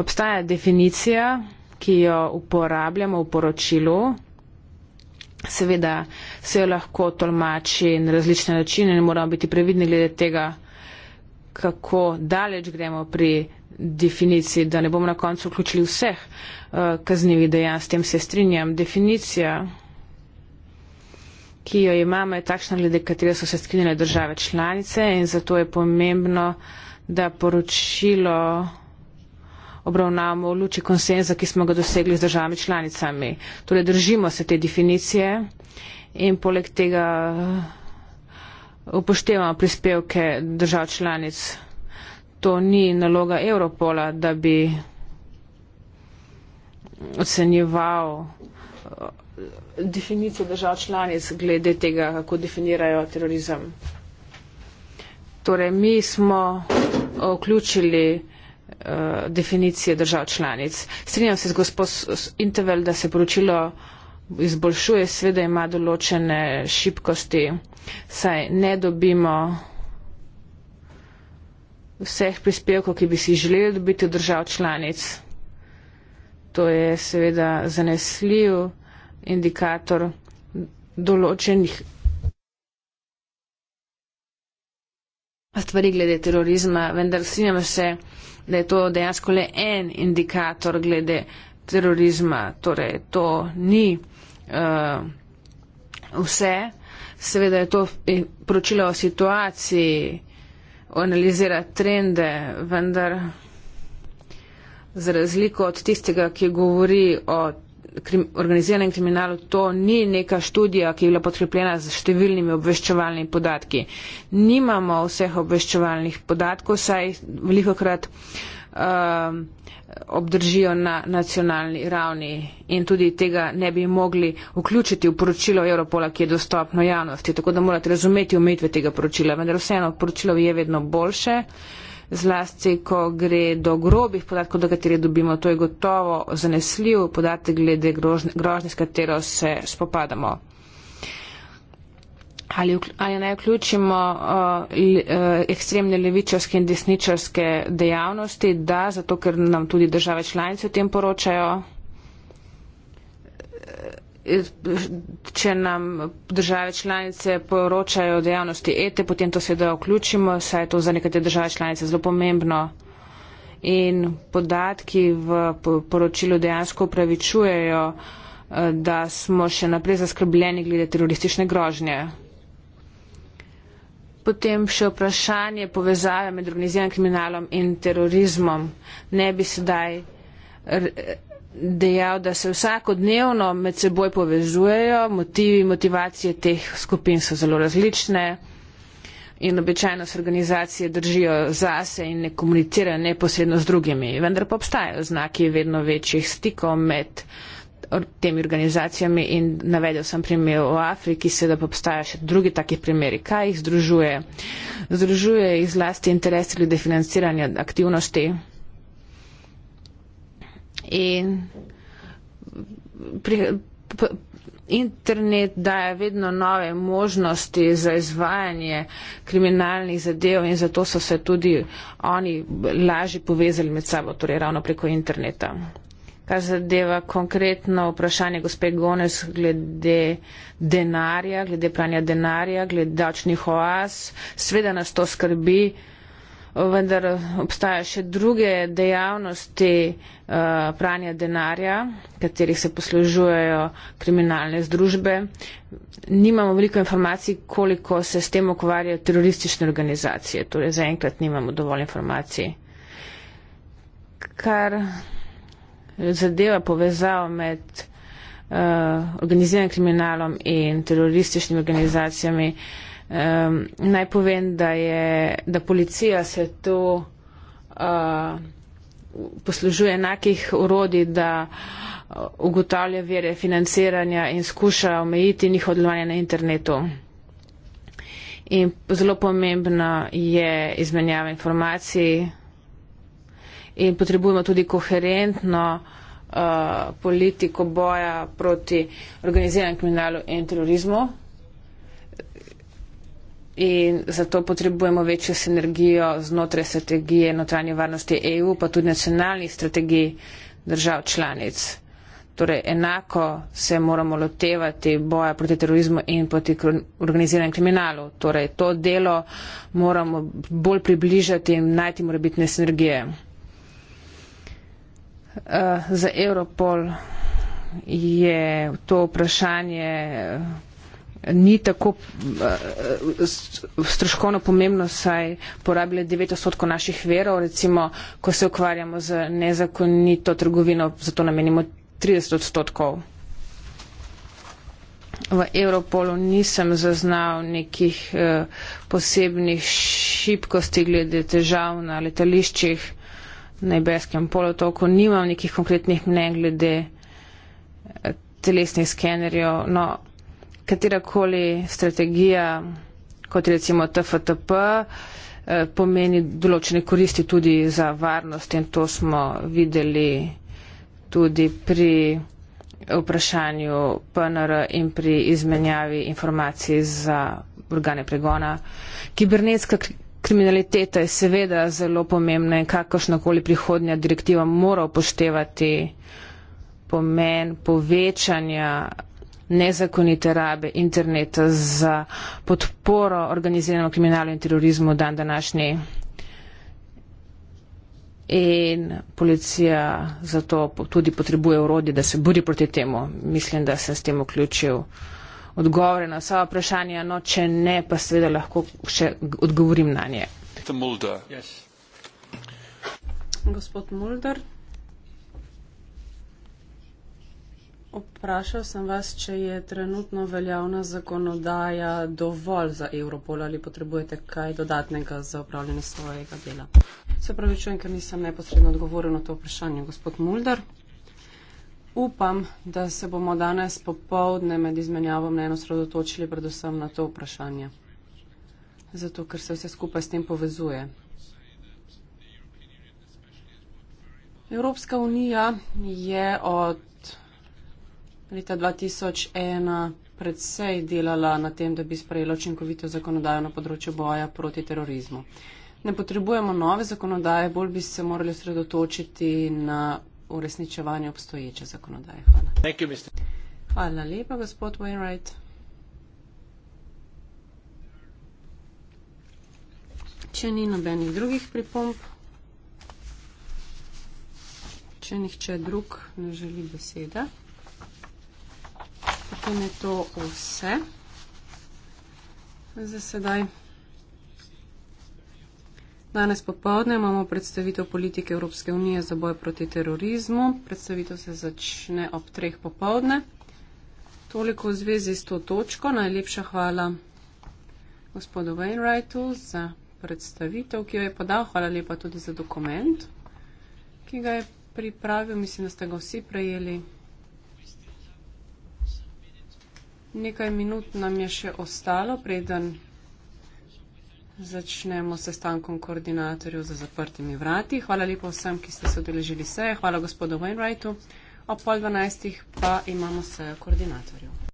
obstaja definicija ki jo uporabljamo v poročilu. Seveda se jo lahko tolmači na različne načine in moramo biti previdni glede tega, kako daleč gremo pri definiciji, da ne bomo na koncu vključili vseh uh, eh, kaznjivih dejanj. S tem se strinjam. Definicija, ki jo imamo, je takšna, glede katere so se strinjale države članice in zato je pomembno, da poročilo obravnavamo v luči konsenza, ki smo ga dosegli z državami članicami. Torej, držimo se te definicije in poleg tega eh, upoštevamo prispevke držav članic. To ni naloga Europola, da bi ocenjeval eh, definicijo držav članic glede tega, kako definirajo terorizem. Torej, mi smo vključili uh, uh, definicije držav članic. Strinjam se z gospod Intervel, da se poročilo izboljšuje, sveda ima določene šibkosti, saj ne dobimo vseh prispevkov, ki bi si želeli dobiti od držav članic. To je seveda zanesljiv indikator določenih stvari glede terorizma, vendar strinjam se, da je to dejansko le en indikator glede terorizma. Torej, to ni uh, vse. Seveda je to poročilo o situaciji, analizira trende, vendar za razliko od tistega, ki govori o krim, organiziranem kriminalu to ni neka študija, ki je bila podkrepljena z številnimi obveščevalnimi podatki. Nimamo vseh obveščevalnih podatkov, saj veliko krat um, obdržijo na nacionalni ravni in tudi tega ne bi mogli vključiti v poročilo Europola, ki je dostopno javnosti. Tako da morate razumeti omejitve tega poročila, vendar vseeno poročilo je vedno boljše. Uh, zlasti, ko gre do grobih podatkov, do katerih dobimo, to je gotovo zanesljiv podatek glede grožne, grožne, s katero se spopadamo. Ali, ali naj vključimo uh, uh, ekstremne levičarske in desničarske dejavnosti? Da, zato ker nam tudi države članice o tem poročajo. Uh, če nam države članice poročajo o dejavnosti ete, e, potem to seveda vključimo, saj je to za nekatere države članice zelo pomembno. In podatki v poročilu dejansko upravičujejo, eh, da smo še naprej zaskrbljeni glede teroristične grožnje. Potem še vprašanje povezave med organiziranim kriminalom in terorizmom. Ne bi sedaj dejal, da se vsakodnevno med seboj povezujejo, motivi, motivacije teh skupin so zelo različne in običajno se organizacije držijo zase in ne komunicirajo neposredno z drugimi, vendar pa obstajajo znaki vedno večjih stikov med temi organizacijami in navedel sem primer v Afriki, seveda pa obstajajo še drugi taki primeri, kaj jih združuje. Združuje jih zlasti interes glede financiranja aktivnosti. In pri, p, internet daje vedno nove možnosti za izvajanje kriminalnih zadev in zato so se tudi oni lažje povezali med sabo, torej ravno preko interneta. Kar zadeva konkretno vprašanje gospe Gones glede denarja, glede pranja denarja, glede davčnih oaz, sveda nas to skrbi vendar obstaja še druge dejavnosti eh, pranja denarja, katerih se poslužujejo kriminalne združbe. Nimamo veliko informacij, koliko se s tem ukvarjajo teroristične organizacije. Torej, zaenkrat nimamo dovolj informacij. Kar zadeva povezavo med uh, eh, organiziranim kriminalom in terorističnimi organizacijami, uh, Um, naj povem, da, je, da policija se to uh, poslužuje enakih urodij, da ugotavlja vere financiranja in skuša omejiti njihovo delovanje na internetu. In zelo pomembna je izmenjava informacij in potrebujemo tudi koherentno uh, politiko boja proti organiziranem kriminalu in terorizmu in zato potrebujemo večjo sinergijo znotraj strategije notranje varnosti EU, pa tudi nacionalnih strategij držav članic. Torej, enako se moramo lotevati boja proti terorizmu in proti organiziranem kriminalu. Torej, to delo moramo bolj približati in najti morebitne sinergije. Uh, za Europol je to vprašanje ni tako eh, stroškovno pomembno, saj porabili 9 odstotkov naših verov, recimo, ko se ukvarjamo z nezakonito trgovino, zato namenimo 30 odstotkov. V Evropolu nisem zaznal nekih eh, posebnih šibkosti glede težav na letališčih na Iberskem polotoku, nimam nekih konkretnih mnen glede eh, telesnih skenerjev. No, katerakoli strategija, kot recimo TFTP, eh, pomeni določene koristi tudi za varnost in to smo videli tudi pri vprašanju PNR in pri izmenjavi informacij za organe pregona. Kibernetska kriminaliteta je seveda zelo pomembna in kakršnakoli prihodnja direktiva mora upoštevati pomen povečanja nezakonite rabe interneta za podporo organiziranemu kriminalu in terorizmu dan današnji. In policija zato tudi potrebuje urodje, da se bori proti temu. Mislim, da sem s tem vključil odgovore na vsa vprašanja, no če ne, pa seveda lahko še odgovorim na nje. Gospod Mulder. Yes. Vprašal sem vas, če je trenutno veljavna zakonodaja dovolj za Evropol ali potrebujete kaj dodatnega za upravljanje svojega dela. Se pravi, čujem, ker nisem neposredno odgovoril na to vprašanje, gospod Mulder. Upam, da se bomo danes popovdne med izmenjavom mnenj osredotočili predvsem na to vprašanje, zato ker se vse skupaj s tem povezuje. Evropska unija je od leta 2001 predvsej delala na tem, da bi sprejela učinkovito zakonodajo na področju boja proti terorizmu. Ne potrebujemo nove zakonodaje, bolj bi se morali osredotočiti na uresničevanje obstoječe zakonodaje. Hvala. Hvala lepa, gospod Wainwright. Če ni nobenih drugih pripomb, če nihče drug ne želi besede potem je to vse. Za sedaj. Danes popovdne imamo predstavitev politike Evropske unije za boj proti terorizmu. Predstavitev se začne ob treh popovdne. Toliko v zvezi s to točko. Najlepša hvala gospodu Wainwrightu za predstavitev, ki jo je podal. Hvala lepa tudi za dokument, ki ga je pripravil. Mislim, da ste ga vsi prejeli. Nekaj minut nam je še ostalo, preden začnemo s sestankom koordinatorjev za zaprtimi vrati. Hvala lepo vsem, ki ste se odeležili seje. Hvala gospodu Wainwrightu. Ob pol dvanajstih pa imamo sejo koordinatorjev.